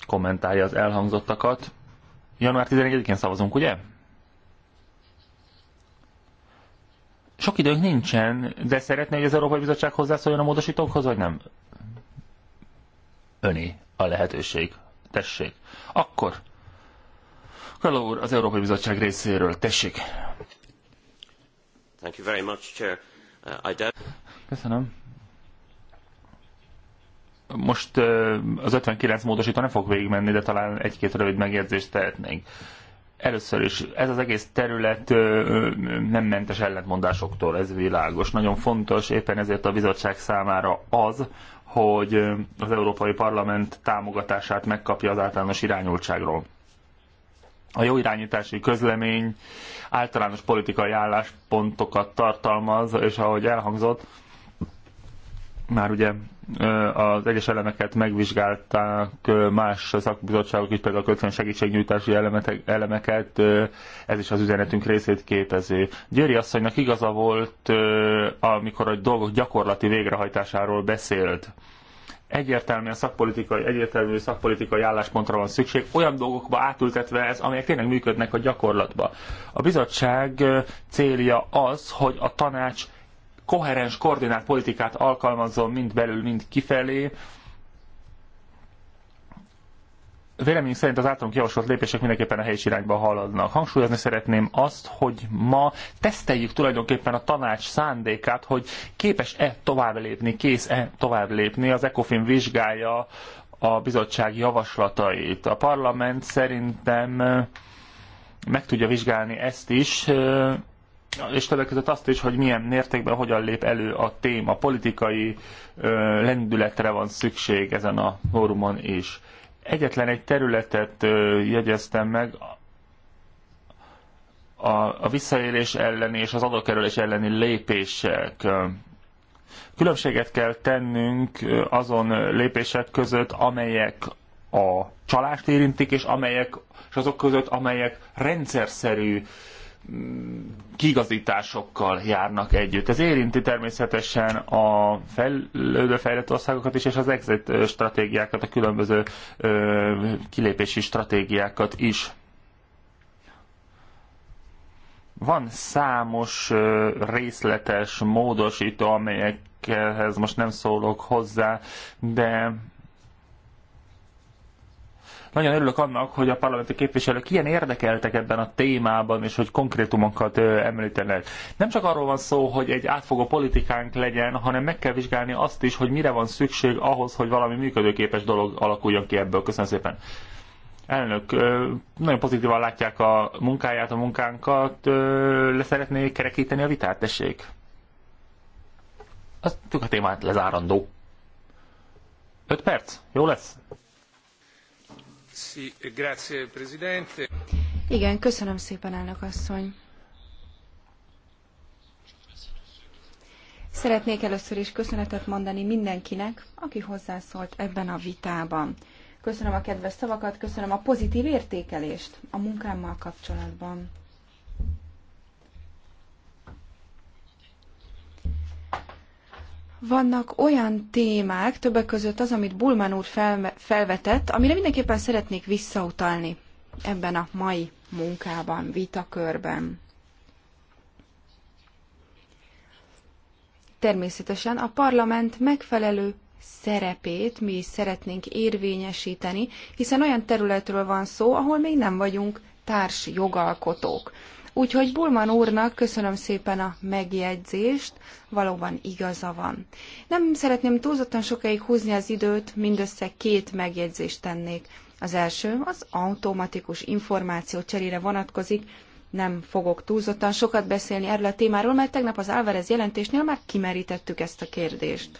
Kommentálja az elhangzottakat. Január 11-én szavazunk, ugye? Sok időnk nincsen, de szeretné, hogy az Európai Bizottság hozzászóljon a módosítókhoz, vagy nem? Öné a lehetőség. Tessék. Akkor. Kaló úr, az Európai Bizottság részéről. Tessék. Thank you very much, Chair. Uh, I Köszönöm most az 59 módosító nem fog végigmenni, de talán egy-két rövid megjegyzést tehetnénk. Először is, ez az egész terület nem mentes ellentmondásoktól, ez világos. Nagyon fontos éppen ezért a bizottság számára az, hogy az Európai Parlament támogatását megkapja az általános irányultságról. A jó irányítási közlemény általános politikai álláspontokat tartalmaz, és ahogy elhangzott, már ugye az egyes elemeket megvizsgálták más szakbizottságok is, például a kölcsön segítségnyújtási elemeket, ez is az üzenetünk részét képező. Győri asszonynak igaza volt, amikor a dolgok gyakorlati végrehajtásáról beszélt egyértelműen szakpolitikai, egyértelmű szakpolitikai álláspontra van szükség, olyan dolgokba átültetve ez, amelyek tényleg működnek a gyakorlatba. A bizottság célja az, hogy a tanács koherens, koordinált politikát alkalmazzon mind belül, mind kifelé. Véleményünk szerint az általunk javasolt lépések mindenképpen a helyes irányba haladnak. Hangsúlyozni szeretném azt, hogy ma teszteljük tulajdonképpen a tanács szándékát, hogy képes-e tovább lépni, kész-e tovább lépni. Az ECOFIN vizsgálja a bizottság javaslatait. A parlament szerintem meg tudja vizsgálni ezt is, és többek között azt is, hogy milyen mértékben hogyan lép elő a téma, politikai ö, lendületre van szükség ezen a fórumon is. Egyetlen egy területet ö, jegyeztem meg, a, a visszaélés elleni és az adókerülés elleni lépések. Különbséget kell tennünk azon lépések között, amelyek a csalást érintik, és amelyek, és azok között, amelyek rendszerszerű kigazításokkal járnak együtt. Ez érinti természetesen a fejlődő fejlett országokat is, és az exit stratégiákat, a különböző ö, kilépési stratégiákat is. Van számos ö, részletes módosító, amelyekhez most nem szólok hozzá, de nagyon örülök annak, hogy a parlamenti képviselők ilyen érdekeltek ebben a témában, és hogy konkrétumokat említenek. Nem csak arról van szó, hogy egy átfogó politikánk legyen, hanem meg kell vizsgálni azt is, hogy mire van szükség ahhoz, hogy valami működőképes dolog alakuljon ki ebből. Köszönöm szépen! elnök, nagyon pozitívan látják a munkáját, a munkánkat. szeretnék kerekíteni a vitát, tessék? Azt a témát lezárandó. Öt perc, jó lesz? Igen, köszönöm szépen, elnök asszony. Szeretnék először is köszönetet mondani mindenkinek, aki hozzászólt ebben a vitában. Köszönöm a kedves szavakat, köszönöm a pozitív értékelést a munkámmal kapcsolatban. Vannak olyan témák, többek között az, amit Bulman úr felvetett, amire mindenképpen szeretnék visszautalni ebben a mai munkában, vitakörben. Természetesen a parlament megfelelő szerepét mi is szeretnénk érvényesíteni, hiszen olyan területről van szó, ahol még nem vagyunk társ jogalkotók. Úgyhogy Bulman úrnak köszönöm szépen a megjegyzést, valóban igaza van. Nem szeretném túlzottan sokáig húzni az időt, mindössze két megjegyzést tennék. Az első az automatikus információ cserére vonatkozik, nem fogok túlzottan sokat beszélni erről a témáról, mert tegnap az Álvarez jelentésnél már kimerítettük ezt a kérdést.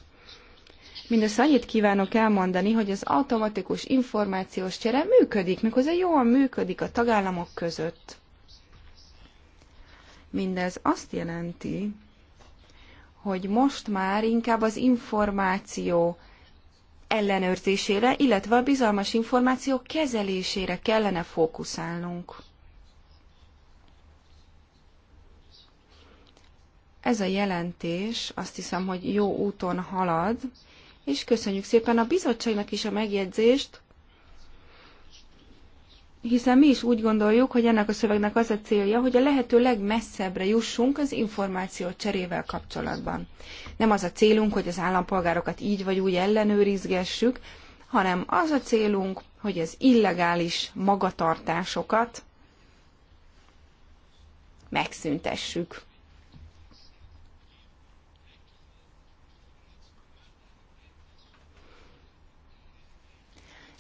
Mindössze annyit kívánok elmondani, hogy az automatikus információs csere működik, méghozzá jól működik a tagállamok között. Mindez azt jelenti, hogy most már inkább az információ ellenőrzésére, illetve a bizalmas információ kezelésére kellene fókuszálnunk. Ez a jelentés azt hiszem, hogy jó úton halad, és köszönjük szépen a bizottságnak is a megjegyzést, hiszen mi is úgy gondoljuk, hogy ennek a szövegnek az a célja, hogy a lehető legmesszebbre jussunk az információ cserével kapcsolatban. Nem az a célunk, hogy az állampolgárokat így vagy úgy ellenőrizgessük, hanem az a célunk, hogy az illegális magatartásokat megszüntessük.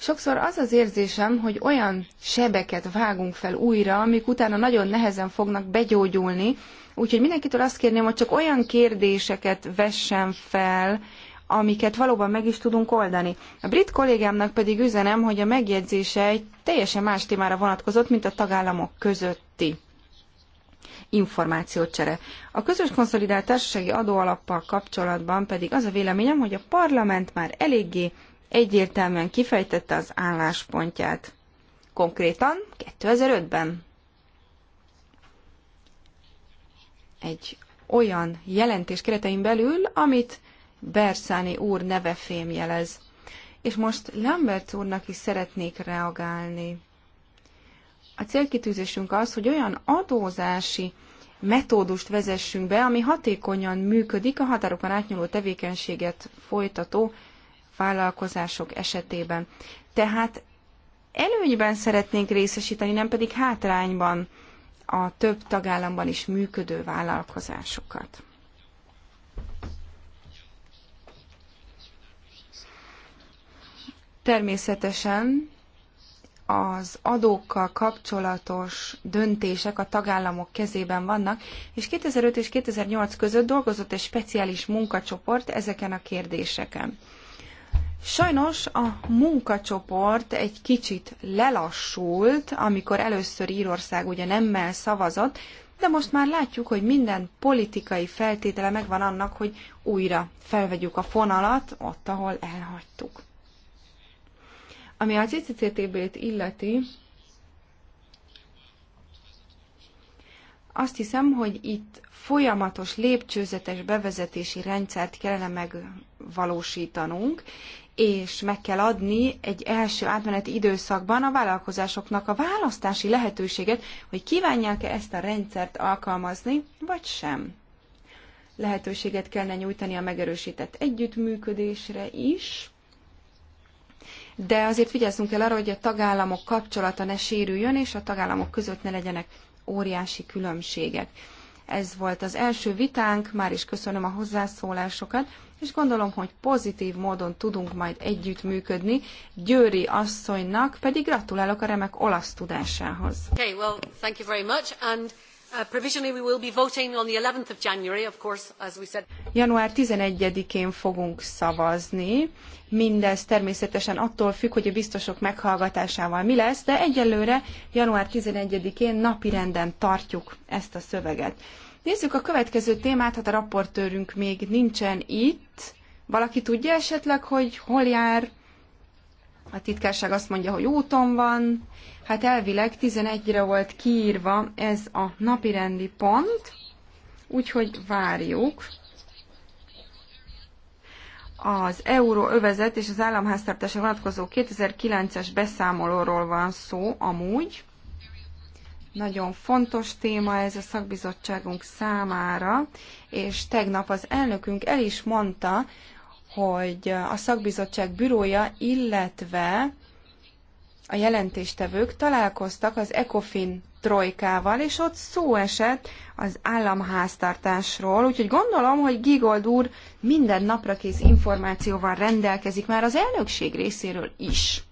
Sokszor az az érzésem, hogy olyan sebeket vágunk fel újra, amik utána nagyon nehezen fognak begyógyulni, úgyhogy mindenkitől azt kérném, hogy csak olyan kérdéseket vessen fel, amiket valóban meg is tudunk oldani. A brit kollégámnak pedig üzenem, hogy a megjegyzése egy teljesen más témára vonatkozott, mint a tagállamok közötti információcsere. A közös konszolidált társasági adóalappal kapcsolatban pedig az a véleményem, hogy a parlament már eléggé egyértelműen kifejtette az álláspontját. Konkrétan 2005-ben egy olyan jelentés keretein belül, amit Berszáni úr neve fémjelez. És most Lambert úrnak is szeretnék reagálni. A célkitűzésünk az, hogy olyan adózási metódust vezessünk be, ami hatékonyan működik a határokon átnyúló tevékenységet folytató vállalkozások esetében. Tehát előnyben szeretnénk részesíteni, nem pedig hátrányban a több tagállamban is működő vállalkozásokat. Természetesen az adókkal kapcsolatos döntések a tagállamok kezében vannak, és 2005 és 2008 között dolgozott egy speciális munkacsoport ezeken a kérdéseken. Sajnos a munkacsoport egy kicsit lelassult, amikor először Írország ugye nemmel szavazott, de most már látjuk, hogy minden politikai feltétele megvan annak, hogy újra felvegyük a fonalat ott, ahol elhagytuk. Ami a CCCTB-t illeti, azt hiszem, hogy itt folyamatos lépcsőzetes bevezetési rendszert kellene megvalósítanunk, és meg kell adni egy első átmeneti időszakban a vállalkozásoknak a választási lehetőséget, hogy kívánják-e ezt a rendszert alkalmazni, vagy sem. Lehetőséget kellene nyújtani a megerősített együttműködésre is, de azért vigyázzunk el arra, hogy a tagállamok kapcsolata ne sérüljön, és a tagállamok között ne legyenek óriási különbségek ez volt az első vitánk, már is köszönöm a hozzászólásokat, és gondolom, hogy pozitív módon tudunk majd együttműködni. Győri asszonynak pedig gratulálok a remek olasz tudásához. Okay, well, thank you very much, and... Január 11-én fogunk szavazni. Mindez természetesen attól függ, hogy a biztosok meghallgatásával mi lesz, de egyelőre január 11-én napirenden tartjuk ezt a szöveget. Nézzük a következő témát, hát a raportőrünk még nincsen itt. Valaki tudja esetleg, hogy hol jár? A titkárság azt mondja, hogy úton van. Hát elvileg 11-re volt kiírva ez a napirendi pont, úgyhogy várjuk. Az euróövezet és az államháztartásra vonatkozó 2009-es beszámolóról van szó amúgy. Nagyon fontos téma ez a szakbizottságunk számára, és tegnap az elnökünk el is mondta, hogy a szakbizottság bürója, illetve a jelentéstevők találkoztak az ECOFIN trojkával, és ott szó esett az államháztartásról, úgyhogy gondolom, hogy Gigold úr minden napra kész információval rendelkezik, már az elnökség részéről is.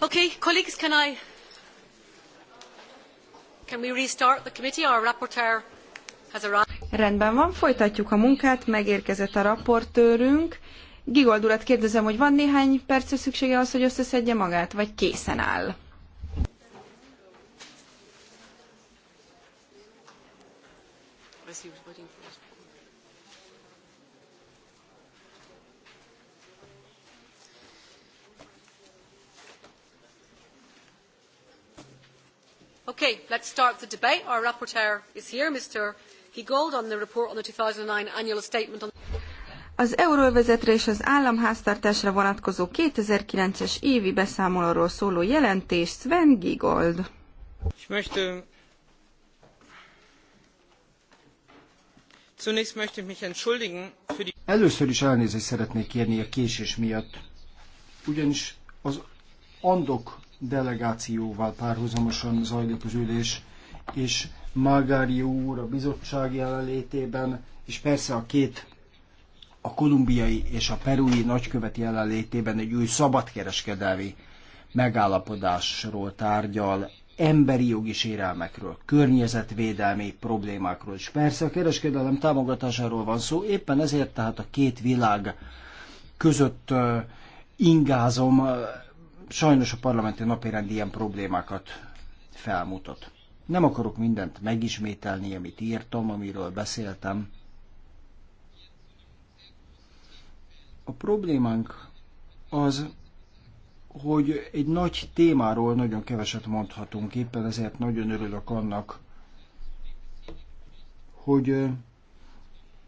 Okay, colleagues, can I... Can we restart the committee? Our rapporteur has arrived. Rendben van, folytatjuk a munkát, megérkezett a raportőrünk. Gigold urat kérdezem, hogy van néhány percre szüksége az, hogy összeszedje magát, vagy készen áll? As he was waiting Okay, let's start the debate. Our rapporteur is here, Mr. on the report on the 2009 annual statement on... Az euróvezetre és az államháztartásra vonatkozó 2009-es évi beszámolóról szóló jelentés Sven Giegold. Először is elnézést szeretnék kérni a késés miatt, ugyanis az Andok delegációval párhuzamosan zajlott az ülés, és Magári úr a bizottság jelenlétében, és persze a két a kolumbiai és a perui nagykövet jelenlétében egy új szabadkereskedelmi megállapodásról tárgyal, emberi jogi sérelmekről, környezetvédelmi problémákról, és persze a kereskedelem támogatásáról van szó, éppen ezért tehát a két világ között ingázom sajnos a parlamenti napirend ilyen problémákat felmutat. Nem akarok mindent megismételni, amit írtam, amiről beszéltem. A problémánk az, hogy egy nagy témáról nagyon keveset mondhatunk, éppen ezért nagyon örülök annak, hogy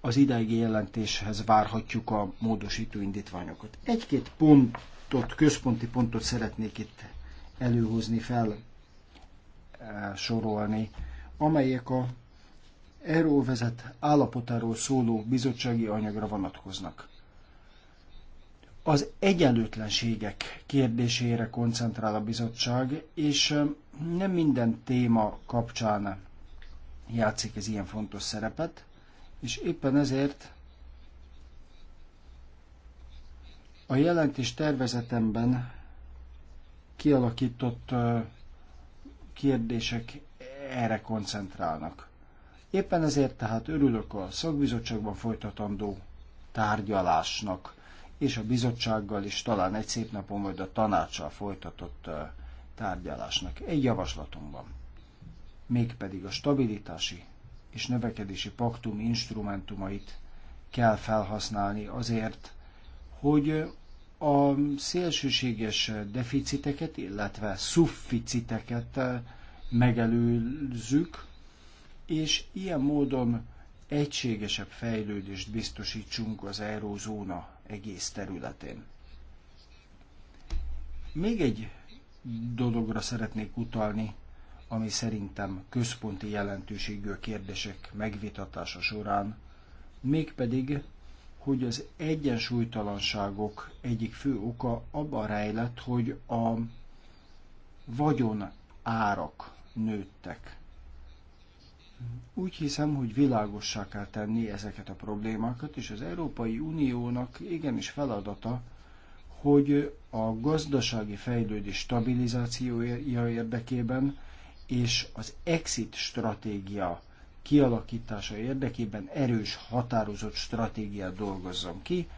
az ideigi jelentéshez várhatjuk a módosító indítványokat. Egy-két pont pontot, központi pontot szeretnék itt előhozni, eh, sorolni, amelyek a erővezet állapotáról szóló bizottsági anyagra vonatkoznak. Az egyenlőtlenségek kérdésére koncentrál a bizottság, és eh, nem minden téma kapcsán játszik ez ilyen fontos szerepet, és éppen ezért A jelentés tervezetemben kialakított kérdések erre koncentrálnak. Éppen ezért tehát örülök a szakbizottságban folytatandó tárgyalásnak, és a bizottsággal is talán egy szép napon majd a tanácssal folytatott tárgyalásnak. Egy javaslatom van, mégpedig a stabilitási és növekedési paktum instrumentumait kell felhasználni azért, hogy a szélsőséges deficiteket, illetve szufficiteket eh, megelőzzük, és ilyen módon egységesebb fejlődést biztosítsunk az eurózóna egész területén. Még egy dologra szeretnék utalni, ami szerintem központi jelentőségű a kérdések megvitatása során, mégpedig hogy az egyensúlytalanságok egyik fő oka abban rejlett, hogy a vagyon árak nőttek. Úgy hiszem, hogy világossá kell tenni ezeket a problémákat, és az Európai Uniónak igenis feladata, hogy a gazdasági fejlődés stabilizációja érdekében és az exit stratégia kialakítása érdekében erős, határozott stratégiát dolgozzon ki,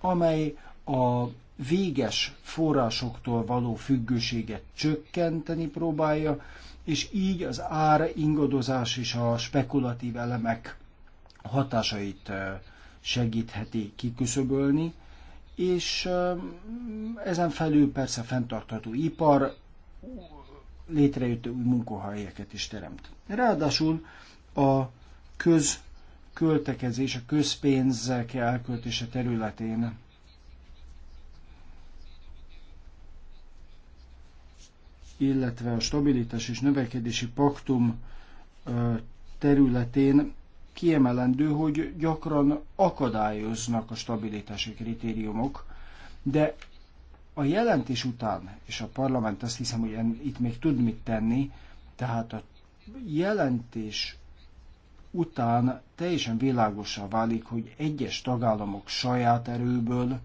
amely a véges forrásoktól való függőséget csökkenteni próbálja, és így az ár ingadozás és a spekulatív elemek hatásait segítheti kiküszöbölni, és ezen felül persze fenntartható ipar létrejött új munkahelyeket is teremt. Ráadásul a közköltekezés, a közpénzek elköltése területén. illetve a stabilitás és növekedési paktum területén kiemelendő, hogy gyakran akadályoznak a stabilitási kritériumok, de a jelentés után, és a parlament azt hiszem, hogy itt még tud mit tenni, tehát a jelentés után teljesen világosá válik, hogy egyes tagállamok saját erőből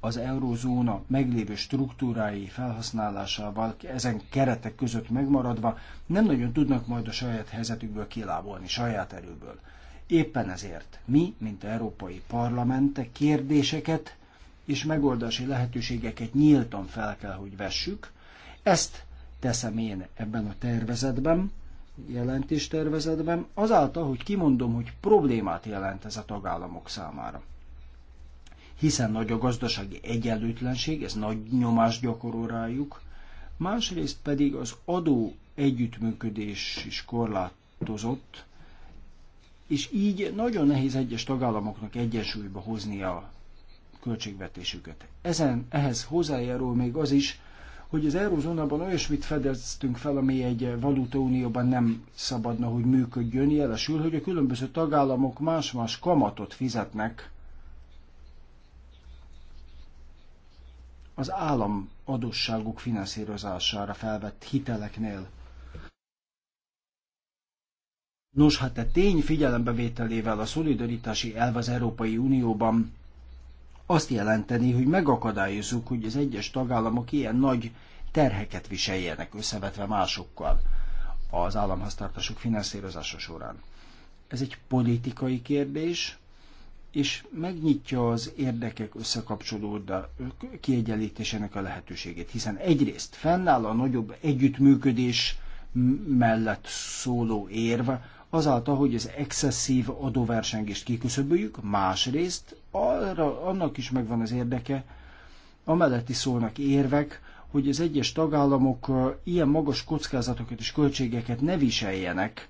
az eurózóna meglévő struktúrái felhasználásával ezen keretek között megmaradva nem nagyon tudnak majd a saját helyzetükből kilábolni, saját erőből. Éppen ezért mi, mint Európai Parlament kérdéseket és megoldási lehetőségeket nyíltan fel kell, hogy vessük. Ezt teszem én ebben a tervezetben, jelentéstervezetben, azáltal, hogy kimondom, hogy problémát jelent ez a tagállamok számára. Hiszen nagy a gazdasági egyenlőtlenség, ez nagy nyomást gyakorol rájuk, másrészt pedig az adó együttműködés is korlátozott, és így nagyon nehéz egyes tagállamoknak egyensúlyba hozni a költségvetésüket. Ezen, ehhez hozzájárul még az is, hogy az eurozónában olyasmit fedeztünk fel, ami egy valutaunióban nem szabadna, hogy működjön. Jelesül, hogy a különböző tagállamok más-más kamatot fizetnek az állam adósságuk finanszírozására felvett hiteleknél. Nos, hát a tény figyelembevételével a szolidaritási elv az Európai Unióban azt jelenteni, hogy megakadályozzuk, hogy az egyes tagállamok ilyen nagy terheket viseljenek összevetve másokkal az államháztartások finanszírozása során. Ez egy politikai kérdés, és megnyitja az érdekek összekapcsolódó kiegyenlítésének a lehetőségét, hiszen egyrészt fennáll a nagyobb együttműködés mellett szóló érv, azáltal, hogy az excesszív adóversengést kiküszöböljük, másrészt arra, annak is megvan az érdeke, amellett is szólnak érvek, hogy az egyes tagállamok ilyen magas kockázatokat és költségeket ne viseljenek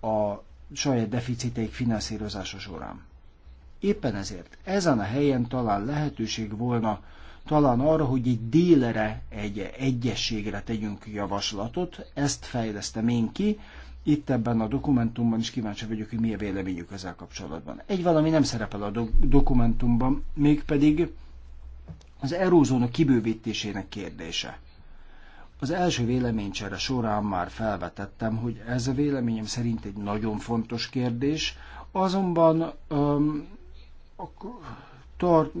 a saját deficiteik finanszírozása során. Éppen ezért ezen a helyen talán lehetőség volna talán arra, hogy egy délere, egy egyességre tegyünk javaslatot, ezt fejlesztem én ki, itt ebben a dokumentumban is kíváncsi vagyok, hogy mi a véleményük ezzel kapcsolatban. Egy valami nem szerepel a do- dokumentumban, mégpedig az erózónak kibővítésének kérdése. Az első véleménycsere során már felvetettem, hogy ez a véleményem szerint egy nagyon fontos kérdés, azonban öm, a tar-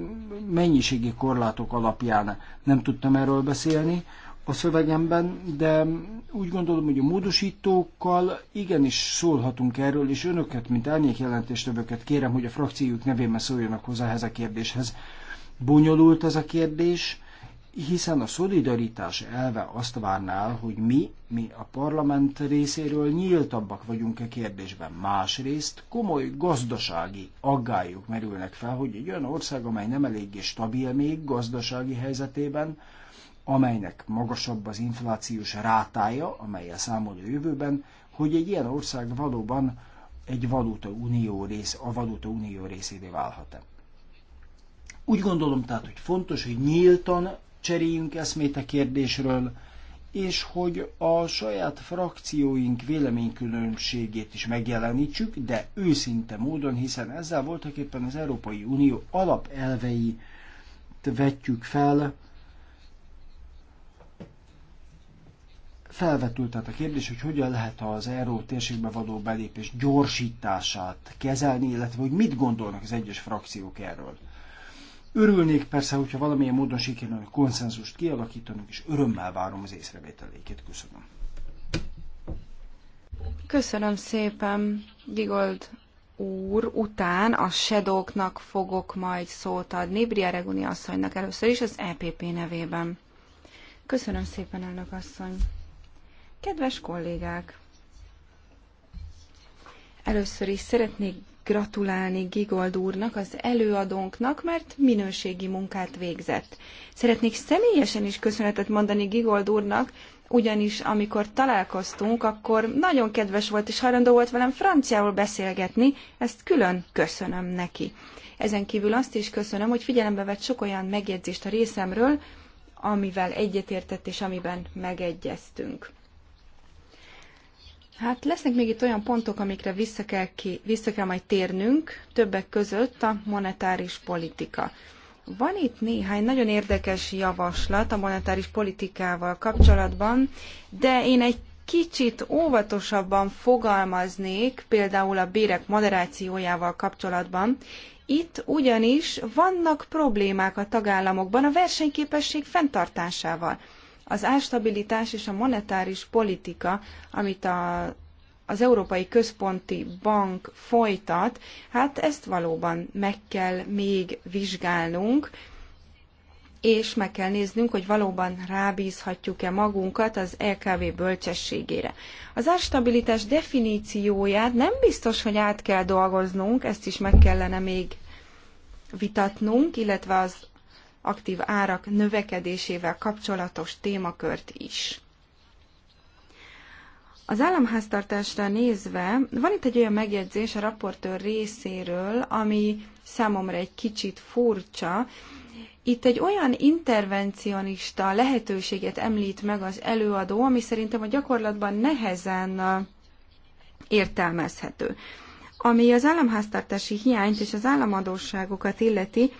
mennyiségi korlátok alapján nem tudtam erről beszélni, a szövegemben, de úgy gondolom, hogy a módosítókkal igenis szólhatunk erről, és önöket, mint elnék jelentéstevőket kérem, hogy a frakciójuk nevében szóljanak hozzá ehhez a kérdéshez. Bonyolult ez a kérdés, hiszen a szolidaritás elve azt várnál, hogy mi, mi a parlament részéről nyíltabbak vagyunk a e kérdésben. Másrészt komoly gazdasági aggályok merülnek fel, hogy egy olyan ország, amely nem eléggé stabil még gazdasági helyzetében, amelynek magasabb az inflációs rátája, amelyel számol a jövőben, hogy egy ilyen ország valóban egy valuta unió rész, a valuta unió részévé válhat-e. Úgy gondolom tehát, hogy fontos, hogy nyíltan cseréljünk eszmét a kérdésről, és hogy a saját frakcióink véleménykülönbségét is megjelenítsük, de őszinte módon, hiszen ezzel voltak éppen az Európai Unió alapelvei vetjük fel, felvetült tehát a kérdés, hogy hogyan lehet az euró térségbe való belépés gyorsítását kezelni, illetve hogy mit gondolnak az egyes frakciók erről. Örülnék persze, hogyha valamilyen módon a konszenzust kialakítanunk, és örömmel várom az észrevételéket. Köszönöm. Köszönöm szépen, Gigold úr után a sedóknak fogok majd szót adni, Bria Reguni asszonynak először is az EPP nevében. Köszönöm szépen, elnök asszony! Kedves kollégák! Először is szeretnék gratulálni Gigold úrnak, az előadónknak, mert minőségi munkát végzett. Szeretnék személyesen is köszönetet mondani Gigold úrnak, ugyanis amikor találkoztunk, akkor nagyon kedves volt és hajlandó volt velem franciául beszélgetni, ezt külön köszönöm neki. Ezen kívül azt is köszönöm, hogy figyelembe vett sok olyan megjegyzést a részemről, amivel egyetértett és amiben megegyeztünk. Hát lesznek még itt olyan pontok, amikre vissza kell, ki, vissza kell majd térnünk, többek között a monetáris politika. Van itt néhány nagyon érdekes javaslat a monetáris politikával kapcsolatban, de én egy kicsit óvatosabban fogalmaznék, például a bérek moderációjával kapcsolatban. Itt ugyanis vannak problémák a tagállamokban a versenyképesség fenntartásával az árstabilitás és a monetáris politika, amit a, az Európai Központi Bank folytat, hát ezt valóban meg kell még vizsgálnunk, és meg kell néznünk, hogy valóban rábízhatjuk-e magunkat az LKV bölcsességére. Az árstabilitás definícióját nem biztos, hogy át kell dolgoznunk, ezt is meg kellene még vitatnunk, illetve az aktív árak növekedésével kapcsolatos témakört is. Az államháztartásra nézve van itt egy olyan megjegyzés a raportőr részéről, ami számomra egy kicsit furcsa. Itt egy olyan intervencionista lehetőséget említ meg az előadó, ami szerintem a gyakorlatban nehezen uh, értelmezhető. Ami az államháztartási hiányt és az államadóságokat illeti,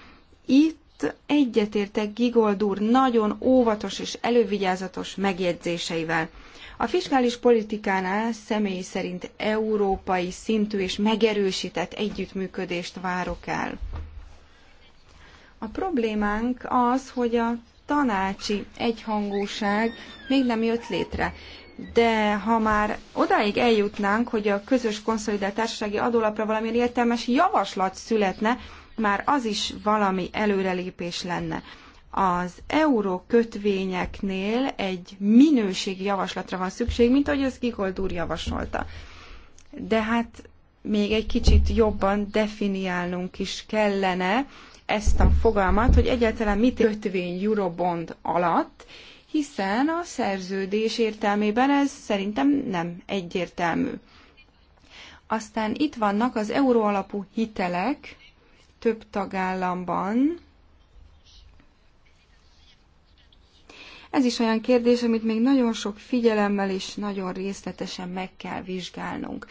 itt egyetértek Gigold úr nagyon óvatos és elővigyázatos megjegyzéseivel. A fiskális politikánál személy szerint európai szintű és megerősített együttműködést várok el. A problémánk az, hogy a tanácsi egyhangúság még nem jött létre. De ha már odáig eljutnánk, hogy a közös konszolidált társasági adólapra valamilyen értelmes javaslat születne, már az is valami előrelépés lenne. Az euró kötvényeknél egy minőségi javaslatra van szükség, mint ahogy az Gigold úr javasolta. De hát még egy kicsit jobban definiálnunk is kellene ezt a fogalmat, hogy egyáltalán mit kötvény eurobond alatt, hiszen a szerződés értelmében ez szerintem nem egyértelmű. Aztán itt vannak az euróalapú hitelek, több tagállamban. Ez is olyan kérdés, amit még nagyon sok figyelemmel és nagyon részletesen meg kell vizsgálnunk.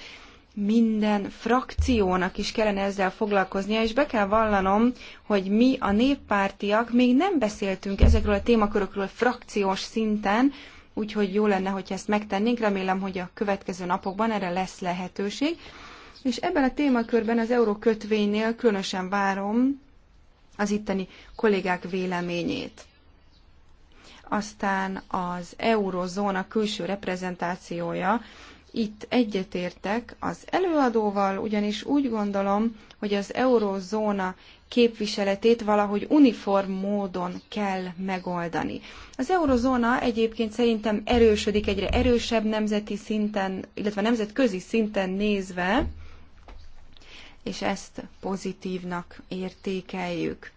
Minden frakciónak is kellene ezzel foglalkoznia, és be kell vallanom, hogy mi a néppártiak még nem beszéltünk ezekről a témakörökről frakciós szinten, úgyhogy jó lenne, hogy ezt megtennénk. Remélem, hogy a következő napokban erre lesz lehetőség és ebben a témakörben az eurókötvénynél különösen várom az itteni kollégák véleményét. Aztán az eurozóna külső reprezentációja, itt egyetértek az előadóval, ugyanis úgy gondolom, hogy az eurozóna képviseletét valahogy uniform módon kell megoldani. Az eurozóna egyébként szerintem erősödik egyre erősebb nemzeti szinten, illetve nemzetközi szinten nézve, és ezt pozitívnak értékeljük.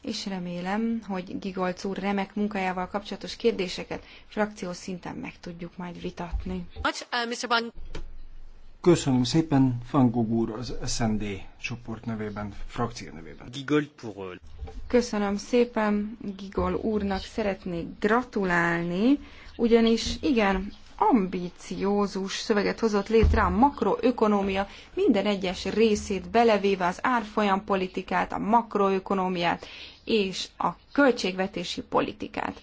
És remélem, hogy Gigolc úr remek munkájával kapcsolatos kérdéseket frakció szinten meg tudjuk majd vitatni. Köszönöm szépen, Fangog úr az SND csoport nevében, frakció nevében. Gigol Köszönöm szépen, Gigol úrnak szeretnék gratulálni, ugyanis igen, ambíciózus szöveget hozott létre a makroökonómia minden egyes részét belevéve az árfolyampolitikát, a makroökonómiát és a költségvetési politikát.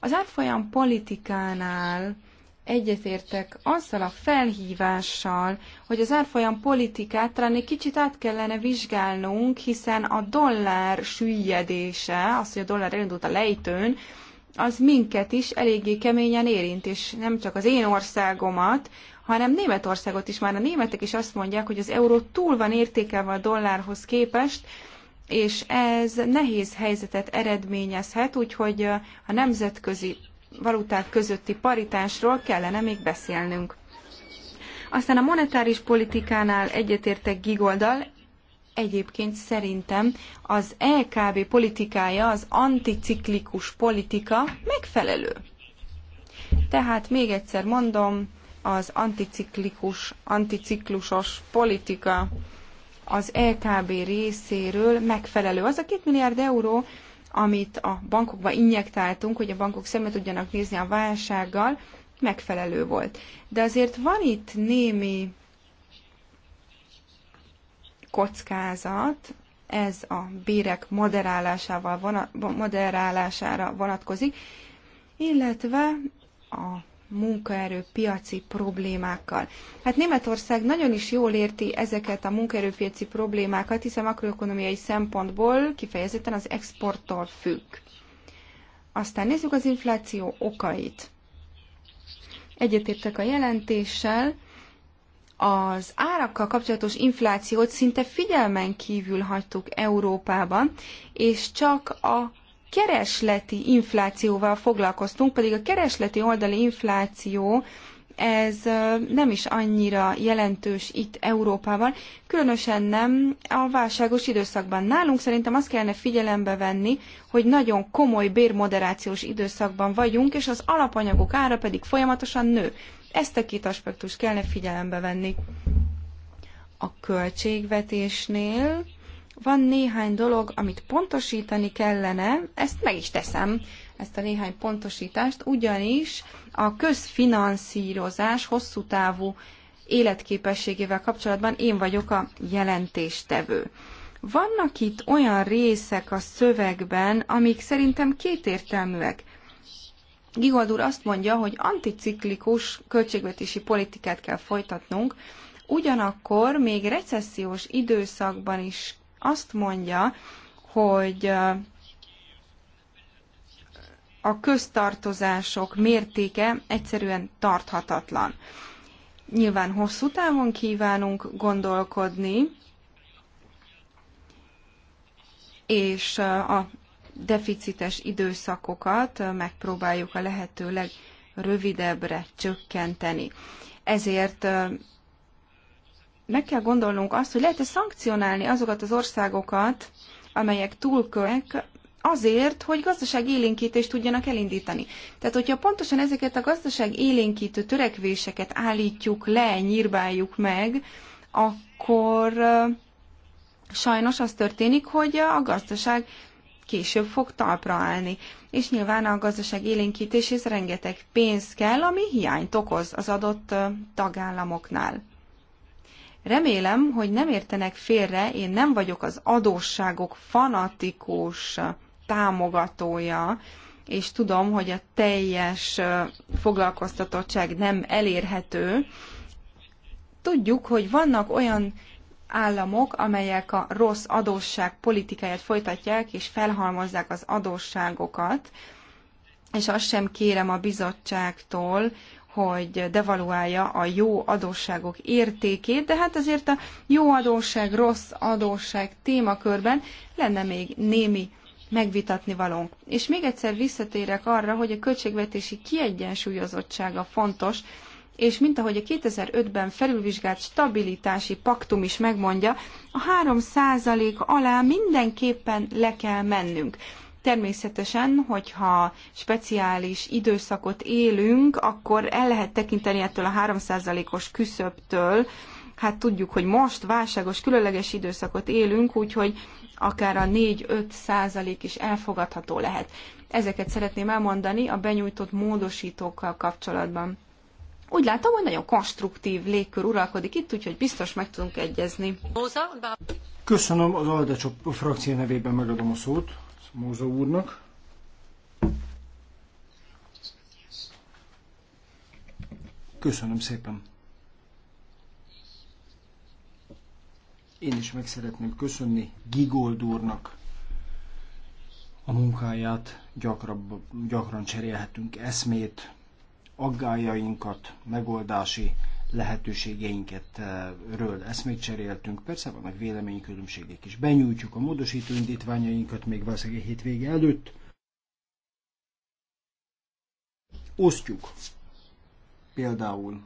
Az árfolyam politikánál egyetértek azzal a felhívással, hogy az árfolyam politikát talán egy kicsit át kellene vizsgálnunk, hiszen a dollár süllyedése, az, hogy a dollár elindult a lejtőn, az minket is eléggé keményen érint, és nem csak az én országomat, hanem Németországot is. Már a németek is azt mondják, hogy az euró túl van értékelve a dollárhoz képest, és ez nehéz helyzetet eredményezhet, úgyhogy a nemzetközi valuták közötti paritásról kellene még beszélnünk. Aztán a monetáris politikánál egyetértek Gigoldal, egyébként szerintem az LKB politikája, az anticiklikus politika megfelelő. Tehát még egyszer mondom, az anticiklikus, anticiklusos politika az LKB részéről megfelelő. Az a két milliárd euró, amit a bankokba injektáltunk, hogy a bankok szembe tudjanak nézni a válsággal, megfelelő volt. De azért van itt némi kockázat, ez a bérek moderálásával vonat, moderálására vonatkozik, illetve a munkaerő piaci problémákkal. Hát Németország nagyon is jól érti ezeket a munkaerőpiaci problémákat, hiszen makroökonomiai szempontból kifejezetten az exporttól függ. Aztán nézzük az infláció okait. Egyetértek a jelentéssel, az árakkal kapcsolatos inflációt szinte figyelmen kívül hagytuk Európában, és csak a keresleti inflációval foglalkoztunk, pedig a keresleti oldali infláció ez nem is annyira jelentős itt Európában, különösen nem a válságos időszakban. Nálunk szerintem azt kellene figyelembe venni, hogy nagyon komoly bérmoderációs időszakban vagyunk, és az alapanyagok ára pedig folyamatosan nő. Ezt a két aspektust kellene figyelembe venni. A költségvetésnél van néhány dolog, amit pontosítani kellene, ezt meg is teszem, ezt a néhány pontosítást, ugyanis a közfinanszírozás hosszú távú életképességével kapcsolatban én vagyok a jelentéstevő. Vannak itt olyan részek a szövegben, amik szerintem kétértelműek. Gigold úr azt mondja, hogy anticiklikus költségvetési politikát kell folytatnunk, ugyanakkor még recessziós időszakban is azt mondja, hogy a köztartozások mértéke egyszerűen tarthatatlan. Nyilván hosszú távon kívánunk gondolkodni, és a deficites időszakokat megpróbáljuk a lehető legrövidebbre csökkenteni. Ezért meg kell gondolnunk azt, hogy lehet-e szankcionálni azokat az országokat, amelyek túlkölnek azért, hogy gazdaság élénkítést tudjanak elindítani. Tehát, hogyha pontosan ezeket a gazdaság élénkítő törekvéseket állítjuk le, nyírbáljuk meg, akkor sajnos az történik, hogy a gazdaság később fog talpra állni. És nyilván a gazdaság élénkítéshez rengeteg pénz kell, ami hiányt okoz az adott tagállamoknál. Remélem, hogy nem értenek félre, én nem vagyok az adósságok fanatikus támogatója, és tudom, hogy a teljes foglalkoztatottság nem elérhető. Tudjuk, hogy vannak olyan államok, amelyek a rossz adósság politikáját folytatják, és felhalmozzák az adósságokat, és azt sem kérem a bizottságtól, hogy devaluálja a jó adósságok értékét, de hát azért a jó adósság, rossz adósság témakörben lenne még némi megvitatni valónk. És még egyszer visszatérek arra, hogy a költségvetési kiegyensúlyozottsága fontos, és mint ahogy a 2005-ben felülvizsgált stabilitási paktum is megmondja, a 3% alá mindenképpen le kell mennünk. Természetesen, hogyha speciális időszakot élünk, akkor el lehet tekinteni ettől a 3%-os küszöbtől, hát tudjuk, hogy most válságos, különleges időszakot élünk, úgyhogy akár a 4-5 százalék is elfogadható lehet. Ezeket szeretném elmondani a benyújtott módosítókkal kapcsolatban. Úgy látom, hogy nagyon konstruktív légkör uralkodik itt, úgyhogy biztos meg tudunk egyezni. Köszönöm az aldecsop frakció nevében megadom a szót Móza úrnak. Köszönöm szépen. Én is meg szeretném köszönni Gigold úrnak a munkáját, gyakrab, gyakran cserélhetünk eszmét, aggájainkat, megoldási lehetőségeinket eh, ről eszmét cseréltünk. Persze vannak véleménykülönbségek is. Benyújtjuk a módosító indítványainkat még valószínűleg hétvége előtt. Osztjuk például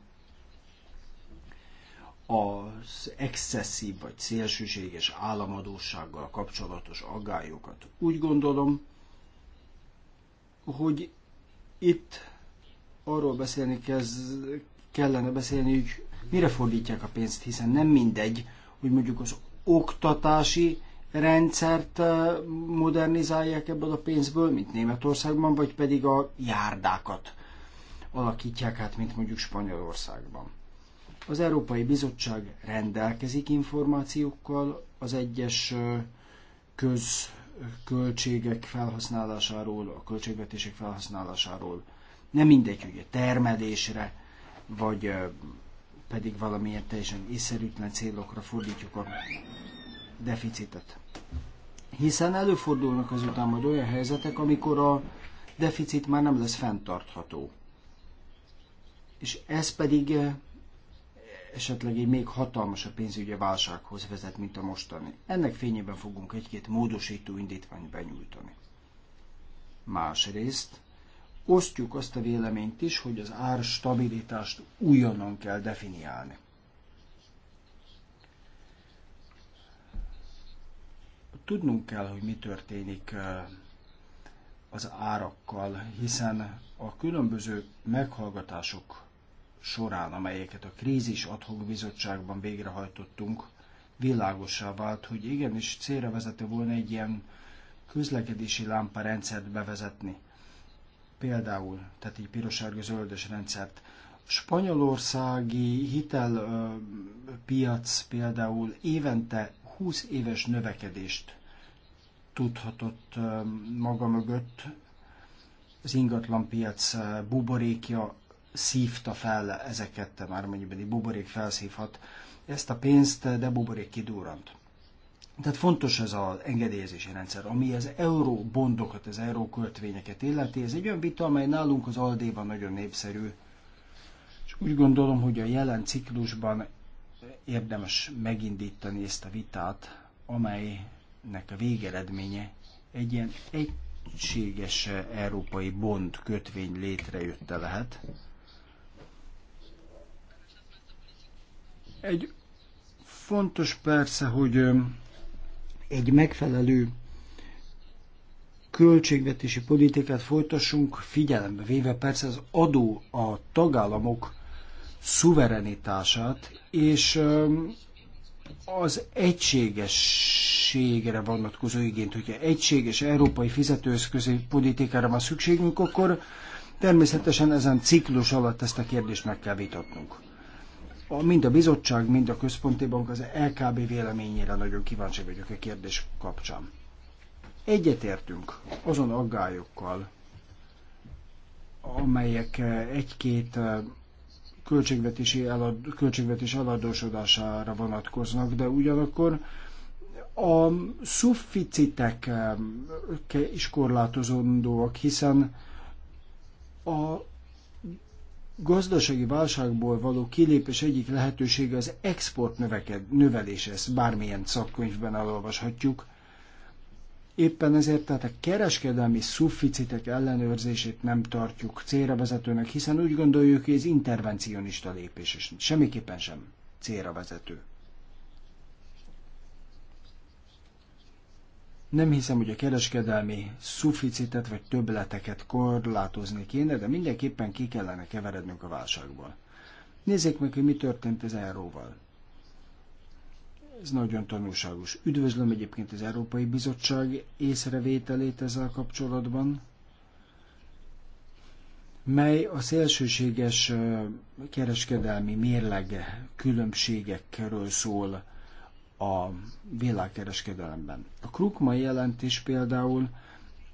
az excesszív vagy szélsőséges államadósággal kapcsolatos aggályokat. Úgy gondolom, hogy itt arról beszélni kezd, kellene beszélni, hogy mire fordítják a pénzt, hiszen nem mindegy, hogy mondjuk az oktatási rendszert eh, modernizálják ebből a pénzből, mint Németországban, vagy pedig a járdákat alakítják át, mint mondjuk Spanyolországban. Az Európai Bizottság rendelkezik információkkal az egyes közköltségek felhasználásáról, a költségvetések felhasználásáról. Nem mindegy, hogy a termelésre, vagy pedig valamilyen teljesen észszerűtlen célokra fordítjuk a deficitet. Hiszen előfordulnak azután majd olyan helyzetek, amikor a deficit már nem lesz fenntartható. És ez pedig esetleg egy még hatalmasabb pénzügyi válsághoz vezet, mint a mostani. Ennek fényében fogunk egy-két módosító indítványt benyújtani. Másrészt osztjuk azt a véleményt is, hogy az árstabilitást újonnan kell definiálni. Tudnunk kell, hogy mi történik az árakkal, hiszen a különböző meghallgatások során, amelyeket a krízis adhok bizottságban végrehajtottunk, világosá vált, hogy igenis célra vezető volna egy ilyen közlekedési lámpa rendszert bevezetni. Például, tehát egy piros zöldös zöldes rendszert. A spanyolországi hitelpiac például évente 20 éves növekedést tudhatott maga mögött, az ingatlanpiac buborékja szívta fel ezeket, már mondjuk pedig buborék felszívhat ezt a pénzt, de buborék kidúrant. Tehát fontos ez az engedélyezési rendszer, ami az euró bondokat, az euró költvényeket illeti. Ez egy olyan vita, amely nálunk az Aldéban nagyon népszerű. És úgy gondolom, hogy a jelen ciklusban érdemes megindítani ezt a vitát, amelynek a végeredménye egy ilyen egységes európai bond kötvény létrejötte lehet. Egy fontos persze, hogy egy megfelelő költségvetési politikát folytassunk, figyelembe véve persze az adó a tagállamok szuverenitását, és az egységességre vonatkozó igényt, hogyha egységes európai fizetőeszközi politikára van szükségünk, akkor természetesen ezen ciklus alatt ezt a kérdést meg kell vitatnunk a, mind a bizottság, mind a központi bank az LKB véleményére nagyon kíváncsi vagyok a kérdés kapcsán. Egyetértünk azon aggályokkal, amelyek eh, egy-két eh, költségvetési elad, költségvetési eladósodására vonatkoznak, de ugyanakkor a szufficitek eh, is korlátozódóak, hiszen a gazdasági válságból való kilépés egyik lehetősége az export növeked, növelés, ezt bármilyen szakkönyvben elolvashatjuk. Éppen ezért tehát a kereskedelmi szufficitek ellenőrzését nem tartjuk célra vezetőnek, hiszen úgy gondoljuk, hogy ez intervencionista lépés, és semmiképpen sem célra vezető. Nem hiszem, hogy a kereskedelmi szuficitet vagy többleteket korlátozni kéne, de mindenképpen ki kellene keverednünk a válságból. Nézzék meg, hogy mi történt az euróval. Ez nagyon tanulságos. Üdvözlöm egyébként az Európai Bizottság észrevételét ezzel kapcsolatban, mely a szélsőséges kereskedelmi mérleg különbségekről szól a világkereskedelemben. A Krukma jelentés például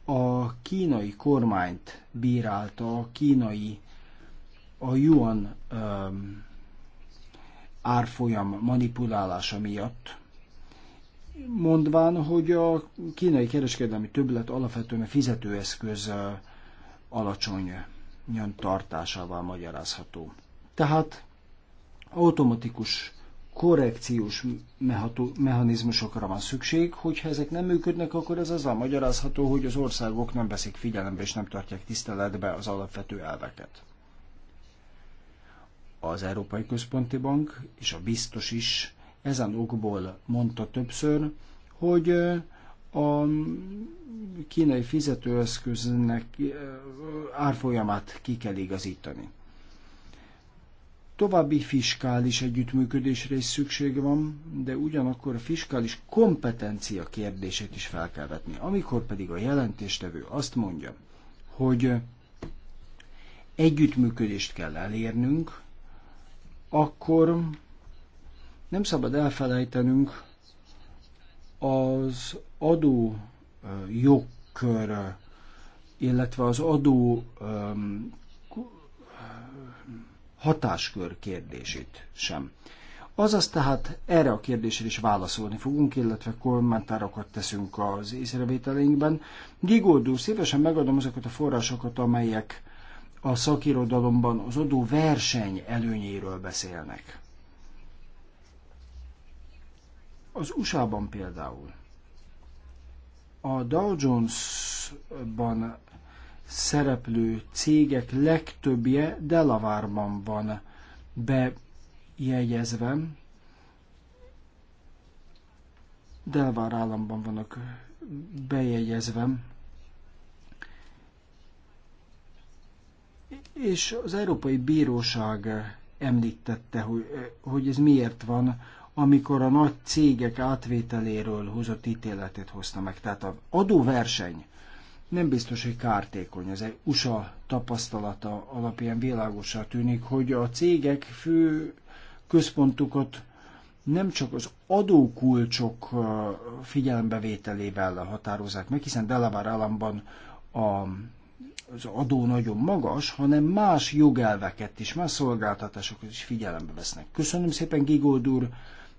a kínai kormányt bírálta, a kínai, a yuan um, árfolyam manipulálása miatt, mondván, hogy a kínai kereskedelmi többlet alapvetően a fizetőeszköz alacsony tartásával magyarázható. Tehát automatikus korrekciós mechanizmusokra van szükség, hogyha ezek nem működnek, akkor ez azzal magyarázható, hogy az országok nem veszik figyelembe és nem tartják tiszteletbe az alapvető elveket. Az Európai Központi Bank és a biztos is ezen okból mondta többször, hogy a kínai fizetőeszköznek árfolyamát ki kell igazítani. További fiskális együttműködésre is szükség van, de ugyanakkor a fiskális kompetencia kérdését is fel kell vetni. Amikor pedig a jelentéstevő azt mondja, hogy együttműködést kell elérnünk, akkor nem szabad elfelejtenünk az adó jogkör, illetve az adó hatáskör kérdését sem. Azaz tehát erre a kérdésre is válaszolni fogunk, illetve kommentárokat teszünk az észrevételeinkben. Gigoldó, szívesen megadom azokat a forrásokat, amelyek a szakirodalomban az adó verseny előnyéről beszélnek. Az USA-ban például a Dow Jones-ban szereplő cégek legtöbbje Delavárban van bejegyezve. Delvár államban vannak bejegyezve. És az Európai Bíróság említette, hogy, hogy ez miért van, amikor a nagy cégek átvételéről hozott ítéletét hozta meg. Tehát az adóverseny nem biztos, hogy kártékony. Az USA tapasztalata alapján világosá tűnik, hogy a cégek fő központukat nem csak az adókulcsok figyelembevételével határozzák meg, hiszen Delaware államban a az adó nagyon magas, hanem más jogelveket is, más szolgáltatásokat is figyelembe vesznek. Köszönöm szépen, Gigold úr,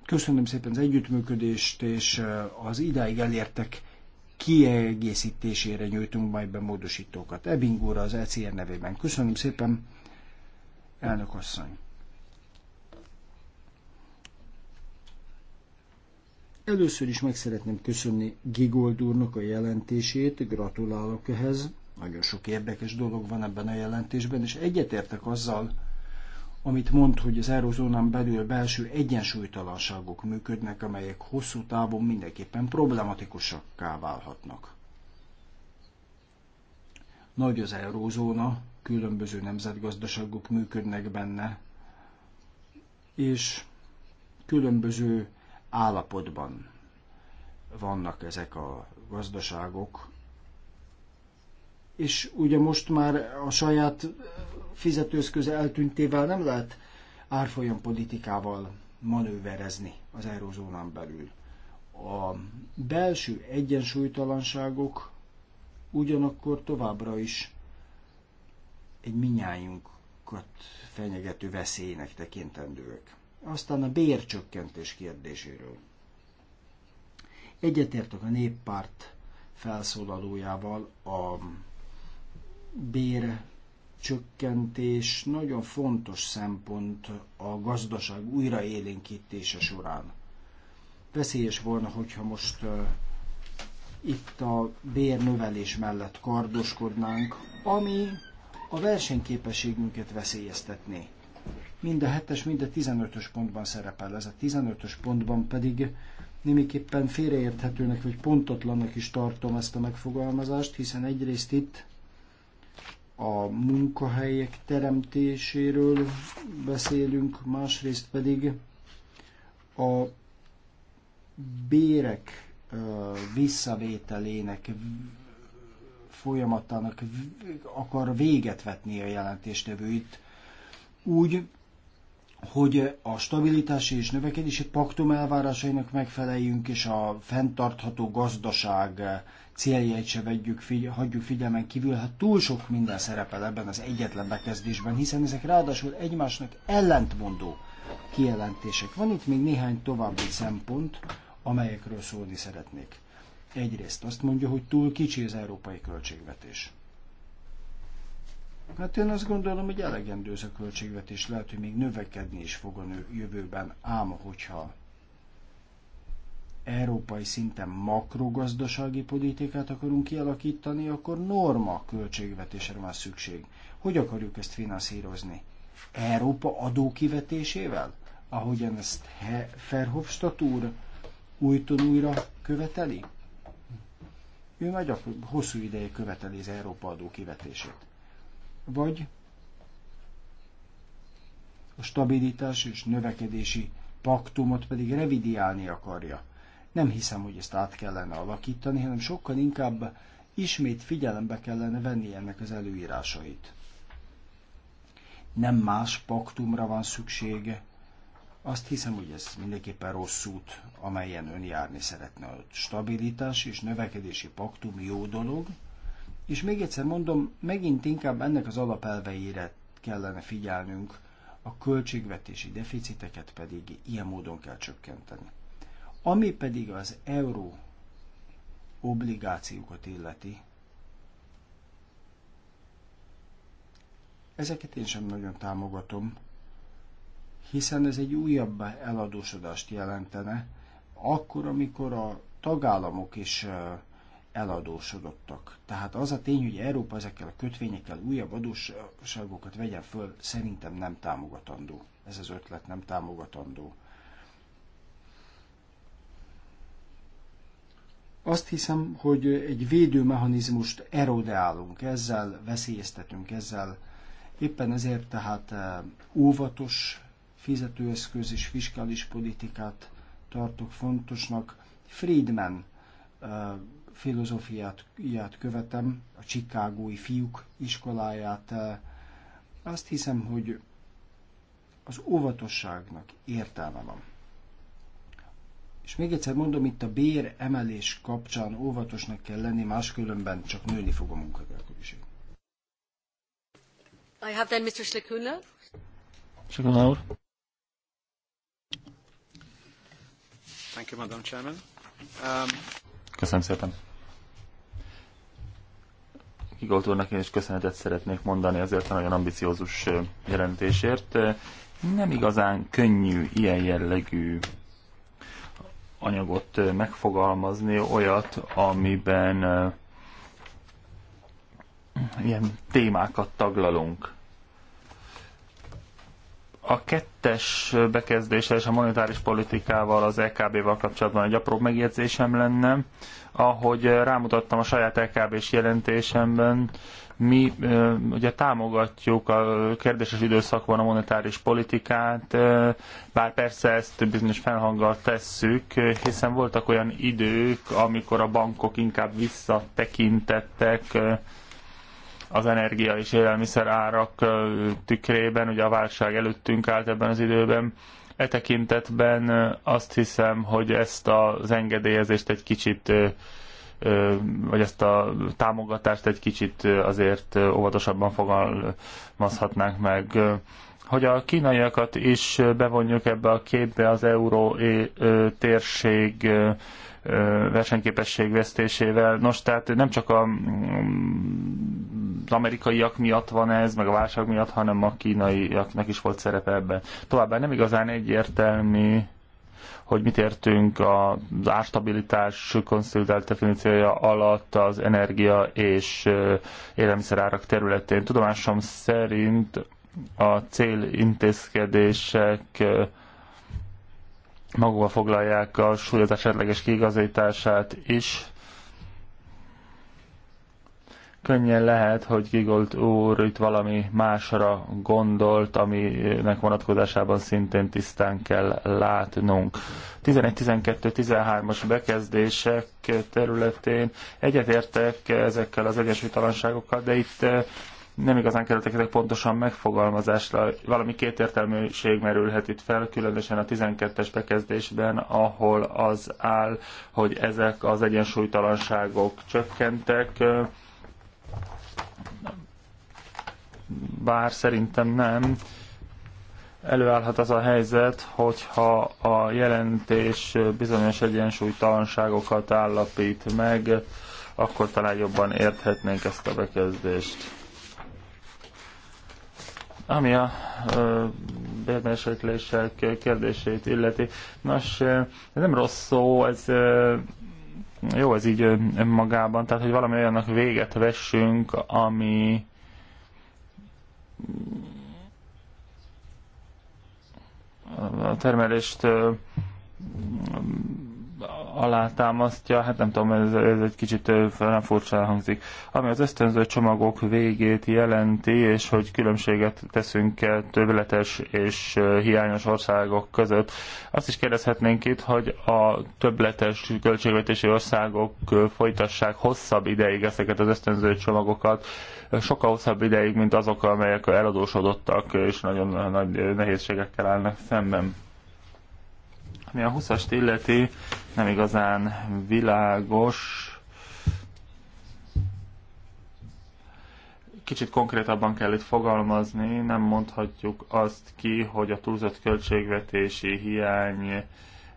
köszönöm szépen az együttműködést, és az idáig elértek kiegészítésére nyújtunk majd be módosítókat. Ebbing úr az ECR nevében. Köszönöm szépen, elnök asszony. Először is meg szeretném köszönni Gigold úrnak a jelentését, gratulálok ehhez. Nagyon sok érdekes dolog van ebben a jelentésben, és egyetértek azzal, amit mond, hogy az eurozónán belül belső egyensúlytalanságok működnek, amelyek hosszú távon mindenképpen problematikusakká válhatnak. Nagy az eurózóna, különböző nemzetgazdaságok működnek benne, és különböző állapotban vannak ezek a gazdaságok, és ugye most már a saját Fizetőszköz eltűntével nem lehet árfolyam politikával manőverezni az eurozónán belül. A belső egyensúlytalanságok ugyanakkor továbbra is egy minnyájunkat fenyegető veszélynek tekintendőek. Aztán a bércsökkentés kérdéséről. Egyetértek a néppárt felszólalójával a bér csökkentés nagyon fontos szempont a gazdaság újraélénkítése során. Veszélyes volna, hogyha most uh, itt a bérnövelés mellett kardoskodnánk, ami a versenyképességünket veszélyeztetné. Mind a 7-es, mind a 15-ös pontban szerepel ez. A 15-ös pontban pedig némiképpen félreérthetőnek vagy pontatlannak is tartom ezt a megfogalmazást, hiszen egyrészt itt a munkahelyek teremtéséről beszélünk, másrészt pedig a bérek visszavételének folyamatának akar véget vetni a jelentéstevő itt. Úgy, hogy a stabilitási és növekedési paktum elvárásainak megfeleljünk, és a fenntartható gazdaság céljait se vegyük, figy- hagyjuk figyelmen kívül, hát túl sok minden szerepel ebben az egyetlen bekezdésben, hiszen ezek ráadásul egymásnak ellentmondó kijelentések. Van itt még néhány további szempont, amelyekről szólni szeretnék. Egyrészt azt mondja, hogy túl kicsi az európai költségvetés. Hát én azt gondolom, hogy elegendő ez a költségvetés, lehet, hogy még növekedni is fog a jövőben, ám hogyha európai szinten makrogazdasági politikát akarunk kialakítani, akkor norma költségvetésre van szükség. Hogy akarjuk ezt finanszírozni? Európa adókivetésével? Ahogyan ezt Ferhofstadt úr újton újra követeli? Ő már hosszú ideje követeli az Európa adókivetését. Vagy a stabilitás és növekedési paktumot pedig revidiálni akarja. Nem hiszem, hogy ezt át kellene alakítani, hanem sokkal inkább ismét figyelembe kellene venni ennek az előírásait. Nem más paktumra van szükség. Azt hiszem, hogy ez mindenképpen rossz út, amelyen ön járni szeretne. A stabilitás és növekedési paktum jó dolog, és még egyszer mondom, megint inkább ennek az alapelveire kellene figyelnünk, a költségvetési deficiteket pedig ilyen módon kell csökkenteni. Ami pedig az euró obligációkat illeti, ezeket én sem nagyon támogatom, hiszen ez egy újabb eladósodást jelentene, akkor, amikor a tagállamok is eladósodottak. Tehát az a tény, hogy Európa ezekkel a kötvényekkel újabb adósságokat vegyen föl, szerintem nem támogatandó. Ez az ötlet nem támogatandó. Azt hiszem, hogy egy védőmechanizmust erodeálunk, ezzel veszélyeztetünk, ezzel éppen ezért tehát eh, óvatos fizetőeszköz és fiskális politikát tartok fontosnak. Friedman eh, filozófiát követem, a Csikágói fiúk iskoláját. Eh, azt hiszem, hogy az óvatosságnak értelme van. És még egyszer mondom, itt a bér emelés kapcsán óvatosnak kell lenni, máskülönben csak nőni fog a munkanélküliség. I have then Mr. Slikuna. Slikuna úr. Thank you, Madam Chairman. Um... Köszönöm szépen. Kigolt úrnak én is köszönetet szeretnék mondani azért a nagyon ambiciózus jelentésért. Nem igazán könnyű ilyen jellegű anyagot megfogalmazni, olyat, amiben ilyen témákat taglalunk. A kettes bekezdéssel és a monetáris politikával, az LKB-val kapcsolatban egy apró megjegyzésem lenne. Ahogy rámutattam a saját LKB-s jelentésemben, mi ugye támogatjuk a kérdéses időszakban a monetáris politikát, bár persze ezt bizonyos felhanggal tesszük, hiszen voltak olyan idők, amikor a bankok inkább visszatekintettek az energia és élelmiszer árak tükrében, ugye a válság előttünk állt ebben az időben. E tekintetben azt hiszem, hogy ezt az engedélyezést egy kicsit vagy ezt a támogatást egy kicsit azért óvatosabban fogalmazhatnánk meg. Hogy a kínaiakat is bevonjuk ebbe a képbe az euró térség versenyképesség vesztésével. Nos, tehát nem csak a, mm, az amerikaiak miatt van ez, meg a válság miatt, hanem a kínaiaknak is volt szerepe ebben. Továbbá nem igazán egyértelmű hogy mit értünk az árstabilitás konszolidált definíciója alatt az energia és élelmiszerárak területén. Tudomásom szerint a célintézkedések magukba foglalják a súlyozás esetleges kiigazítását is, könnyen lehet, hogy Gigolt úr itt valami másra gondolt, aminek vonatkozásában szintén tisztán kell látnunk. 11-12-13-as bekezdések területén egyetértek ezekkel az egyensúlytalanságokkal, de itt eh, nem igazán kerültek ezek pontosan megfogalmazásra. Valami kétértelműség merülhet itt fel, különösen a 12-es bekezdésben, ahol az áll, hogy ezek az egyensúlytalanságok csökkentek, eh, bár szerintem nem, előállhat az a helyzet, hogyha a jelentés bizonyos egyensúlytalanságokat állapít meg, akkor talán jobban érthetnénk ezt a bekezdést. Ami a bérmérséklések kérdését illeti. Nos, ez nem rossz szó, ez jó ez így önmagában, tehát hogy valami olyannak véget vessünk, ami a termelést alátámasztja, hát nem tudom, ez, ez egy kicsit nem furcsa hangzik, ami az ösztönző csomagok végét jelenti, és hogy különbséget teszünk el többletes és hiányos országok között. Azt is kérdezhetnénk itt, hogy a többletes költségvetési országok folytassák hosszabb ideig ezeket az ösztönző csomagokat, sokkal hosszabb ideig, mint azok, amelyek eladósodottak, és nagyon nagy nehézségekkel állnak szemben. Ami a 20-ast illeti, nem igazán világos. Kicsit konkrétabban kell itt fogalmazni, nem mondhatjuk azt ki, hogy a túlzott költségvetési hiány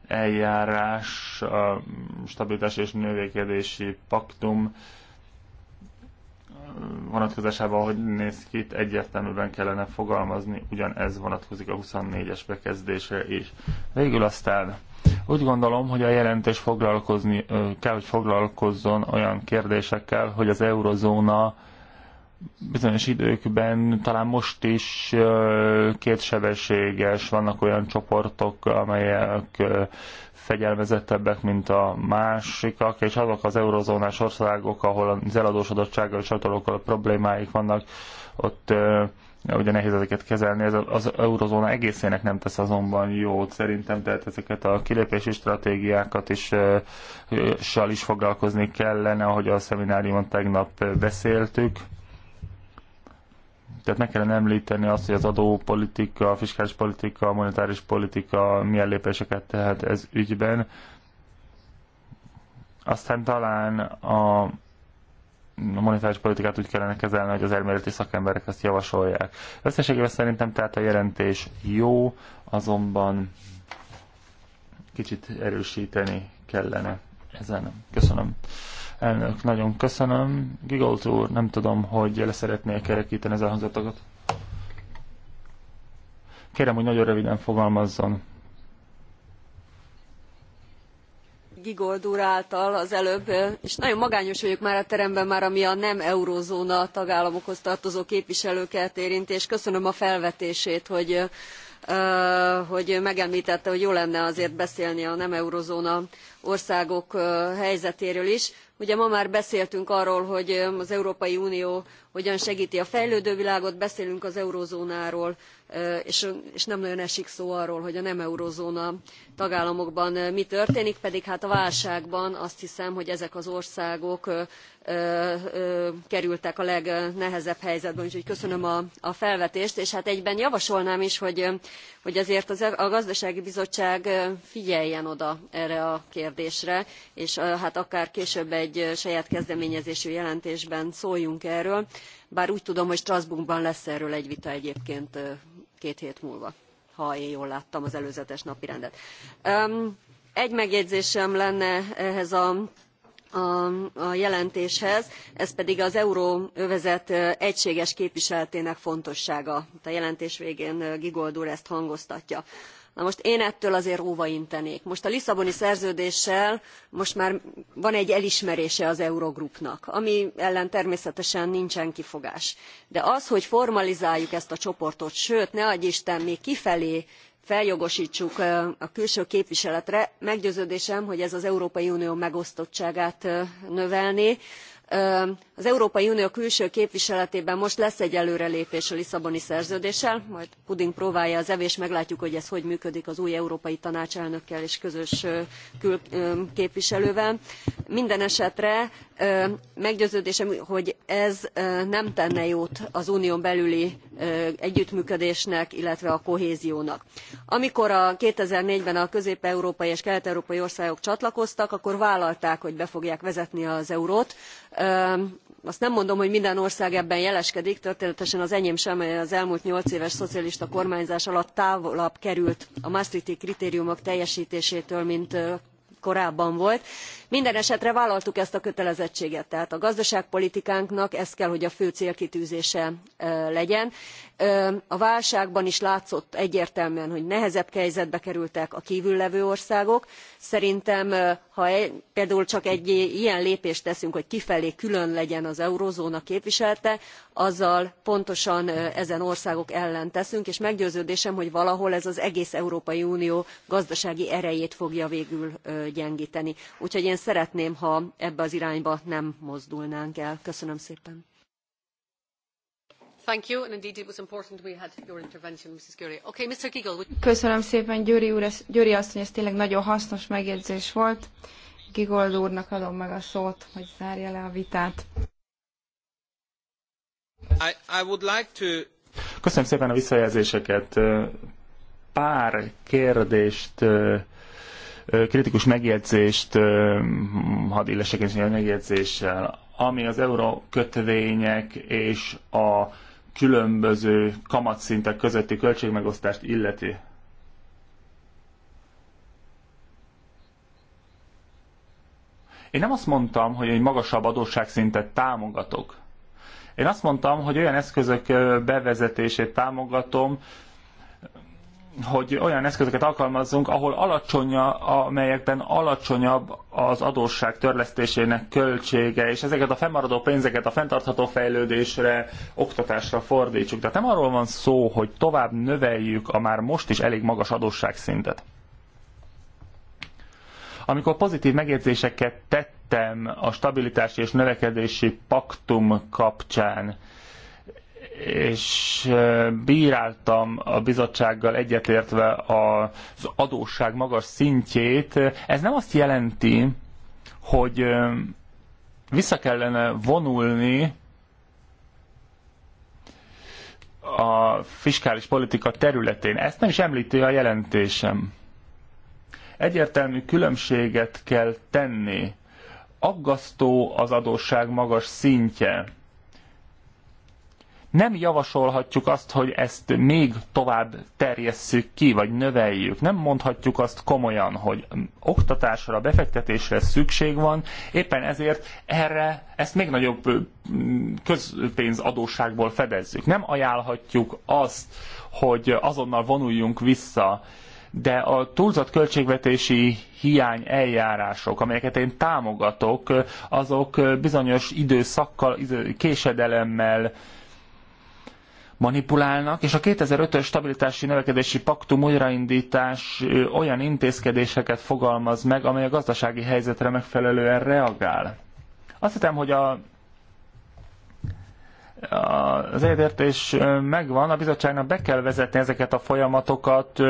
eljárás, a stabilitás és növekedési paktum vonatkozásában hogy néz ki, itt egyértelműen kellene fogalmazni, ugyanez vonatkozik a 24-es bekezdésre is. Végül aztán úgy gondolom, hogy a jelentés foglalkozni kell, hogy foglalkozzon olyan kérdésekkel, hogy az eurozóna bizonyos időkben, talán most is kétsebességes, vannak olyan csoportok, amelyek fegyelmezettebbek, mint a másikak, és azok az eurozónás országok, ahol az eladósodottsággal és a problémáik vannak, ott ugye nehéz ezeket kezelni, ez az eurozóna egészének nem tesz azonban jót szerintem, tehát ezeket a kilépési stratégiákat is, sal is foglalkozni kellene, ahogy a szemináriumon tegnap beszéltük. Tehát meg kellene említeni azt, hogy az adópolitika, a fiskális politika, a monetáris politika milyen lépéseket tehet ez ügyben. Aztán talán a a monetáris politikát úgy kellene kezelni, hogy az elméleti szakemberek ezt javasolják. Összességében szerintem tehát a jelentés jó, azonban kicsit erősíteni kellene ezen. Köszönöm. Elnök, nagyon köszönöm. Gigolt úr, nem tudom, hogy le szeretnél kerekíteni az elhangzatokat. Kérem, hogy nagyon röviden fogalmazzon. giegold úr által az előbb és nagyon magányos vagyok már a teremben már ami a nem eurózóna tagállamokhoz tartozó képviselőket érinti és köszönöm a felvetését hogy hogy megemltette hogy jó lenne azért beszélni a nem eurózóna országok helyzetéről is. ugye ma már beszéltünk arról hogy az európai unió hogyan segti a fejlődő világot beszélünk az eurózónáról és nem nagyon esik szó arról hogy a nem eurózóna tagállamokban mi történik pedig hát a válságban azt hiszem hogy ezek az országok kerültek a legnehezebb helyzetbe úgyhogy köszönöm a, felvetést és hát egyben javasolnám is hogy, hogy azért az, e, a gazdasági bizottság figyeljen oda erre a kérdésre és hát akár később egy saját kezdeményezésű jelentésben szóljunk erről bár úgy tudom, hogy Strasbourgban lesz erről egy vita egyébként két hét múlva, ha én jól láttam az előzetes napirendet. Egy megjegyzésem lenne ehhez a jelentéshez ez pedig az euróövezet egységes képviseletének fontossága. a jelentés végén giegold úr ezt hangoztatja na most én ettől azért óvaintenék. most a lisszaboni szerződéssel most már van egy elismerése az eurogroupnak ami ellen természetesen nincsen kifogás de az hogy formalizáljuk ezt a csoportot sőt ne adj isten még kifelé feljogostsuk a külső képviseletre meggyőződésem hogy ez az európai unió megosztottságát növelné az európai unió külső képviseletében most lesz egy előrelépés a lisszaboni szerződéssel majd puding próbálja az evés meglátjuk hogy ez hogy működik az új európai tanács elnökkel és közös képviselővel. mindenesetre meggyőződésem hogy ez nem tenne jót az unión belüli együttműködésnek illetve a kohéziónak. amikor a two thousand and four ben a közép európai és kelet európai országok csatlakoztak akkor vállalták hogy be fogják vezetni az eurót azt nem mondom hogy minden ország ebben jeleskedik történetesen az enyém sem mely az elmúlt nyolc éves szocialista kormányzás alatt távolabb került a maastrichti kritériumok teljestésétől mint korábban volt mindenesetre vállaltuk ezt a kötelezettséget tehát a gazdaságpolitikánknak ez kell hogy a fő célkitűzése legyen. a válságban is látszott egyértelműen hogy nehezebb helyzetbe kerültek a levő országok szerintem ha e, például csak egy ilyen lépést teszünk hogy kifelé külön legyen az eurózóna képviselete azzal pontosan ezen országok ellen teszünk és meggyőződésem hogy valahol ez az egész európai unió gazdasági erejét fogja végül gyengteni. úgyhogy szeretném, ha ebbe az irányba nem mozdulnánk el. Köszönöm szépen. Köszönöm szépen, Győri, úr, ez, Győri asszony, ez tényleg nagyon hasznos megjegyzés volt. Gigold úrnak adom meg a szót, hogy zárja le a vitát. I, I would like to... Köszönöm szépen a visszajelzéseket. Pár kérdést kritikus megjegyzést, hadd illesek egy megjegyzéssel, ami az eurókötvények és a különböző kamatszintek közötti költségmegosztást illeti. Én nem azt mondtam, hogy egy magasabb adósságszintet támogatok. Én azt mondtam, hogy olyan eszközök bevezetését támogatom, hogy olyan eszközöket alkalmazzunk, ahol alacsony, amelyekben alacsonyabb az adósság törlesztésének költsége, és ezeket a fennmaradó pénzeket a fenntartható fejlődésre, oktatásra fordítsuk. Tehát nem arról van szó, hogy tovább növeljük a már most is elég magas adósságszintet. Amikor pozitív megjegyzéseket tettem a stabilitási és növekedési paktum kapcsán, és bíráltam a bizottsággal egyetértve az adósság magas szintjét. Ez nem azt jelenti, hogy vissza kellene vonulni a fiskális politika területén. Ezt nem is említi a jelentésem. Egyértelmű különbséget kell tenni. Aggasztó az adósság magas szintje nem javasolhatjuk azt, hogy ezt még tovább terjesszük ki, vagy növeljük. Nem mondhatjuk azt komolyan, hogy oktatásra, befektetésre szükség van, éppen ezért erre ezt még nagyobb közpénzadóságból fedezzük. Nem ajánlhatjuk azt, hogy azonnal vonuljunk vissza, de a túlzott költségvetési hiány eljárások, amelyeket én támogatok, azok bizonyos időszakkal, késedelemmel, manipulálnak, és a 2005-ös stabilitási növekedési paktum újraindítás olyan intézkedéseket fogalmaz meg, amely a gazdasági helyzetre megfelelően reagál. Azt hiszem, hogy a az egyetértés megvan, a bizottságnak be kell vezetni ezeket a folyamatokat,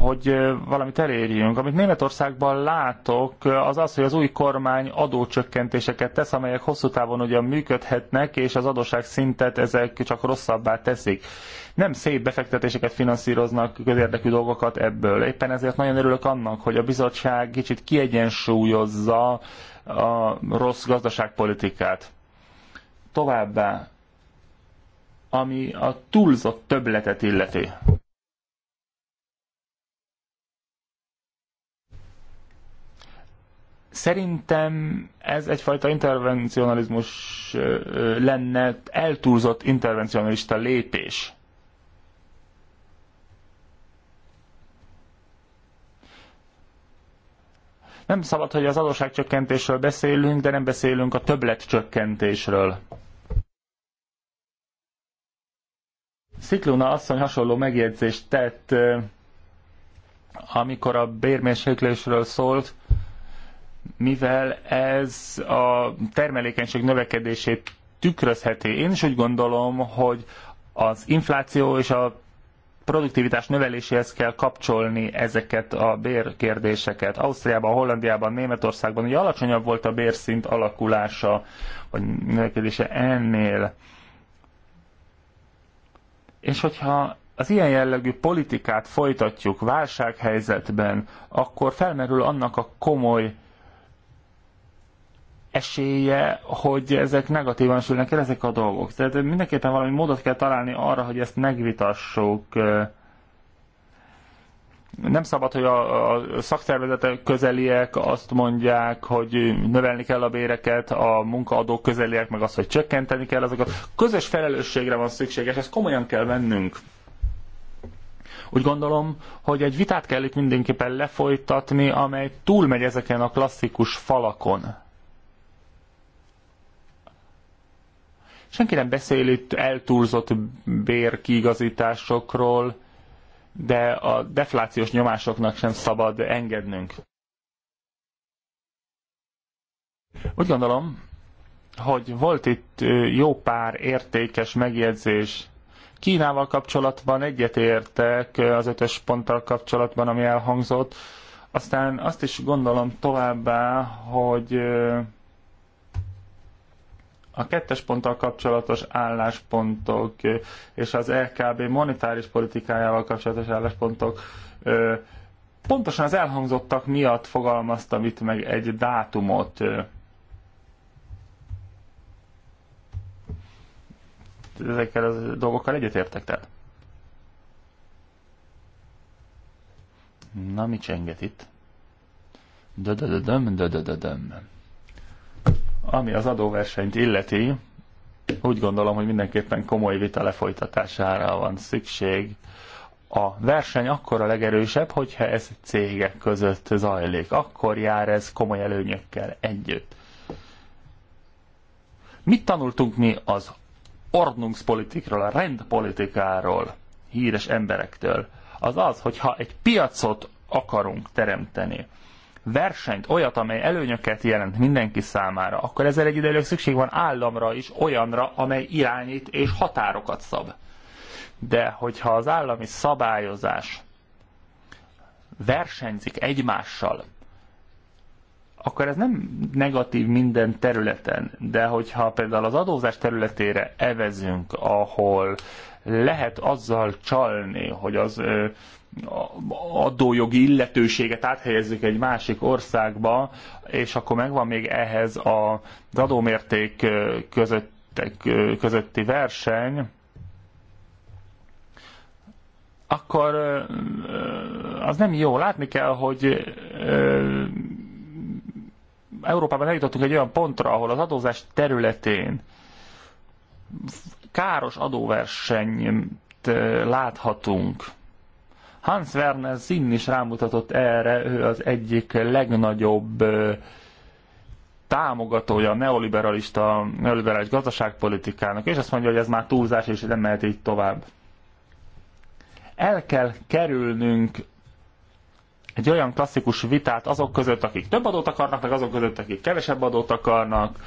hogy valamit elérjünk. Amit Németországban látok, az az, hogy az új kormány adócsökkentéseket tesz, amelyek hosszú távon ugyan működhetnek, és az adóság szintet ezek csak rosszabbá teszik. Nem szép befektetéseket finanszíroznak, közérdekű dolgokat ebből. Éppen ezért nagyon örülök annak, hogy a bizottság kicsit kiegyensúlyozza a rossz gazdaságpolitikát. Továbbá, ami a túlzott többletet illeti. Szerintem ez egyfajta intervencionalizmus lenne, eltúlzott intervencionalista lépés. Nem szabad, hogy az adósságcsökkentésről beszélünk, de nem beszélünk a többletcsökkentésről. Szikluna asszony hasonló megjegyzést tett, amikor a bérmérséklésről szólt, mivel ez a termelékenység növekedését tükrözheti. Én is úgy gondolom, hogy az infláció és a produktivitás növeléséhez kell kapcsolni ezeket a bérkérdéseket. Ausztriában, Hollandiában, Németországban ugye alacsonyabb volt a bérszint alakulása, vagy növekedése ennél. És hogyha az ilyen jellegű politikát folytatjuk válsághelyzetben, akkor felmerül annak a komoly esélye, hogy ezek negatívan sülnek el ezek a dolgok. Tehát mindenképpen valami módot kell találni arra, hogy ezt megvitassuk. Nem szabad, hogy a, a szakszervezetek közeliek azt mondják, hogy növelni kell a béreket, a munkaadók közeliek meg azt, hogy csökkenteni kell azokat. Közös felelősségre van szükséges, ezt komolyan kell vennünk úgy gondolom, hogy egy vitát kell itt mindenképpen lefolytatni, amely túlmegy ezeken a klasszikus falakon. Senki nem beszél itt eltúlzott bérkiigazításokról, de a deflációs nyomásoknak sem szabad engednünk. Úgy gondolom, hogy volt itt jó pár értékes megjegyzés. Kínával kapcsolatban egyetértek az ötös ponttal kapcsolatban, ami elhangzott. Aztán azt is gondolom továbbá, hogy a kettes ponttal kapcsolatos álláspontok és az LKB e monetáris politikájával kapcsolatos álláspontok pontosan az elhangzottak miatt fogalmaztam itt meg egy dátumot. Ezekkel a dolgokkal egyetértek, tehát? Na, mi csenget itt? Dödödödöm, dödödödöm. Ami az adóversenyt illeti, úgy gondolom, hogy mindenképpen komoly vita lefolytatására van szükség. A verseny akkor a legerősebb, hogyha ez cégek között zajlik. Akkor jár ez komoly előnyökkel együtt. Mit tanultunk mi az ordnungspolitikról, a rendpolitikáról, híres emberektől? Az az, hogyha egy piacot akarunk teremteni, versenyt, olyat, amely előnyöket jelent mindenki számára, akkor ezzel egyidejűleg szükség van államra is, olyanra, amely irányít és határokat szab. De hogyha az állami szabályozás versenyzik egymással, akkor ez nem negatív minden területen, de hogyha például az adózás területére evezünk, ahol lehet azzal csalni, hogy az adójogi illetőséget áthelyezzük egy másik országba, és akkor megvan még ehhez az adómérték között, közötti verseny, akkor az nem jó. Látni kell, hogy Európában eljutottunk egy olyan pontra, ahol az adózás területén káros adóversenyt láthatunk. Hans Werner Sinn is rámutatott erre, ő az egyik legnagyobb támogatója a neoliberalista, neoliberális gazdaságpolitikának, és azt mondja, hogy ez már túlzás, és nem mehet így tovább. El kell kerülnünk egy olyan klasszikus vitát azok között, akik több adót akarnak, meg azok között, akik kevesebb adót akarnak.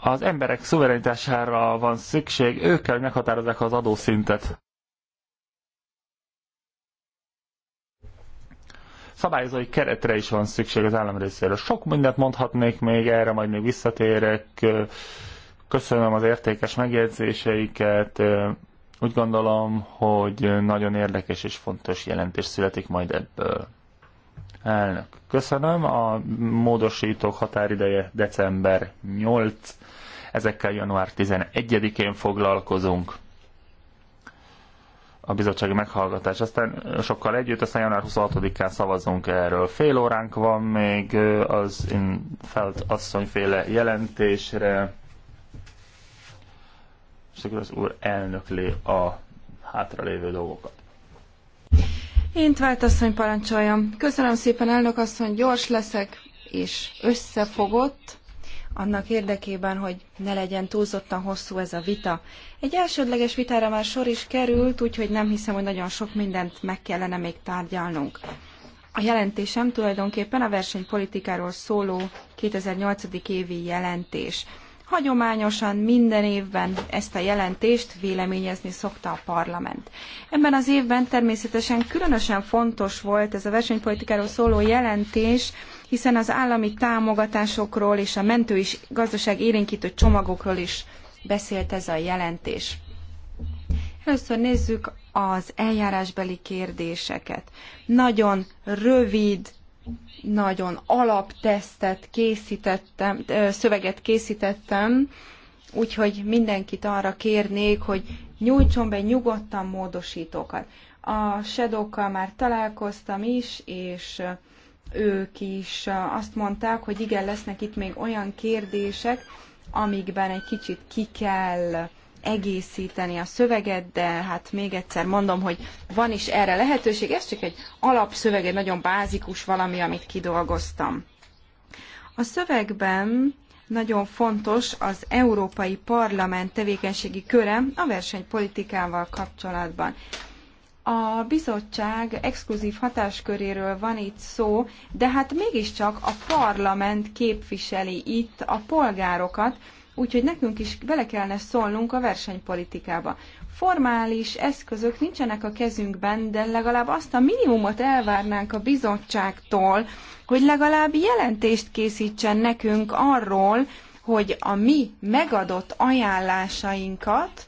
Az emberek szuverenitására van szükség, ők kell meghatározzák az adószintet. szabályozói keretre is van szükség az állam részéről. Sok mindent mondhatnék még erre, majd még visszatérek. Köszönöm az értékes megjegyzéseiket. Úgy gondolom, hogy nagyon érdekes és fontos jelentés születik majd ebből. Elnök, köszönöm. A módosítók határideje december 8. Ezekkel január 11-én foglalkozunk a bizottsági meghallgatás. Aztán sokkal együtt, aztán január 26-án szavazunk erről. Fél óránk van még az felt asszonyféle jelentésre. És akkor az úr elnökli a hátralévő dolgokat. Intvált asszony parancsoljam. Köszönöm szépen, elnök asszony, gyors leszek és összefogott annak érdekében, hogy ne legyen túlzottan hosszú ez a vita. Egy elsődleges vitára már sor is került, úgyhogy nem hiszem, hogy nagyon sok mindent meg kellene még tárgyalnunk. A jelentésem tulajdonképpen a versenypolitikáról szóló 2008. évi jelentés. Hagyományosan minden évben ezt a jelentést véleményezni szokta a parlament. Ebben az évben természetesen különösen fontos volt ez a versenypolitikáról szóló jelentés, hiszen az állami támogatásokról és a mentő és gazdaság élénkítő csomagokról is beszélt ez a jelentés. Először nézzük az eljárásbeli kérdéseket. Nagyon rövid, nagyon alaptesztet készítettem, szöveget készítettem, úgyhogy mindenkit arra kérnék, hogy nyújtson be nyugodtan módosítókat. A shadow már találkoztam is, és ők is azt mondták, hogy igen, lesznek itt még olyan kérdések, amikben egy kicsit ki kell egészíteni a szöveget, de hát még egyszer mondom, hogy van is erre lehetőség, ez csak egy alapszöveg, egy nagyon bázikus valami, amit kidolgoztam. A szövegben nagyon fontos az Európai Parlament tevékenységi köre a versenypolitikával kapcsolatban a bizottság exkluzív hatásköréről van itt szó, de hát mégiscsak a parlament képviseli itt a polgárokat, úgyhogy nekünk is bele kellene szólnunk a versenypolitikába. Formális eszközök nincsenek a kezünkben, de legalább azt a minimumot elvárnánk a bizottságtól, hogy legalább jelentést készítsen nekünk arról, hogy a mi megadott ajánlásainkat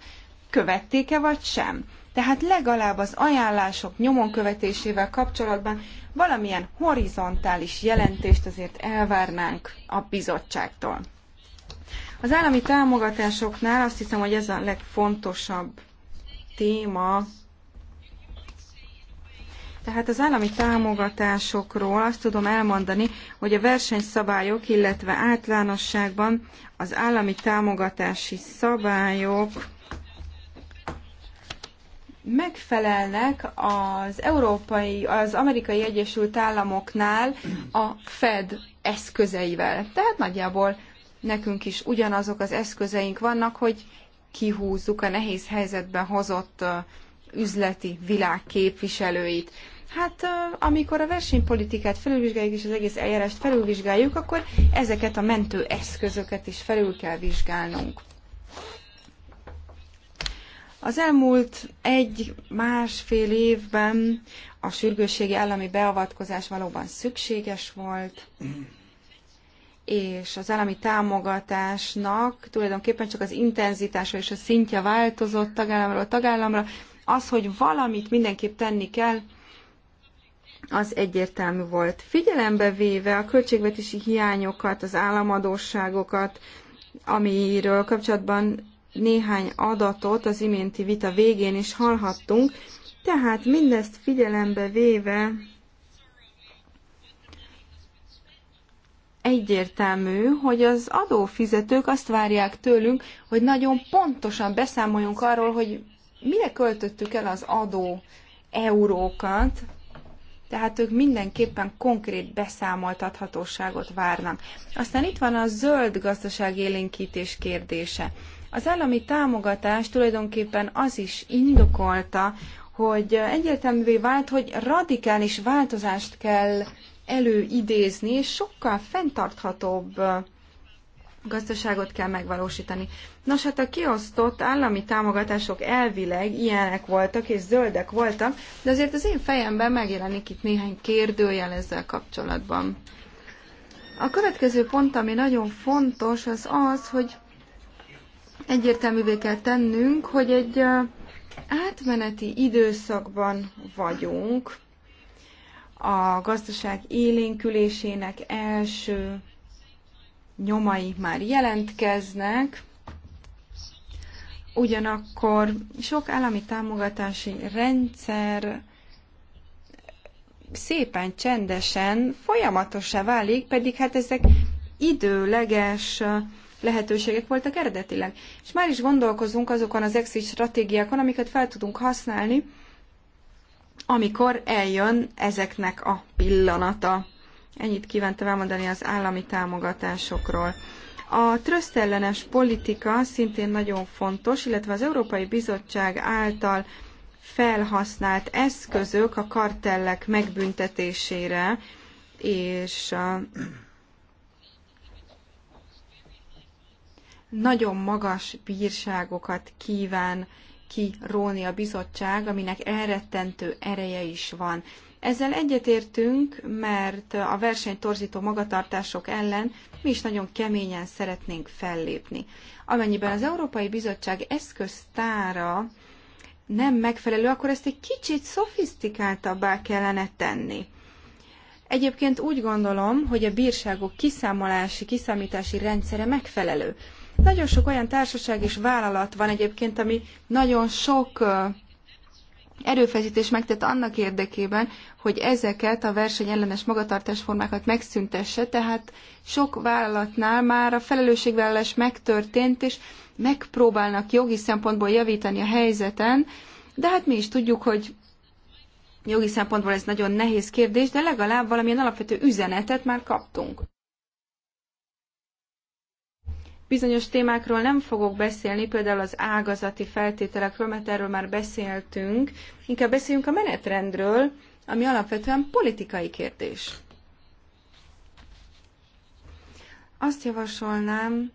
követték-e vagy sem tehát legalább az ajánlások nyomon követésével kapcsolatban valamilyen horizontális jelentést azért elvárnánk a bizottságtól. Az állami támogatásoknál azt hiszem, hogy ez a legfontosabb téma. Tehát az állami támogatásokról azt tudom elmondani, hogy a versenyszabályok, illetve általánosságban az állami támogatási szabályok megfelelnek az európai, az amerikai Egyesült Államoknál a Fed eszközeivel. Tehát nagyjából nekünk is ugyanazok az eszközeink vannak, hogy kihúzzuk a nehéz helyzetben hozott üzleti világ képviselőit. Hát amikor a versenypolitikát felülvizsgáljuk és az egész eljárást felülvizsgáljuk, akkor ezeket a mentő eszközöket is felül kell vizsgálnunk. Az elmúlt egy-másfél évben a sürgősségi állami beavatkozás valóban szükséges volt, és az állami támogatásnak tulajdonképpen csak az intenzitása és a szintje változott tagállamról tagállamra. Az, hogy valamit mindenképp tenni kell, az egyértelmű volt. Figyelembe véve a költségvetési hiányokat, az államadóságokat, amiről kapcsolatban néhány adatot az iménti vita végén is hallhattunk, tehát mindezt figyelembe véve egyértelmű, hogy az adófizetők azt várják tőlünk, hogy nagyon pontosan beszámoljunk arról, hogy mire költöttük el az adó eurókat, tehát ők mindenképpen konkrét beszámoltathatóságot várnak. Aztán itt van a zöld gazdaság élénkítés kérdése. Az állami támogatás tulajdonképpen az is indokolta, hogy egyértelművé vált, hogy radikális változást kell előidézni, és sokkal fenntarthatóbb gazdaságot kell megvalósítani. Nos, hát a kiosztott állami támogatások elvileg ilyenek voltak, és zöldek voltak, de azért az én fejemben megjelenik itt néhány kérdőjel ezzel kapcsolatban. A következő pont, ami nagyon fontos, az az, hogy egyértelművé kell tennünk, hogy egy átmeneti időszakban vagyunk, a gazdaság élénkülésének első nyomai már jelentkeznek, ugyanakkor sok állami támogatási rendszer szépen csendesen folyamatosan válik, pedig hát ezek időleges lehetőségek voltak eredetileg. És már is gondolkozunk azokon az exit stratégiákon, amiket fel tudunk használni, amikor eljön ezeknek a pillanata. Ennyit kívántam elmondani az állami támogatásokról. A trösztellenes politika szintén nagyon fontos, illetve az Európai Bizottság által felhasznált eszközök a kartellek megbüntetésére és nagyon magas bírságokat kíván kiróni a bizottság, aminek elrettentő ereje is van. Ezzel egyetértünk, mert a versenytorzító magatartások ellen mi is nagyon keményen szeretnénk fellépni. Amennyiben az Európai Bizottság eszköztára nem megfelelő, akkor ezt egy kicsit szofisztikáltabbá kellene tenni. Egyébként úgy gondolom, hogy a bírságok kiszámolási, kiszámítási rendszere megfelelő. Nagyon sok olyan társaság és vállalat van egyébként, ami nagyon sok erőfeszítés megtett annak érdekében, hogy ezeket a versenyellenes magatartásformákat megszüntesse, tehát sok vállalatnál már a felelősségvállalás megtörtént, és megpróbálnak jogi szempontból javítani a helyzeten, de hát mi is tudjuk, hogy jogi szempontból ez nagyon nehéz kérdés, de legalább valamilyen alapvető üzenetet már kaptunk. Bizonyos témákról nem fogok beszélni, például az ágazati feltételekről, mert erről már beszéltünk. Inkább beszéljünk a menetrendről, ami alapvetően politikai kérdés. Azt javasolnám,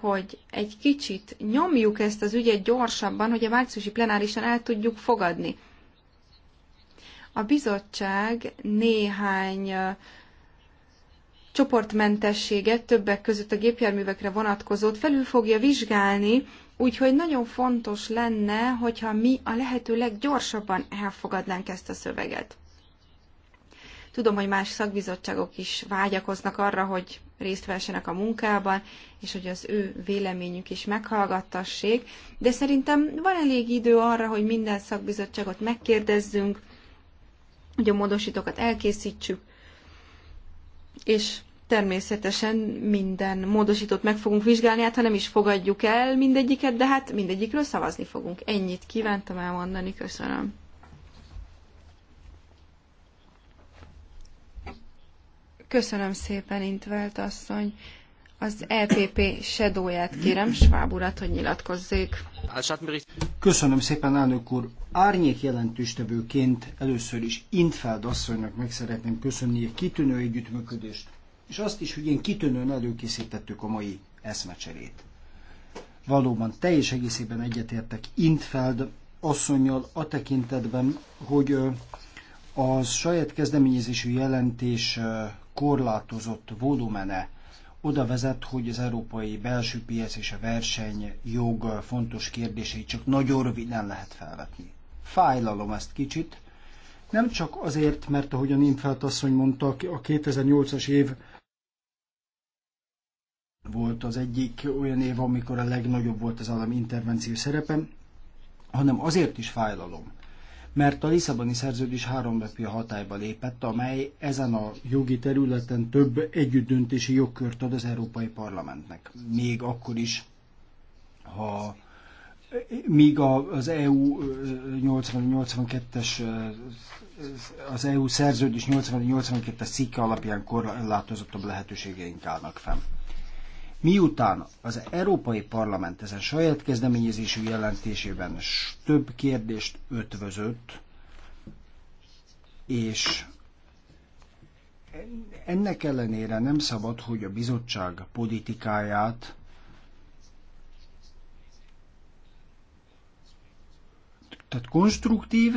hogy egy kicsit nyomjuk ezt az ügyet gyorsabban, hogy a márciusi plenárisan el tudjuk fogadni. A bizottság néhány csoportmentességet, többek között a gépjárművekre vonatkozót felül fogja vizsgálni, úgyhogy nagyon fontos lenne, hogyha mi a lehető leggyorsabban elfogadnánk ezt a szöveget. Tudom, hogy más szakbizottságok is vágyakoznak arra, hogy részt vessenek a munkában, és hogy az ő véleményük is meghallgattassék, de szerintem van elég idő arra, hogy minden szakbizottságot megkérdezzünk, hogy a módosítókat elkészítsük, és Természetesen minden módosítót meg fogunk vizsgálni, hát ha nem is fogadjuk el mindegyiket, de hát mindegyikről szavazni fogunk. Ennyit kívántam elmondani, köszönöm. Köszönöm szépen, Intvelt asszony. Az EPP sedóját kérem, Schwab urat, hogy nyilatkozzék. Köszönöm szépen, elnök úr. Árnyék jelentőstevőként először is Intfeld asszonynak meg szeretném köszönni a kitűnő együttműködést és azt is, hogy én kitűnően előkészítettük a mai eszmecserét. Valóban teljes egészében egyetértek Intfeld asszonyjal a tekintetben, hogy az saját kezdeményezésű jelentés korlátozott volumene oda vezet, hogy az európai belső piac és a verseny jog fontos kérdéseit csak nagyon röviden lehet felvetni. Fájlalom ezt kicsit, nem csak azért, mert a Infelt asszony mondta, a 2008-as év volt az egyik olyan év, amikor a legnagyobb volt az állami intervenció szerepem, hanem azért is fájlalom, mert a Lisszaboni szerződés három napja hatályba lépett, amely ezen a jogi területen több együttdöntési jogkört ad az Európai Parlamentnek. Még akkor is, ha míg az EU 80-82-es az EU szerződés 80-82-es cikke alapján korlátozottabb lehetőségeink állnak fenn. Miután az Európai Parlament ezen saját kezdeményezésű jelentésében több kérdést ötvözött, és ennek ellenére nem szabad, hogy a bizottság politikáját tehát konstruktív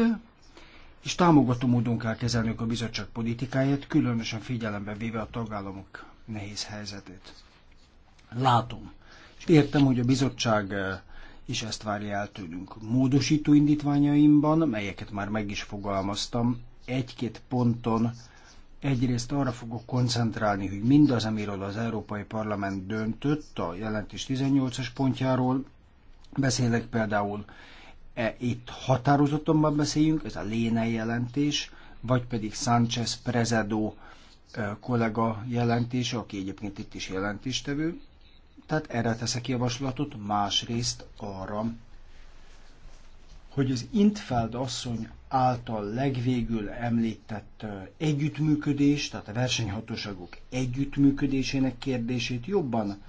és támogató módon kell kezelnünk a bizottság politikáját, különösen figyelembe véve a tagállamok nehéz helyzetét. Látom, és értem, hogy a bizottság eh, is ezt várja el tőlünk. Módosító indítványaimban, melyeket már meg is fogalmaztam, egy-két ponton egyrészt arra fogok koncentrálni, hogy mindaz, amiről az Európai Parlament döntött a jelentés 18-as pontjáról, beszélek például e, itt határozottomban beszéljünk, ez a Léne jelentés, vagy pedig Sánchez Prezedo e, kollega jelentése, aki egyébként itt is jelentéstevő, tehát erre teszek javaslatot, másrészt arra, hogy az Intfeld asszony által legvégül említett együttműködés, tehát a versenyhatóságok együttműködésének kérdését jobban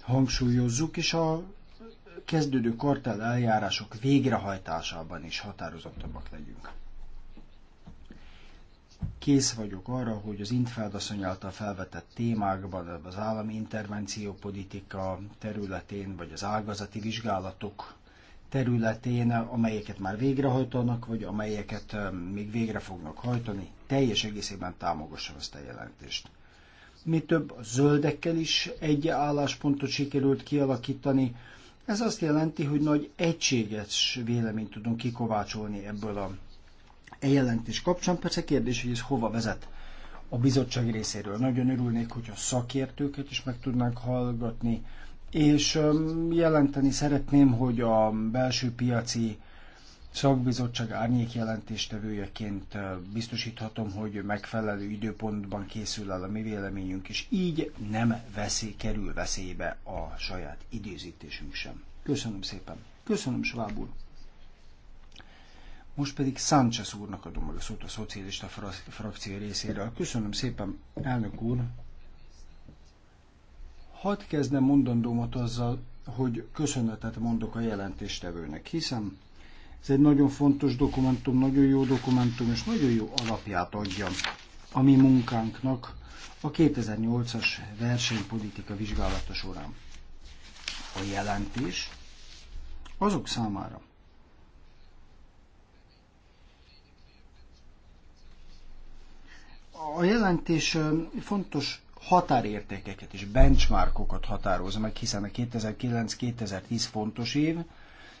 hangsúlyozzuk, és a kezdődő kartel eljárások végrehajtásában is határozottabbak legyünk. Kész vagyok arra, hogy az Intfeld asszony által felvetett témákban, az állami intervenciópolitika területén, vagy az ágazati vizsgálatok területén, amelyeket már végrehajtanak, vagy amelyeket még végre fognak hajtani, teljes egészében támogassam ezt a jelentést. Mi több, a zöldekkel is egy álláspontot sikerült kialakítani. Ez azt jelenti, hogy nagy egységes véleményt tudunk kikovácsolni ebből a e jelentés kapcsán. Persze kérdés, hogy ez hova vezet a bizottság részéről. Nagyon örülnék, hogy a szakértőket is meg tudnánk hallgatni, és jelenteni szeretném, hogy a belső piaci szakbizottság árnyék jelentéstevőjeként biztosíthatom, hogy megfelelő időpontban készül el a mi véleményünk, és így nem veszi, kerül veszélybe a saját időzítésünk sem. Köszönöm szépen. Köszönöm, Schwab úr. Most pedig Sánchez úrnak adom meg a szót a szocialista frakció részéről. Köszönöm szépen, elnök úr. Hadd kezdem mondandómat azzal, hogy köszönetet mondok a jelentéstevőnek, hiszen ez egy nagyon fontos dokumentum, nagyon jó dokumentum, és nagyon jó alapját adja a mi munkánknak a 2008-as versenypolitika vizsgálata során. A jelentés azok számára, a jelentés fontos határértékeket és benchmarkokat határoz meg, hiszen a 2009-2010 fontos év,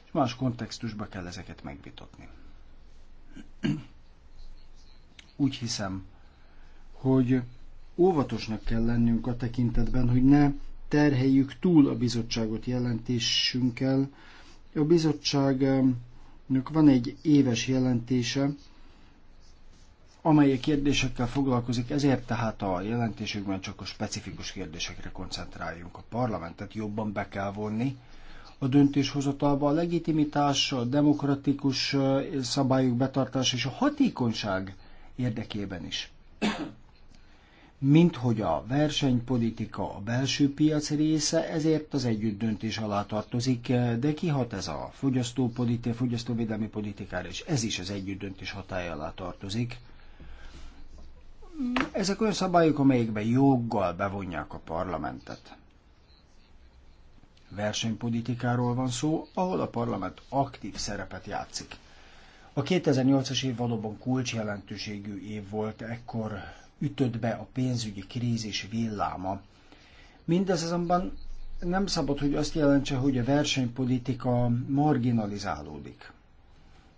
és más kontextusba kell ezeket megvitatni. Úgy hiszem, hogy óvatosnak kell lennünk a tekintetben, hogy ne terheljük túl a bizottságot jelentésünkkel. A bizottságnak van egy éves jelentése, amely kérdésekkel foglalkozik, ezért tehát a jelentésükben csak a specifikus kérdésekre koncentráljunk. A parlamentet jobban be kell vonni a döntéshozatalba. A legitimitás, a demokratikus szabályok betartása és a hatékonyság érdekében is. Mint hogy a versenypolitika a belső piac része, ezért az együtt döntés alá tartozik, de kihat ez a fogyasztópolitika, fogyasztóvédelmi politikára, és ez is az együtt döntés hatája alá tartozik ezek olyan szabályok, amelyekbe joggal bevonják a parlamentet. Versenypolitikáról van szó, ahol a parlament aktív szerepet játszik. A 2008-as év valóban kulcsjelentőségű év volt, ekkor ütött be a pénzügyi krízis villáma. Mindez azonban nem szabad, hogy azt jelentse, hogy a versenypolitika marginalizálódik.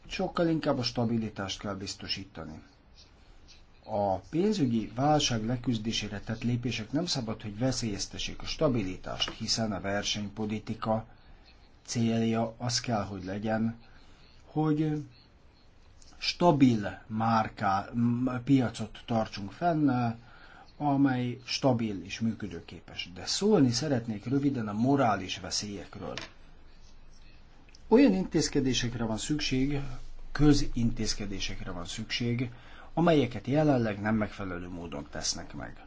Sokkal inkább a stabilitást kell biztosítani a pénzügyi válság leküzdésére tett lépések nem szabad, hogy veszélyeztessék a stabilitást, hiszen a versenypolitika célja az kell, hogy legyen, hogy stabil márká, piacot tartsunk fenn, amely stabil és működőképes. De szólni szeretnék röviden a morális veszélyekről. Olyan intézkedésekre van szükség, közintézkedésekre van szükség, amelyeket jelenleg nem megfelelő módon tesznek meg.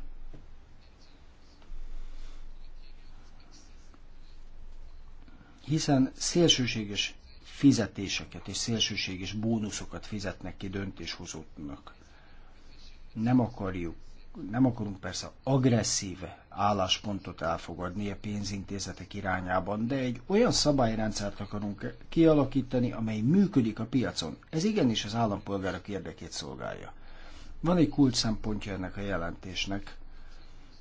Hiszen szélsőséges fizetéseket és szélsőséges bónuszokat fizetnek ki döntéshozóknak. Nem akarjuk nem akarunk persze agresszív álláspontot elfogadni a pénzintézetek irányában, de egy olyan szabályrendszert akarunk kialakítani, amely működik a piacon. Ez igenis az állampolgárok érdekét szolgálja. Van egy kult szempontja ennek a jelentésnek,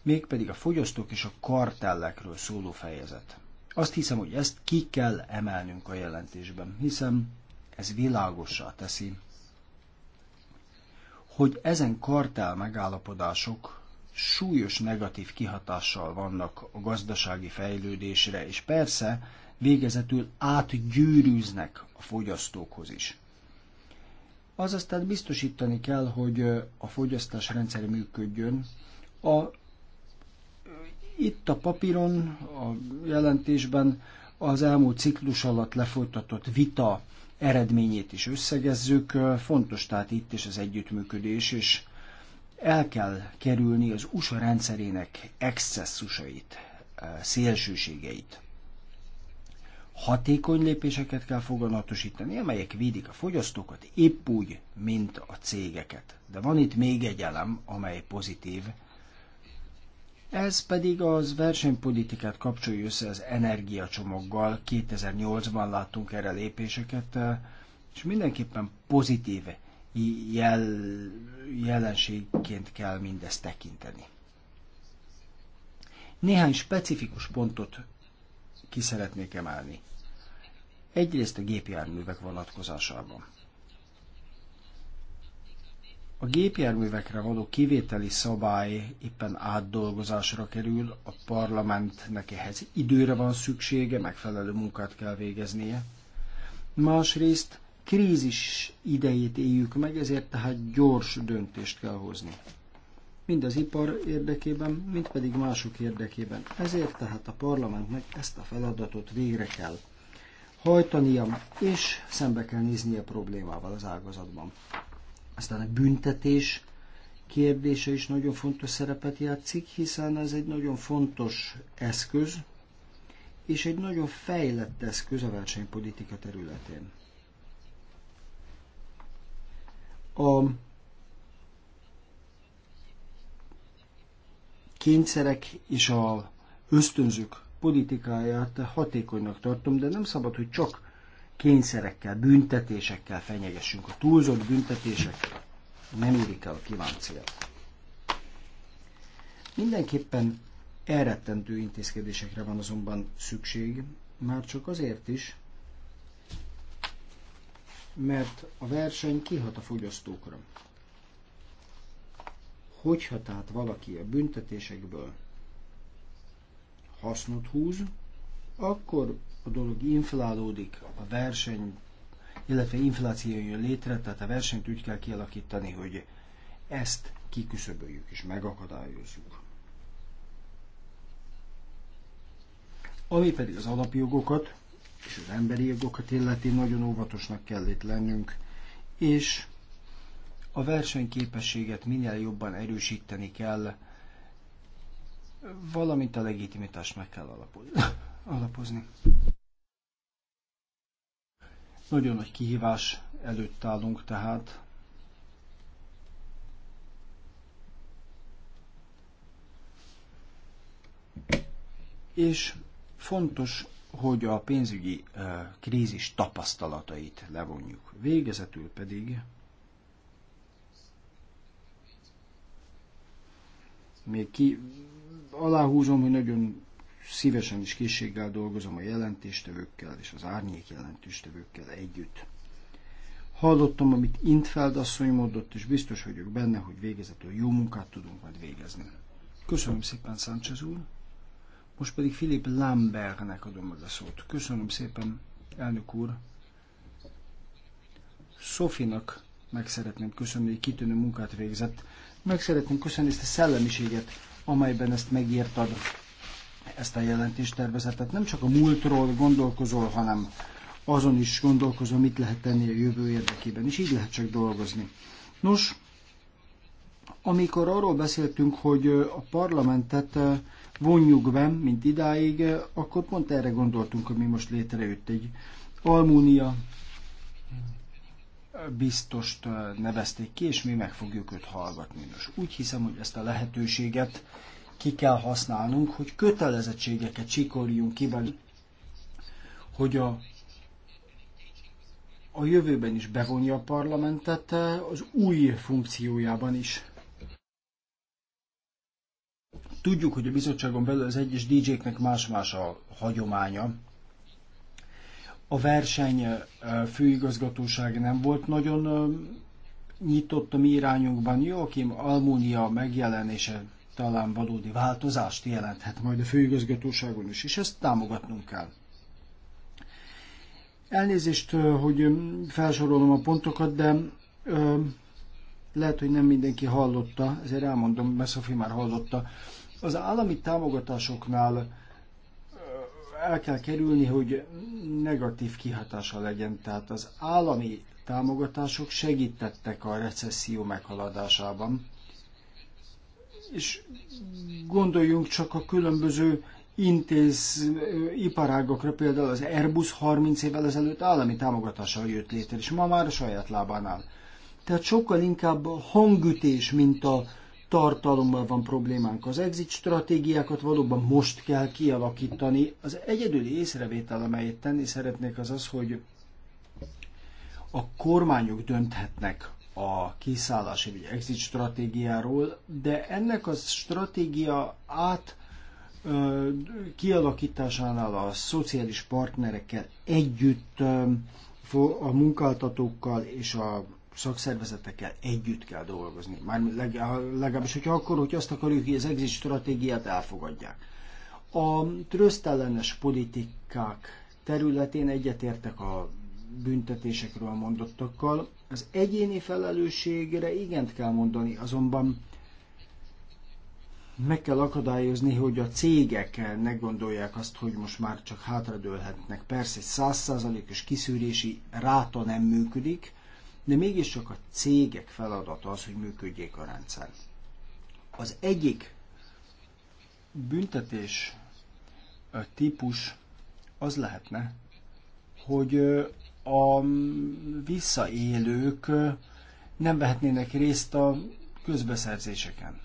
mégpedig a fogyasztók és a kartellekről szóló fejezet. Azt hiszem, hogy ezt ki kell emelnünk a jelentésben, hiszen ez világosá teszi, hogy ezen kartel megállapodások súlyos negatív kihatással vannak a gazdasági fejlődésre, és persze végezetül átgyűrűznek a fogyasztókhoz is. Azaz tehát biztosítani kell, hogy a fogyasztás rendszer működjön. A, itt a papíron, a jelentésben az elmúlt ciklus alatt lefolytatott vita eredményét is összegezzük. Fontos tehát itt is az együttműködés, és el kell kerülni az USA rendszerének excesszusait, szélsőségeit hatékony lépéseket kell foganatosítani, amelyek védik a fogyasztókat épp úgy, mint a cégeket. De van itt még egy elem, amely pozitív. Ez pedig az versenypolitikát kapcsolja össze az energiacsomaggal. 2008-ban láttunk erre lépéseket, és mindenképpen pozitív jel, jelenségként kell mindezt tekinteni. Néhány specifikus pontot ki szeretnék emelni. Egyrészt a gépjárművek vonatkozásában. A gépjárművekre való kivételi szabály éppen átdolgozásra kerül, a parlamentnek ehhez időre van szüksége, megfelelő munkát kell végeznie. Másrészt krízis idejét éljük meg, ezért tehát gyors döntést kell hozni mind az ipar érdekében, mind pedig mások érdekében. Ezért tehát a parlamentnek ezt a feladatot végre kell hajtania, és szembe kell nézni a problémával az ágazatban. Aztán a büntetés kérdése is nagyon fontos szerepet játszik, hiszen ez egy nagyon fontos eszköz, és egy nagyon fejlett eszköz a versenypolitika területén. A kényszerek és a ösztönzők politikáját hatékonynak tartom, de nem szabad, hogy csak kényszerekkel, büntetésekkel fenyegessünk. A túlzott büntetések nem érik el a kívánt célt. Mindenképpen elrettentő intézkedésekre van azonban szükség, már csak azért is, mert a verseny kihat a fogyasztókra. Hogyha tehát valaki a büntetésekből hasznot húz, akkor a dolog inflálódik, a verseny, illetve infláció jön létre, tehát a versenyt úgy kell kialakítani, hogy ezt kiküszöböljük és megakadályozzuk. Ami pedig az alapjogokat és az emberi jogokat illeti, nagyon óvatosnak kell itt lennünk, és a versenyképességet minél jobban erősíteni kell, valamint a legitimitást meg kell alapozni. Nagyon nagy kihívás előtt állunk tehát. És fontos, hogy a pénzügyi eh, krízis tapasztalatait levonjuk. Végezetül pedig még ki, aláhúzom, hogy nagyon szívesen és készséggel dolgozom a jelentéstevőkkel és az árnyék jelentéstevőkkel együtt. Hallottam, amit Intfeld asszony mondott, és biztos vagyok benne, hogy végezetül jó munkát tudunk majd végezni. Köszönöm szépen, Sánchez úr. Most pedig Filip Lambernek adom az a szót. Köszönöm szépen, elnök úr. Sofinak meg szeretném köszönni, hogy kitűnő munkát végzett. Meg szeretnénk köszönni ezt a szellemiséget, amelyben ezt megírtad, ezt a jelentéstervezetet. Nem csak a múltról gondolkozol, hanem azon is gondolkozol, mit lehet tenni a jövő érdekében, és így lehet csak dolgozni. Nos, amikor arról beszéltünk, hogy a parlamentet vonjuk be, mint idáig, akkor pont erre gondoltunk, hogy mi most létrejött egy Almúnia biztost nevezték ki, és mi meg fogjuk őt hallgatni. Nos, úgy hiszem, hogy ezt a lehetőséget ki kell használnunk, hogy kötelezettségeket csikorjunk ki hogy a, a jövőben is bevonja a parlamentet az új funkciójában is. Tudjuk, hogy a bizottságon belül az egyes DJ-knek más-más a hagyománya, a verseny főigazgatóság nem volt nagyon nyitott a mi irányunkban. Joachim Almunia megjelenése talán valódi változást jelenthet majd a főigazgatóságon is, és ezt támogatnunk kell. Elnézést, hogy felsorolom a pontokat, de ö, lehet, hogy nem mindenki hallotta, ezért elmondom, mert Szofi már hallotta. Az állami támogatásoknál el kell kerülni, hogy negatív kihatása legyen. Tehát az állami támogatások segítettek a recesszió meghaladásában. És gondoljunk csak a különböző intéz iparágokra, például az Airbus 30 évvel ezelőtt állami támogatással jött létre, és ma már a saját lábán áll. Tehát sokkal inkább hangütés, mint a tartalommal van problémánk. Az exit stratégiákat valóban most kell kialakítani. Az egyedüli észrevétel, amelyet tenni szeretnék, az az, hogy a kormányok dönthetnek a kiszállási vagy exit stratégiáról, de ennek a stratégia át kialakításánál a szociális partnerekkel együtt a munkáltatókkal és a szakszervezetekkel együtt kell dolgozni. Már legalábbis, hogyha akkor, hogy azt akarjuk, hogy az exit stratégiát elfogadják. A trösztellenes politikák területén egyetértek a büntetésekről mondottakkal. Az egyéni felelősségre igent kell mondani, azonban meg kell akadályozni, hogy a cégek ne gondolják azt, hogy most már csak hátradőlhetnek. Persze egy százszázalékos kiszűrési ráta nem működik, de mégiscsak a cégek feladata az, hogy működjék a rendszer. Az egyik büntetés típus az lehetne, hogy a visszaélők nem vehetnének részt a közbeszerzéseken.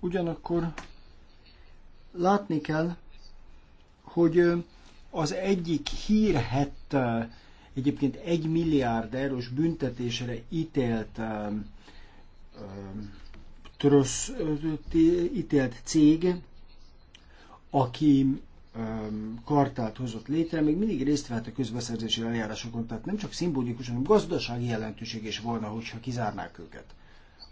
Ugyanakkor látni kell, hogy az egyik hírhet, egyébként egy milliárd eurós büntetésre ítélt trösz, ítélt cég, aki kartát hozott létre, még mindig részt vett a közbeszerzési eljárásokon, tehát nem csak szimbolikus, hanem gazdasági jelentőség is volna, hogyha kizárnák őket.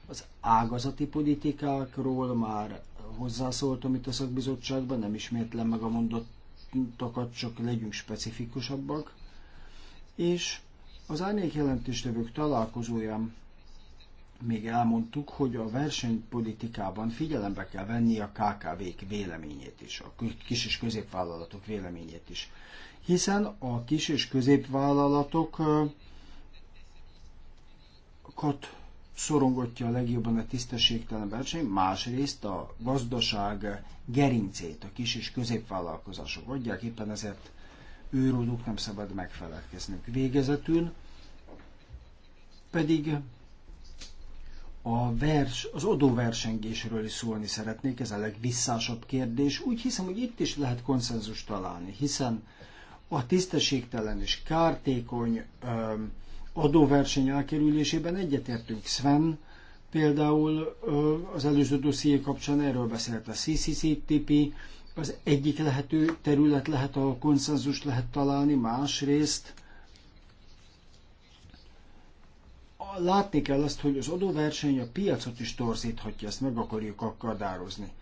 Az ágazati politikákról már hozzászóltam itt a szakbizottságban, nem ismétlem meg a mondott takat csak legyünk specifikusabbak. És az árnyék jelentéstevők találkozóján még elmondtuk, hogy a versenypolitikában figyelembe kell venni a KKV-k véleményét is, a kis és középvállalatok véleményét is. Hiszen a kis és középvállalatok szorongatja a legjobban a tisztességtelen verseny, másrészt a gazdaság gerincét a kis és középvállalkozások adják, éppen ezért őróluk nem szabad megfelelkeznünk. Végezetül pedig a vers, az adóversengésről is szólni szeretnék, ez a legvisszásabb kérdés. Úgy hiszem, hogy itt is lehet konszenzus találni, hiszen a tisztességtelen és kártékony öm, adóverseny elkerülésében egyetértünk. Sven például az előző dosszié kapcsán erről beszélt a CCCTP, az egyik lehető terület lehet, ahol konszenzus lehet találni, másrészt látni kell azt, hogy az adóverseny a piacot is torzíthatja, ezt meg akarjuk akadározni.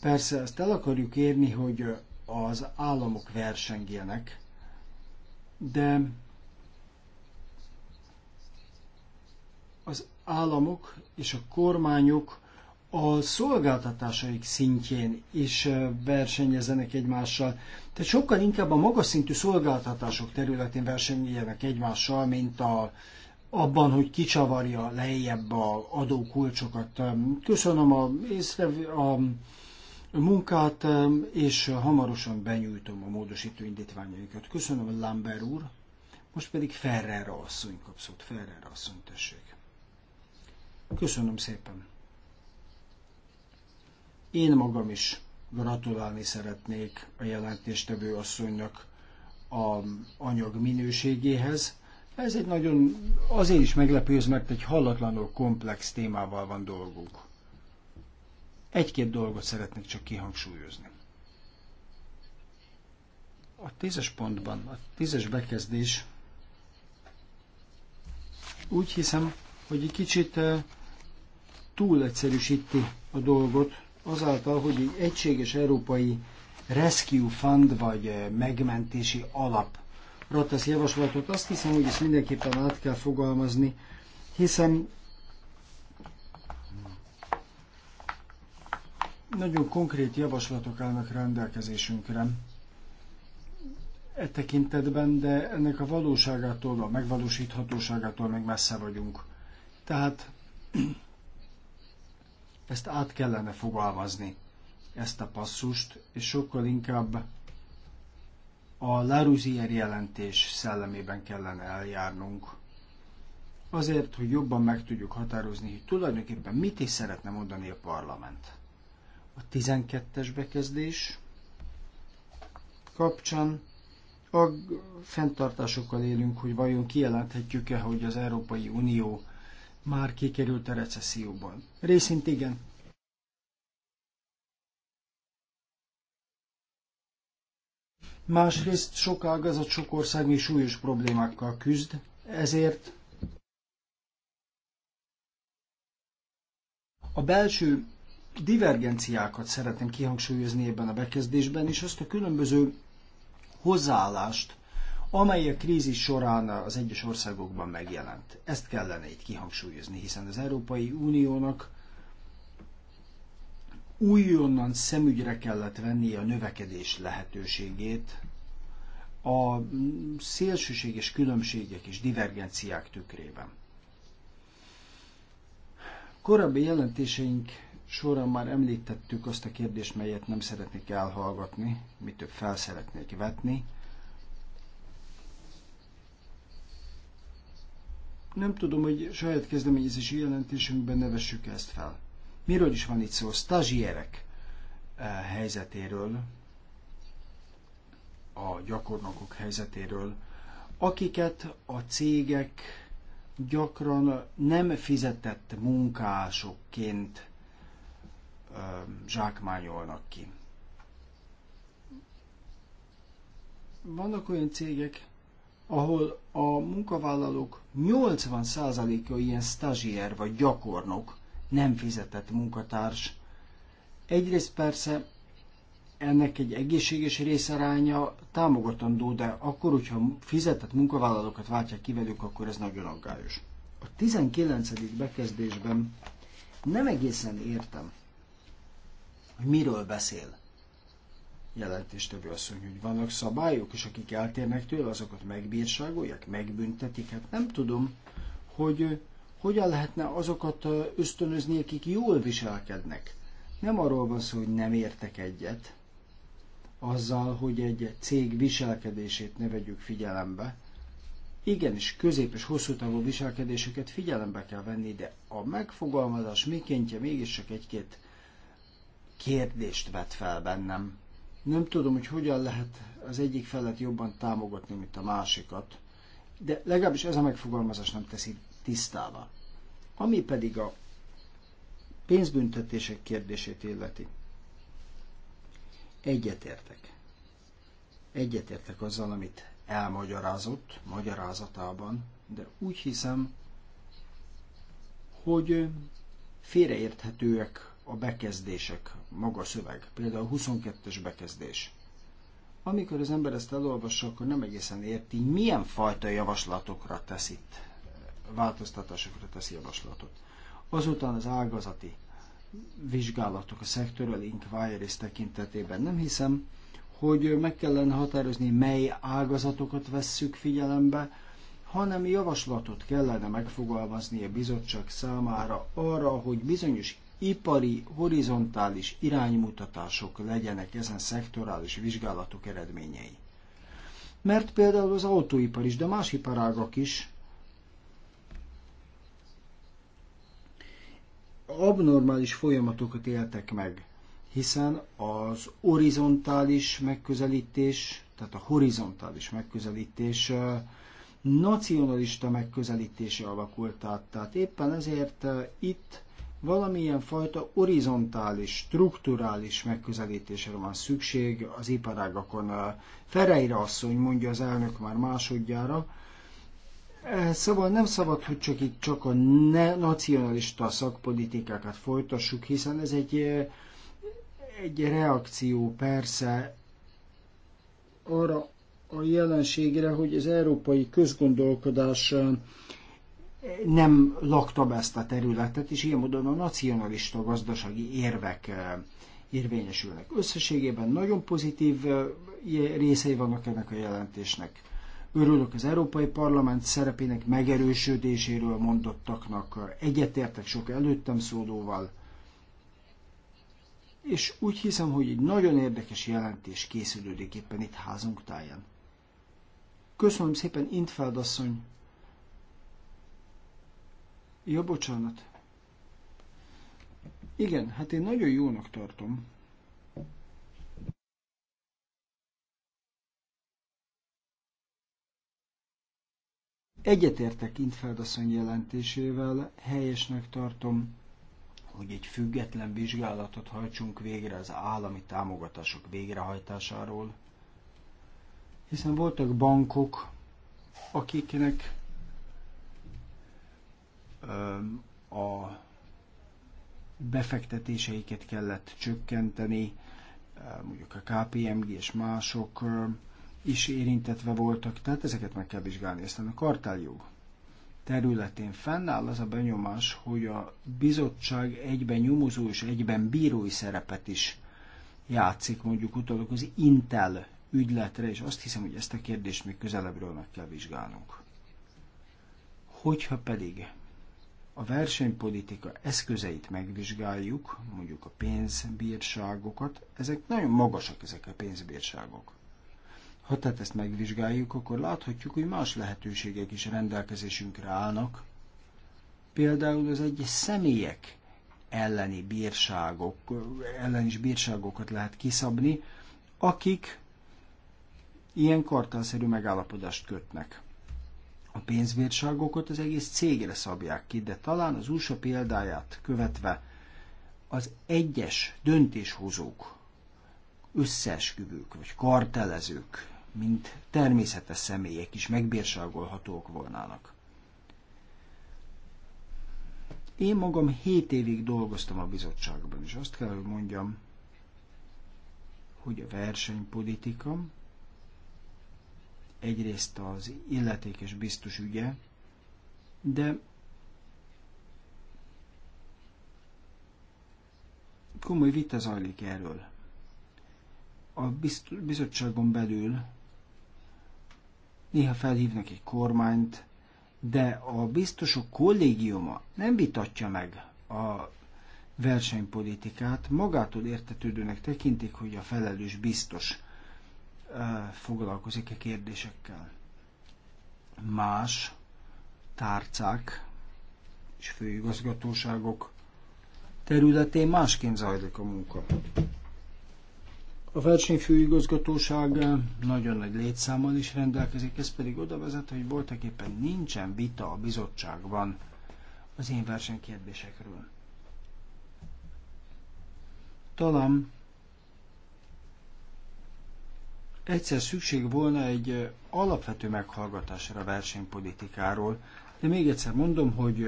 Persze ezt el akarjuk érni, hogy az államok versengjenek, de az államok és a kormányok a szolgáltatásaik szintjén is versenyezenek egymással. Tehát sokkal inkább a magas szintű szolgáltatások területén versenyenek egymással, mint a, abban, hogy kicsavarja lejjebb a adókulcsokat. Köszönöm a, észre, a munkát, és hamarosan benyújtom a módosító indítványaikat. Köszönöm, Lambert úr. Most pedig Ferrer asszony kapszott. Ferrer asszony, tessék. Köszönöm szépen. Én magam is gratulálni szeretnék a jelentéstevő asszonynak a anyag minőségéhez. Ez egy nagyon, azért is meglepő, mert egy hallatlanul komplex témával van dolgunk. Egy-két dolgot szeretnék csak kihangsúlyozni. A tízes pontban, a tízes bekezdés úgy hiszem, hogy egy kicsit eh, túl egyszerűsíti a dolgot azáltal, hogy egy egységes európai Rescue Fund vagy eh, megmentési alap. tesz javaslatot. Azt hiszem, hogy ezt mindenképpen át kell fogalmazni, hiszen nagyon konkrét javaslatok állnak rendelkezésünkre e tekintetben, de ennek a valóságától, a megvalósíthatóságától meg messze vagyunk. Tehát ezt át kellene fogalmazni, ezt a passzust, és sokkal inkább a Larusier jelentés szellemében kellene eljárnunk. Azért, hogy jobban meg tudjuk határozni, hogy tulajdonképpen mit is szeretne mondani a parlament. A 12-es bekezdés kapcsán a fenntartásokkal élünk, hogy vajon kijelenthetjük-e, hogy az Európai Unió már kikerült a recesszióból. Részint igen. Másrészt sok ágazat, sok ország még súlyos problémákkal küzd, ezért a belső divergenciákat szeretném kihangsúlyozni ebben a bekezdésben, és azt a különböző hozzáállást, amely a krízis során az egyes országokban megjelent. Ezt kellene itt kihangsúlyozni, hiszen az Európai Uniónak újonnan szemügyre kellett venni a növekedés lehetőségét, a szélsőséges különbségek és divergenciák tükrében. Korábbi jelentéseink során már említettük azt a kérdést, melyet nem szeretnék elhallgatni, mitől fel szeretnék vetni, nem tudom, hogy saját kezdeményezési jelentésünkben nevessük ezt fel. Miről is van itt szó? Stazsierek eh, helyzetéről, a gyakornokok helyzetéről, akiket a cégek gyakran nem fizetett munkásokként eh, zsákmányolnak ki. Vannak olyan cégek, ahol a munkavállalók 80%-a ilyen stagiair vagy gyakornok, nem fizetett munkatárs. Egyrészt persze ennek egy egészséges részaránya támogatandó, de akkor, hogyha fizetett munkavállalókat váltják ki velük, akkor ez nagyon aggályos. A 19. bekezdésben nem egészen értem, hogy miről beszél jelentéstevő mondja, hogy vannak szabályok, és akik eltérnek tőle, azokat megbírságolják, megbüntetik. Hát nem tudom, hogy hogyan lehetne azokat ösztönözni, akik jól viselkednek. Nem arról van szó, hogy nem értek egyet azzal, hogy egy cég viselkedését ne vegyük figyelembe. Igenis, közép és hosszú távú viselkedéseket figyelembe kell venni, de a megfogalmazás mikéntje mégiscsak egy-két kérdést vet fel bennem nem tudom, hogy hogyan lehet az egyik felet jobban támogatni, mint a másikat, de legalábbis ez a megfogalmazás nem teszi tisztává. Ami pedig a pénzbüntetések kérdését illeti. Egyetértek. Egyetértek azzal, amit elmagyarázott, magyarázatában, de úgy hiszem, hogy félreérthetőek a bekezdések, maga a szöveg. Például a 22-es bekezdés. Amikor az ember ezt elolvassa, akkor nem egészen érti, milyen fajta javaslatokra tesz itt, változtatásokra tesz javaslatot. Azután az ágazati vizsgálatok, a sectoral inquiries tekintetében nem hiszem, hogy meg kellene határozni, mely ágazatokat vesszük figyelembe, hanem javaslatot kellene megfogalmazni a bizottság számára arra, hogy bizonyos ipari horizontális iránymutatások legyenek ezen szektorális vizsgálatok eredményei. Mert például az autóipar is, de más iparágak is abnormális folyamatokat éltek meg, hiszen az horizontális megközelítés, tehát a horizontális megközelítés nacionalista megközelítése alakult át. Tehát éppen ezért itt valamilyen fajta horizontális, strukturális megközelítésre van szükség az iparágakon. Ferreira asszony mondja az elnök már másodjára, Szóval nem szabad, hogy csak itt csak a ne nacionalista szakpolitikákat folytassuk, hiszen ez egy, egy reakció persze arra a jelenségre, hogy az európai közgondolkodás nem laktam be ezt a területet, és ilyen módon a nacionalista gazdasági érvek eh, érvényesülnek. Összességében nagyon pozitív eh, részei vannak ennek a jelentésnek. Örülök az Európai Parlament szerepének megerősödéséről mondottaknak, egyetértek sok előttem szólóval, és úgy hiszem, hogy egy nagyon érdekes jelentés készülődik éppen itt házunk táján. Köszönöm szépen, Intfeld asszony, Ja, bocsánat. Igen, hát én nagyon jónak tartom. Egyetértek Intfeldasszony jelentésével, helyesnek tartom, hogy egy független vizsgálatot hajtsunk végre az állami támogatások végrehajtásáról, hiszen voltak bankok, akiknek a befektetéseiket kellett csökkenteni, mondjuk a KPMG és mások is érintetve voltak, tehát ezeket meg kell vizsgálni. Aztán a kartáljog területén fennáll az a benyomás, hogy a bizottság egyben nyomozó és egyben bírói szerepet is játszik, mondjuk utalok az Intel ügyletre, és azt hiszem, hogy ezt a kérdést még közelebbről meg kell vizsgálnunk. Hogyha pedig a versenypolitika eszközeit megvizsgáljuk, mondjuk a pénzbírságokat, ezek nagyon magasak ezek a pénzbírságok. Ha tehát ezt megvizsgáljuk, akkor láthatjuk, hogy más lehetőségek is rendelkezésünkre állnak. Például az egyes személyek elleni bírságok, ellen is bírságokat lehet kiszabni, akik ilyen kartalszerű megállapodást kötnek. A pénzbírságokat az egész cégre szabják ki, de talán az USA példáját követve az egyes döntéshozók, összeesküvők vagy kartelezők, mint természetes személyek is megbírságolhatók volnának. Én magam 7 évig dolgoztam a bizottságban, és azt kell, hogy mondjam, hogy a versenypolitika egyrészt az illetékes biztos ügye, de komoly vita zajlik erről. A bizottságon belül néha felhívnak egy kormányt, de a biztosok kollégiuma nem vitatja meg a versenypolitikát, magától értetődőnek tekintik, hogy a felelős biztos foglalkozik a kérdésekkel. Más tárcák és főigazgatóságok területén másként zajlik a munka. A verseny főigazgatóság nagyon nagy létszámmal is rendelkezik, ez pedig oda vezet, hogy voltak éppen nincsen vita a bizottságban az én versenykérdésekről. Talán egyszer szükség volna egy alapvető meghallgatásra a versenypolitikáról, de még egyszer mondom, hogy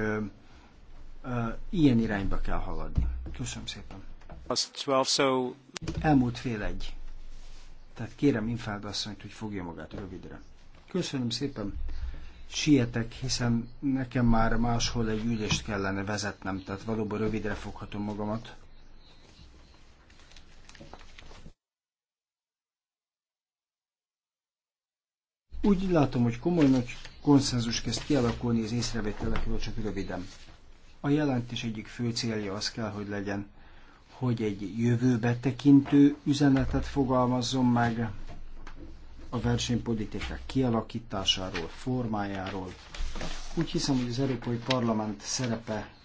ilyen irányba kell haladni. Köszönöm szépen. Elmúlt fél egy. Tehát kérem Infeld asszonyt, hogy fogja magát rövidre. Köszönöm szépen. Sietek, hiszen nekem már máshol egy ülést kellene vezetnem, tehát valóban rövidre foghatom magamat. Úgy látom, hogy komoly nagy konszenzus kezd kialakulni az észrevételekről, csak röviden. A jelentés egyik fő célja az kell, hogy legyen, hogy egy jövőbe tekintő üzenetet fogalmazzon meg a versenypolitikák kialakításáról, formájáról. Úgy hiszem, hogy az Európai Parlament szerepe